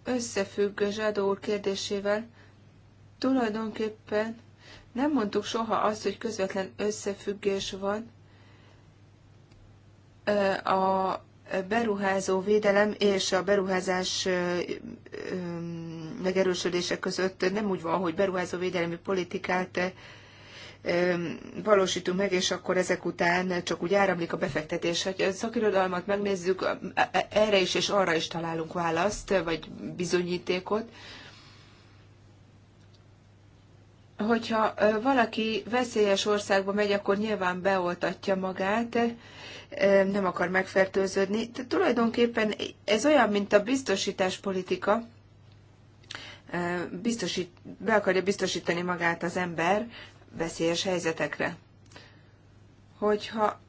összefügg Zsadó úr kérdésével. Tulajdonképpen nem mondtuk soha azt, hogy közvetlen összefüggés van a beruházó védelem és a beruházás megerősödése között. Nem úgy van, hogy beruházó védelmi politikát valósítunk meg, és akkor ezek után csak úgy áramlik a befektetés. Ha szakirodalmat megnézzük, e, e, erre is és arra is találunk választ, vagy bizonyítékot. Hogyha valaki veszélyes országba megy, akkor nyilván beoltatja magát, nem akar megfertőződni. Tehát tulajdonképpen ez olyan, mint a biztosítás politika. biztosít, be akarja biztosítani magát az ember veszélyes helyzetekre. Hogyha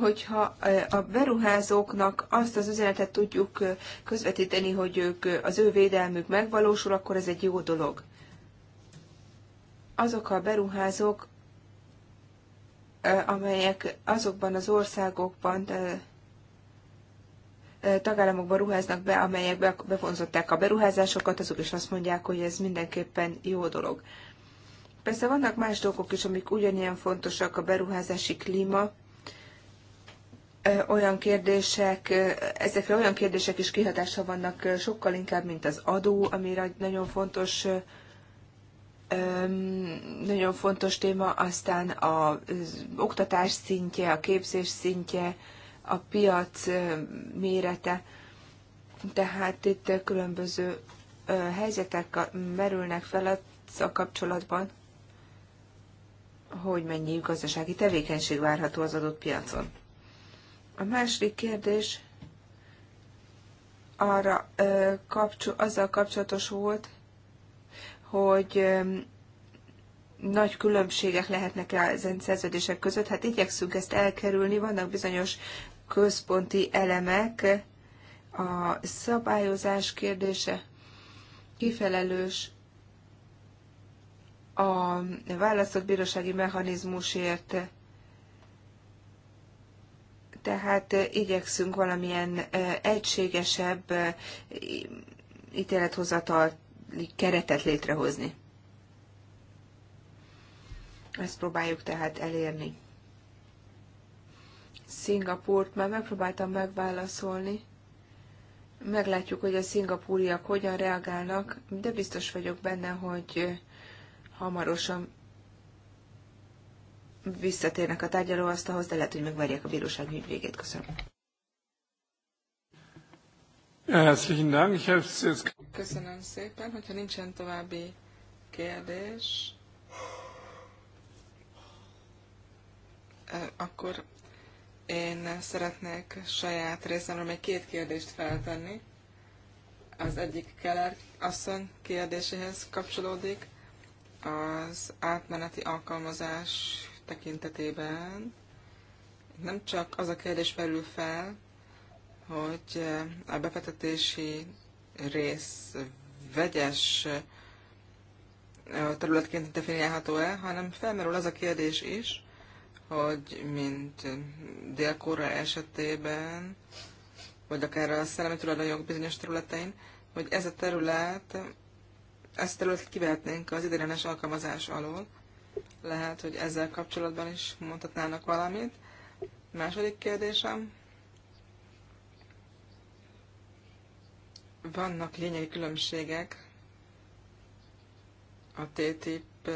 hogyha a beruházóknak azt az üzenetet tudjuk közvetíteni, hogy ők, az ő védelmük megvalósul, akkor ez egy jó dolog. Azok a beruházók, amelyek azokban az országokban tagállamokban ruháznak be, amelyek bevonzották a beruházásokat, azok is azt mondják, hogy ez mindenképpen jó dolog. Persze vannak más dolgok is, amik ugyanilyen fontosak, a beruházási klíma, olyan kérdések, ezekre olyan kérdések is kihatása vannak sokkal inkább, mint az adó, amire nagyon fontos nagyon fontos téma, aztán az oktatás szintje, a képzés szintje, a piac mérete. Tehát itt különböző helyzetek merülnek fel a kapcsolatban, hogy mennyi gazdasági tevékenység várható az adott piacon. A második kérdés arra kapcsol, azzal kapcsolatos volt, hogy nagy különbségek lehetnek a szerződések között. Hát igyekszünk ezt elkerülni, vannak bizonyos központi elemek a szabályozás kérdése, kifelelős a választott bírósági mechanizmusért, tehát eh, igyekszünk valamilyen eh, egységesebb eh, ítélethozatal keretet létrehozni. Ezt próbáljuk tehát elérni. Szingapurt mert megpróbáltam megválaszolni. Meglátjuk, hogy a szingapúriak hogyan reagálnak, de biztos vagyok benne, hogy hamarosan visszatérnek a tárgyalóasztalhoz, de lehet, hogy megvárják a bíróság ügyvégét. Köszönöm. Köszönöm szépen, hogyha nincsen további kérdés, akkor én szeretnék saját részemről még két kérdést feltenni. Az egyik Keller asszony kérdéséhez kapcsolódik, az átmeneti alkalmazás tekintetében. Nem csak az a kérdés felül fel, hogy a befektetési rész vegyes területként definiálható-e, hanem felmerül az a kérdés is, hogy mint dél esetében, vagy akár a szellemi tulajdonjog bizonyos területein, hogy ez a terület, ezt a területet kivehetnénk az ideiglenes alkalmazás alól. Lehet, hogy ezzel kapcsolatban is mondhatnának valamit. Második kérdésem. Vannak lényegi különbségek a TTIP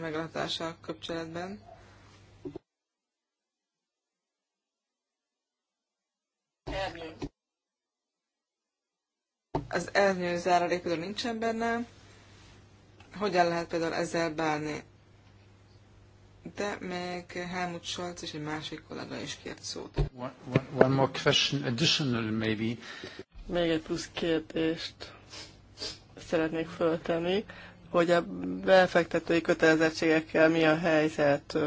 meglátása kapcsolatban. Az ernyő záradék például nincsen benne. Hogyan lehet például ezzel bánni? De még Helmut Scholz és egy másik kollega is kért szót. One, one, one more question additional maybe. Még egy plusz kérdést szeretnék föltenni hogy a befektetői kötelezettségekkel mi a helyzet.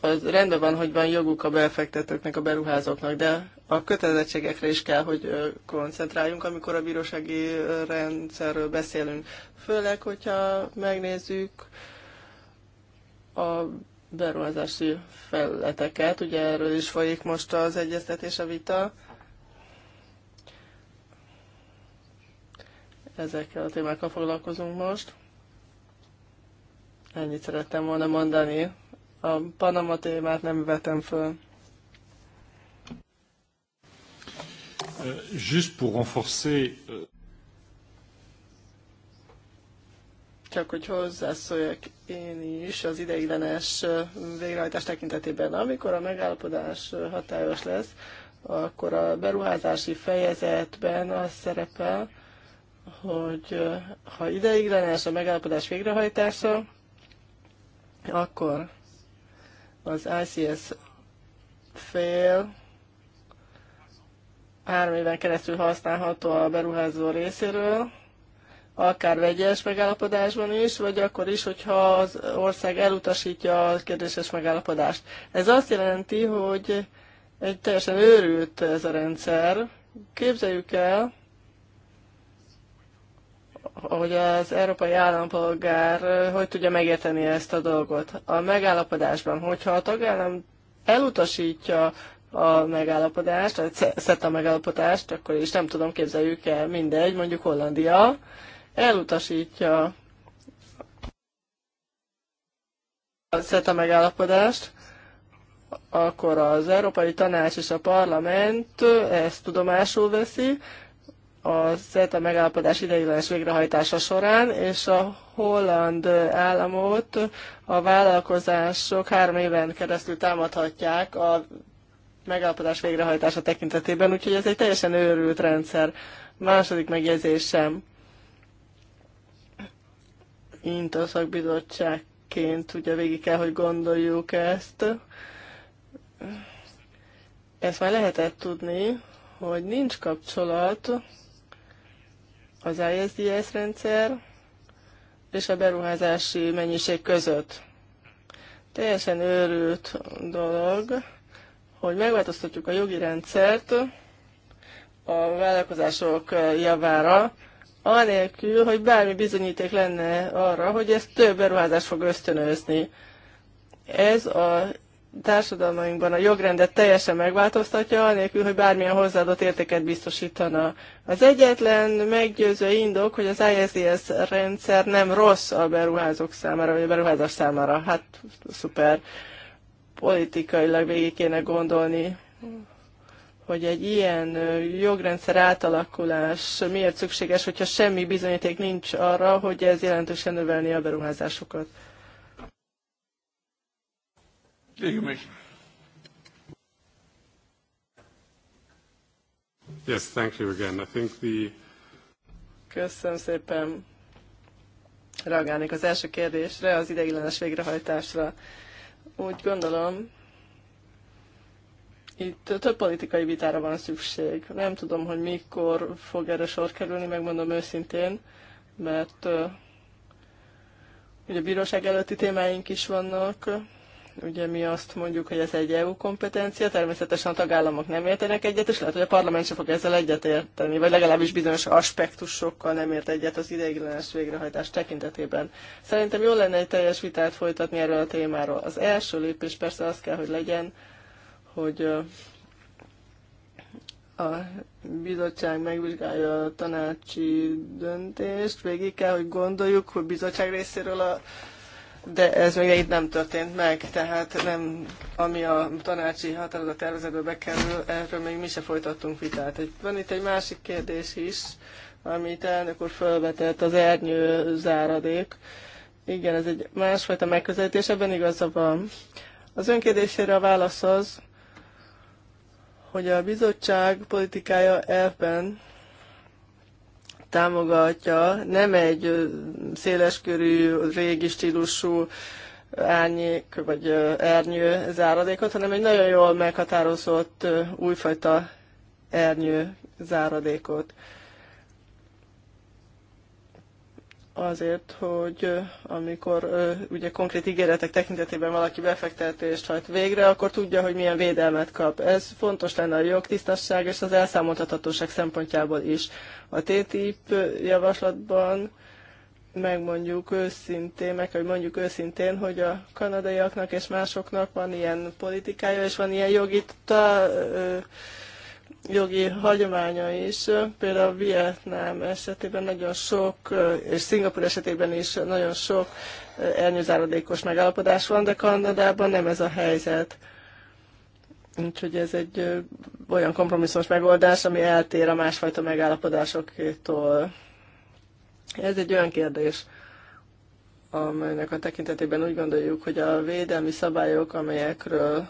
Az rendben van, hogy van joguk a befektetőknek, a beruházóknak, de a kötelezettségekre is kell, hogy koncentráljunk, amikor a bírósági rendszerről beszélünk. Főleg, hogyha megnézzük a beruházási felleteket, ugye erről is folyik most az egyeztetés, a vita, Ezekkel a témákkal foglalkozunk most. Ennyit szerettem volna mondani. A Panama témát nem vetem föl. Euh, Just pour renforcer... Euh, Csak hogy hozzászóljak én is az ideiglenes euh, végrehajtás tekintetében. Amikor a megállapodás hatályos lesz, akkor a beruházási fejezetben az szerepel, hogy ha ideiglenes a megállapodás végrehajtása, akkor az ICS fél három éven keresztül használható a beruházó részéről, akár vegyes megállapodásban is, vagy akkor is, hogyha az ország elutasítja a kérdéses megállapodást. Ez azt jelenti, hogy egy teljesen őrült ez a rendszer. Képzeljük el, hogy az európai állampolgár hogy tudja megérteni ezt a dolgot. A megállapodásban, hogyha a tagállam elutasítja a megállapodást, a megállapodást, akkor is nem tudom, képzeljük el, mindegy, mondjuk Hollandia elutasítja a megállapodást, akkor az Európai Tanács és a Parlament ezt tudomásul veszi, a CETA megállapodás ideiglenes végrehajtása során, és a holland államot a vállalkozások három éven keresztül támadhatják a megállapodás végrehajtása tekintetében, úgyhogy ez egy teljesen őrült rendszer. Második megjegyzésem. Inta szakbizottságként ugye végig kell, hogy gondoljuk ezt. Ezt már lehetett tudni, hogy nincs kapcsolat az ISDS rendszer és a beruházási mennyiség között. Teljesen őrült dolog, hogy megváltoztatjuk a jogi rendszert a vállalkozások javára, anélkül, hogy bármi bizonyíték lenne arra, hogy ez több beruházást fog ösztönözni. Ez a társadalmainkban a jogrendet teljesen megváltoztatja, anélkül, hogy bármilyen hozzáadott értéket biztosítana. Az egyetlen meggyőző indok, hogy az ISDS rendszer nem rossz a beruházók számára, vagy a beruházás számára. Hát szuper. Politikailag végig kéne gondolni, hogy egy ilyen jogrendszer átalakulás miért szükséges, hogyha semmi bizonyíték nincs arra, hogy ez jelentősen növelni a beruházásokat. Yes, thank you again. I think the... Köszönöm szépen. Reagálnék az első kérdésre, az ideiglenes végrehajtásra. Úgy gondolom, itt több politikai vitára van szükség. Nem tudom, hogy mikor fog erre sor kerülni, megmondom őszintén, mert ugye a bíróság előtti témáink is vannak, Ugye mi azt mondjuk, hogy ez egy EU kompetencia, természetesen a tagállamok nem értenek egyet, és lehet, hogy a parlament sem fog ezzel egyet érteni, vagy legalábbis bizonyos aspektusokkal nem ért egyet az ideiglenes végrehajtás tekintetében. Szerintem jól lenne egy teljes vitát folytatni erről a témáról. Az első lépés persze az kell, hogy legyen, hogy a bizottság megvizsgálja a tanácsi döntést, végig kell, hogy gondoljuk, hogy bizottság részéről a de ez még itt nem történt meg, tehát nem, ami a tanácsi határozat tervezetbe bekerül, erről még mi se folytattunk vitát. Van itt egy másik kérdés is, amit elnök úr felvetett, az ernyő záradék. Igen, ez egy másfajta megközelítés, ebben igaza van. Az kérdésére a válasz az, hogy a bizottság politikája elben támogatja, nem egy széleskörű, régi stílusú árnyék vagy ernyő záradékot, hanem egy nagyon jól meghatározott újfajta ernyő záradékot. azért, hogy amikor ugye konkrét ígéretek tekintetében valaki befektetést hajt végre, akkor tudja, hogy milyen védelmet kap. Ez fontos lenne a jogtisztasság és az elszámoltathatóság szempontjából is. A TTIP javaslatban megmondjuk őszintén, meg hogy mondjuk őszintén, hogy a kanadaiaknak és másoknak van ilyen politikája, és van ilyen jogi jogi hagyománya is. Például Vietnám esetében nagyon sok, és Szingapur esetében is nagyon sok elnyőzáradékos megállapodás van, de Kanadában nem ez a helyzet. Úgyhogy ez egy olyan kompromisszumos megoldás, ami eltér a másfajta megállapodásoktól. Ez egy olyan kérdés, amelynek a tekintetében úgy gondoljuk, hogy a védelmi szabályok, amelyekről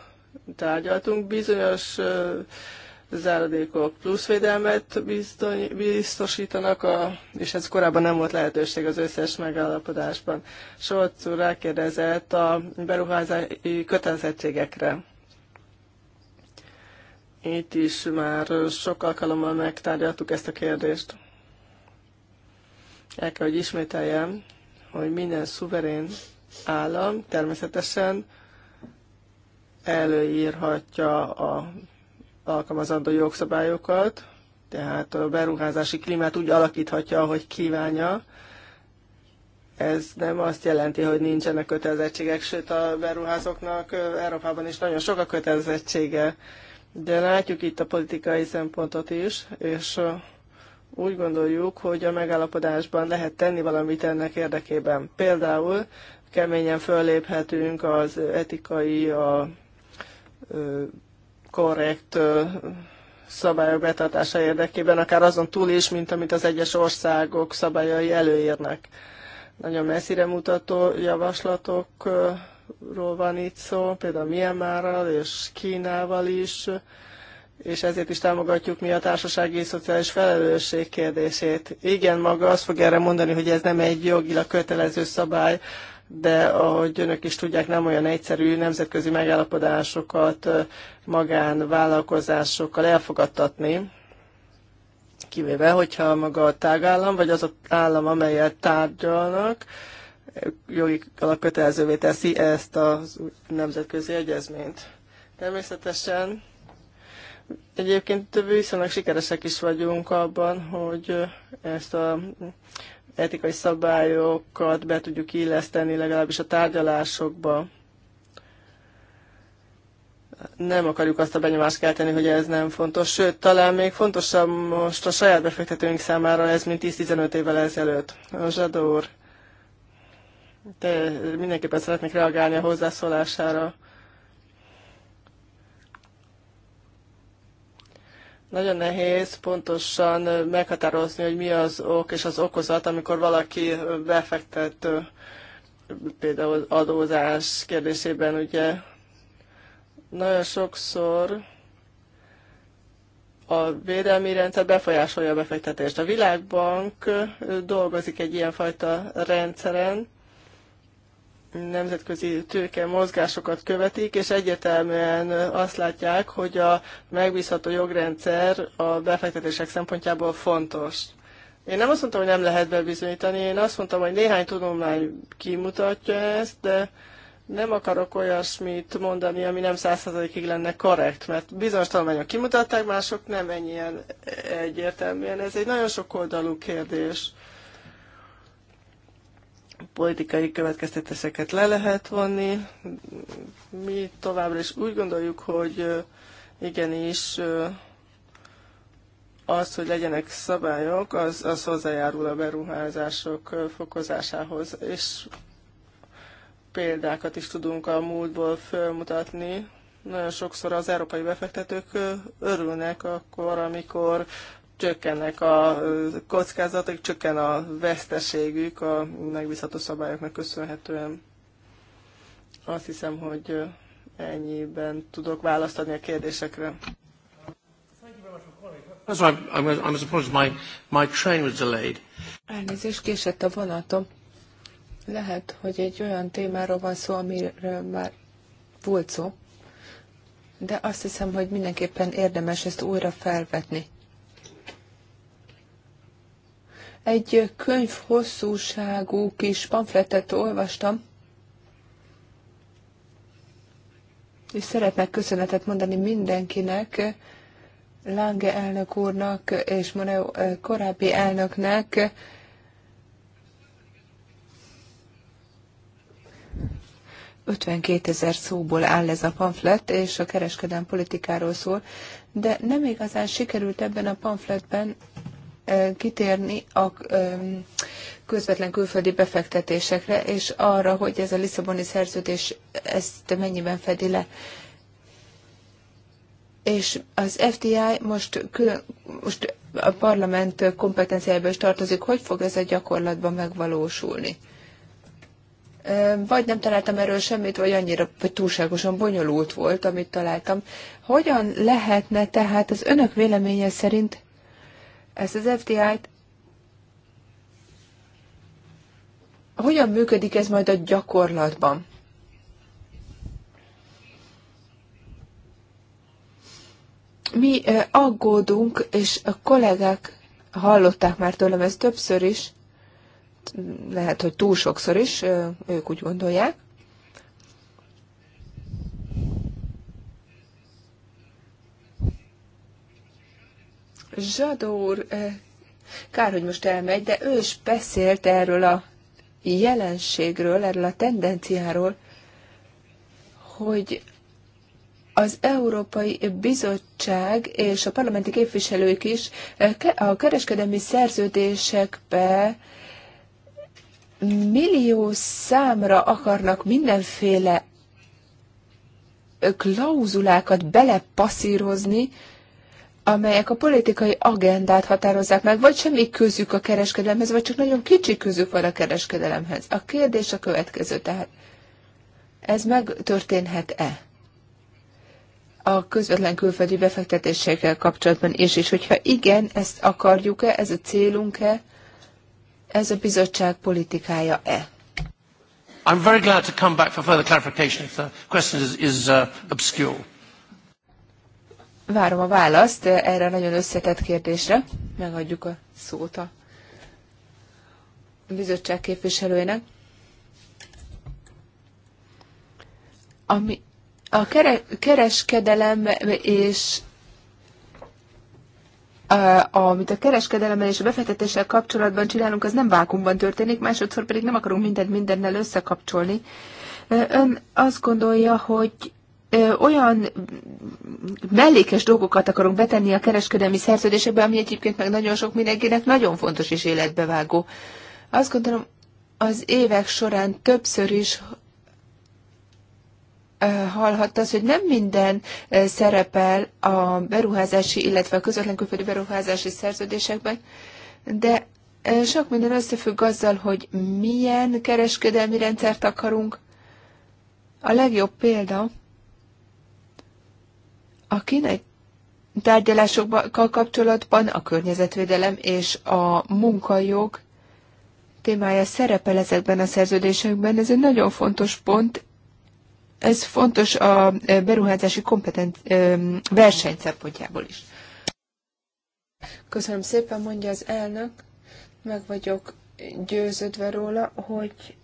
tárgyaltunk, bizonyos uh, záradékok plusz védelmet biztosítanak, a, és ez korábban nem volt lehetőség az összes megállapodásban. Solc úr rákérdezett a beruházási kötelezettségekre. Itt is már sok alkalommal megtárgyaltuk ezt a kérdést. El kell, hogy ismételjem, hogy minden szuverén állam természetesen előírhatja a alkalmazandó jogszabályokat, tehát a beruházási klímát úgy alakíthatja, ahogy kívánja. Ez nem azt jelenti, hogy nincsenek kötelezettségek, sőt a beruházóknak Európában is nagyon sok a kötelezettsége. De látjuk itt a politikai szempontot is, és úgy gondoljuk, hogy a megállapodásban lehet tenni valamit ennek érdekében. Például keményen fölléphetünk az etikai, a korrekt szabályok betartása érdekében, akár azon túl is, mint amit az egyes országok szabályai előírnak. Nagyon messzire mutató javaslatokról van itt szó, például Myanmarral és Kínával is, és ezért is támogatjuk mi a társasági és szociális felelősség kérdését. Igen, maga azt fog erre mondani, hogy ez nem egy jogilag kötelező szabály, de ahogy önök is tudják, nem olyan egyszerű nemzetközi megállapodásokat magánvállalkozásokkal elfogadtatni, kivéve, hogyha maga a tagállam, vagy az a állam, amelyet tárgyalnak, jogi alapkötelezővé teszi ezt a nemzetközi egyezményt. Természetesen egyébként viszonylag sikeresek is vagyunk abban, hogy ezt a etikai szabályokat be tudjuk illeszteni legalábbis a tárgyalásokba. Nem akarjuk azt a benyomást kelteni, hogy ez nem fontos, sőt, talán még fontosabb most a saját befektetőink számára ez, mint 10-15 évvel ezelőtt. Zsadó úr, de mindenképpen szeretnék reagálni a hozzászólására. Nagyon nehéz pontosan meghatározni, hogy mi az ok és az okozat, amikor valaki befektet például adózás kérdésében, ugye nagyon sokszor a védelmi rendszer befolyásolja a befektetést. A Világbank dolgozik egy ilyenfajta rendszeren, nemzetközi tőke mozgásokat követik, és egyértelműen azt látják, hogy a megbízható jogrendszer a befektetések szempontjából fontos. Én nem azt mondtam, hogy nem lehet bebizonyítani, én azt mondtam, hogy néhány tudomány kimutatja ezt, de nem akarok olyasmit mondani, ami nem százszerzalékig lenne korrekt, mert bizonyos tanulmányok kimutatták, mások nem ennyien egyértelműen. Ez egy nagyon sokoldalú kérdés politikai következtetéseket le lehet vonni. Mi továbbra is úgy gondoljuk, hogy igenis az, hogy legyenek szabályok, az, az hozzájárul a beruházások fokozásához, és példákat is tudunk a múltból felmutatni. Nagyon sokszor az európai befektetők örülnek akkor, amikor csökkennek a kockázatok, csökken a veszteségük a megbízható szabályoknak köszönhetően. Azt hiszem, hogy ennyiben tudok választ adni a kérdésekre. I'm, my, my train was delayed. Elnézést, késett a vonatom. Lehet, hogy egy olyan témáról van szó, amiről már volt szó, de azt hiszem, hogy mindenképpen érdemes ezt újra felvetni. Egy könyv hosszúságú kis pamfletet olvastam, és szeretnék köszönetet mondani mindenkinek, Lange elnök úrnak és Moneo korábbi elnöknek, ezer szóból áll ez a pamflet, és a kereskedelmi politikáról szól, de nem igazán sikerült ebben a pamfletben kitérni a közvetlen külföldi befektetésekre, és arra, hogy ez a Lisszaboni szerződés ezt mennyiben fedi le. És az FDI most, külön, most a parlament kompetenciájába is tartozik, hogy fog ez a gyakorlatban megvalósulni? Vagy nem találtam erről semmit, vagy annyira vagy túlságosan bonyolult volt, amit találtam. Hogyan lehetne tehát az önök véleménye szerint ezt az FDI-t hogyan működik ez majd a gyakorlatban? Mi aggódunk, és a kollégák hallották már tőlem ezt többször is, lehet, hogy túl sokszor is, ők úgy gondolják, Zsadó úr, eh, kár, hogy most elmegy, de ő is beszélt erről a jelenségről, erről a tendenciáról, hogy az Európai Bizottság és a parlamenti képviselők is eh, a kereskedelmi szerződésekbe millió számra akarnak mindenféle eh, klauzulákat belepasszírozni, amelyek a politikai agendát határozzák meg, vagy semmi közük a kereskedelemhez, vagy csak nagyon kicsi közük van a kereskedelemhez. A kérdés a következő, tehát ez megtörténhet-e? a közvetlen külföldi befektetésekkel kapcsolatban is, és hogyha igen, ezt akarjuk-e, ez a célunk-e, ez a bizottság politikája-e? I'm very glad to come back for further clarification if the question is, is uh, obscure. Várom a választ erre a nagyon összetett kérdésre. Megadjuk a szót a bizottság képviselőjének. Ami a kereskedelem és a amit a kereskedelemmel és a befektetéssel kapcsolatban csinálunk, az nem vákumban történik, másodszor pedig nem akarunk mindent mindennel összekapcsolni. Ön azt gondolja, hogy olyan mellékes dolgokat akarunk betenni a kereskedelmi szerződésekbe, ami egyébként meg nagyon sok mindenkinek nagyon fontos és életbevágó. Azt gondolom, az évek során többször is hallhatta az, hogy nem minden szerepel a beruházási, illetve a közvetlen külföldi beruházási szerződésekben, de sok minden összefügg azzal, hogy milyen kereskedelmi rendszert akarunk. A legjobb példa akinek tárgyalásokkal kapcsolatban a környezetvédelem és a munkajog témája szerepel ezekben a szerződésekben. Ez egy nagyon fontos pont. Ez fontos a beruházási kompetent verseny szempontjából is. Köszönöm szépen, mondja az elnök. Meg vagyok győződve róla, hogy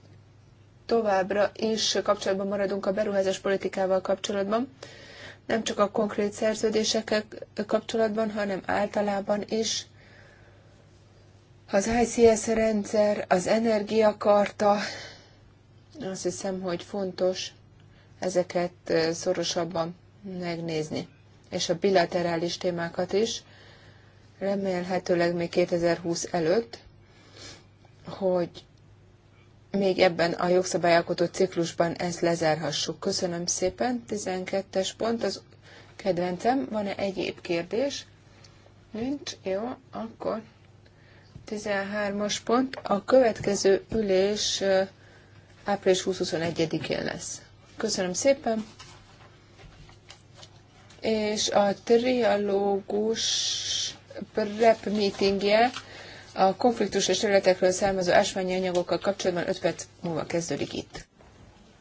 továbbra is kapcsolatban maradunk a beruházás politikával kapcsolatban nem csak a konkrét szerződésekkel kapcsolatban, hanem általában is. Az ICS rendszer, az energiakarta, azt hiszem, hogy fontos ezeket szorosabban megnézni, és a bilaterális témákat is, remélhetőleg még 2020 előtt, hogy még ebben a jogszabályalkotó ciklusban ezt lezárhassuk. Köszönöm szépen. 12-es pont az kedvencem. Van-e egyéb kérdés? Nincs? Jó, akkor 13-as pont. A következő ülés április 20-21-én lesz. Köszönöm szépen. És a trialógus prep meetingje a konfliktusos területekről származó ásványi anyagokkal kapcsolatban 5 perc múlva kezdődik itt.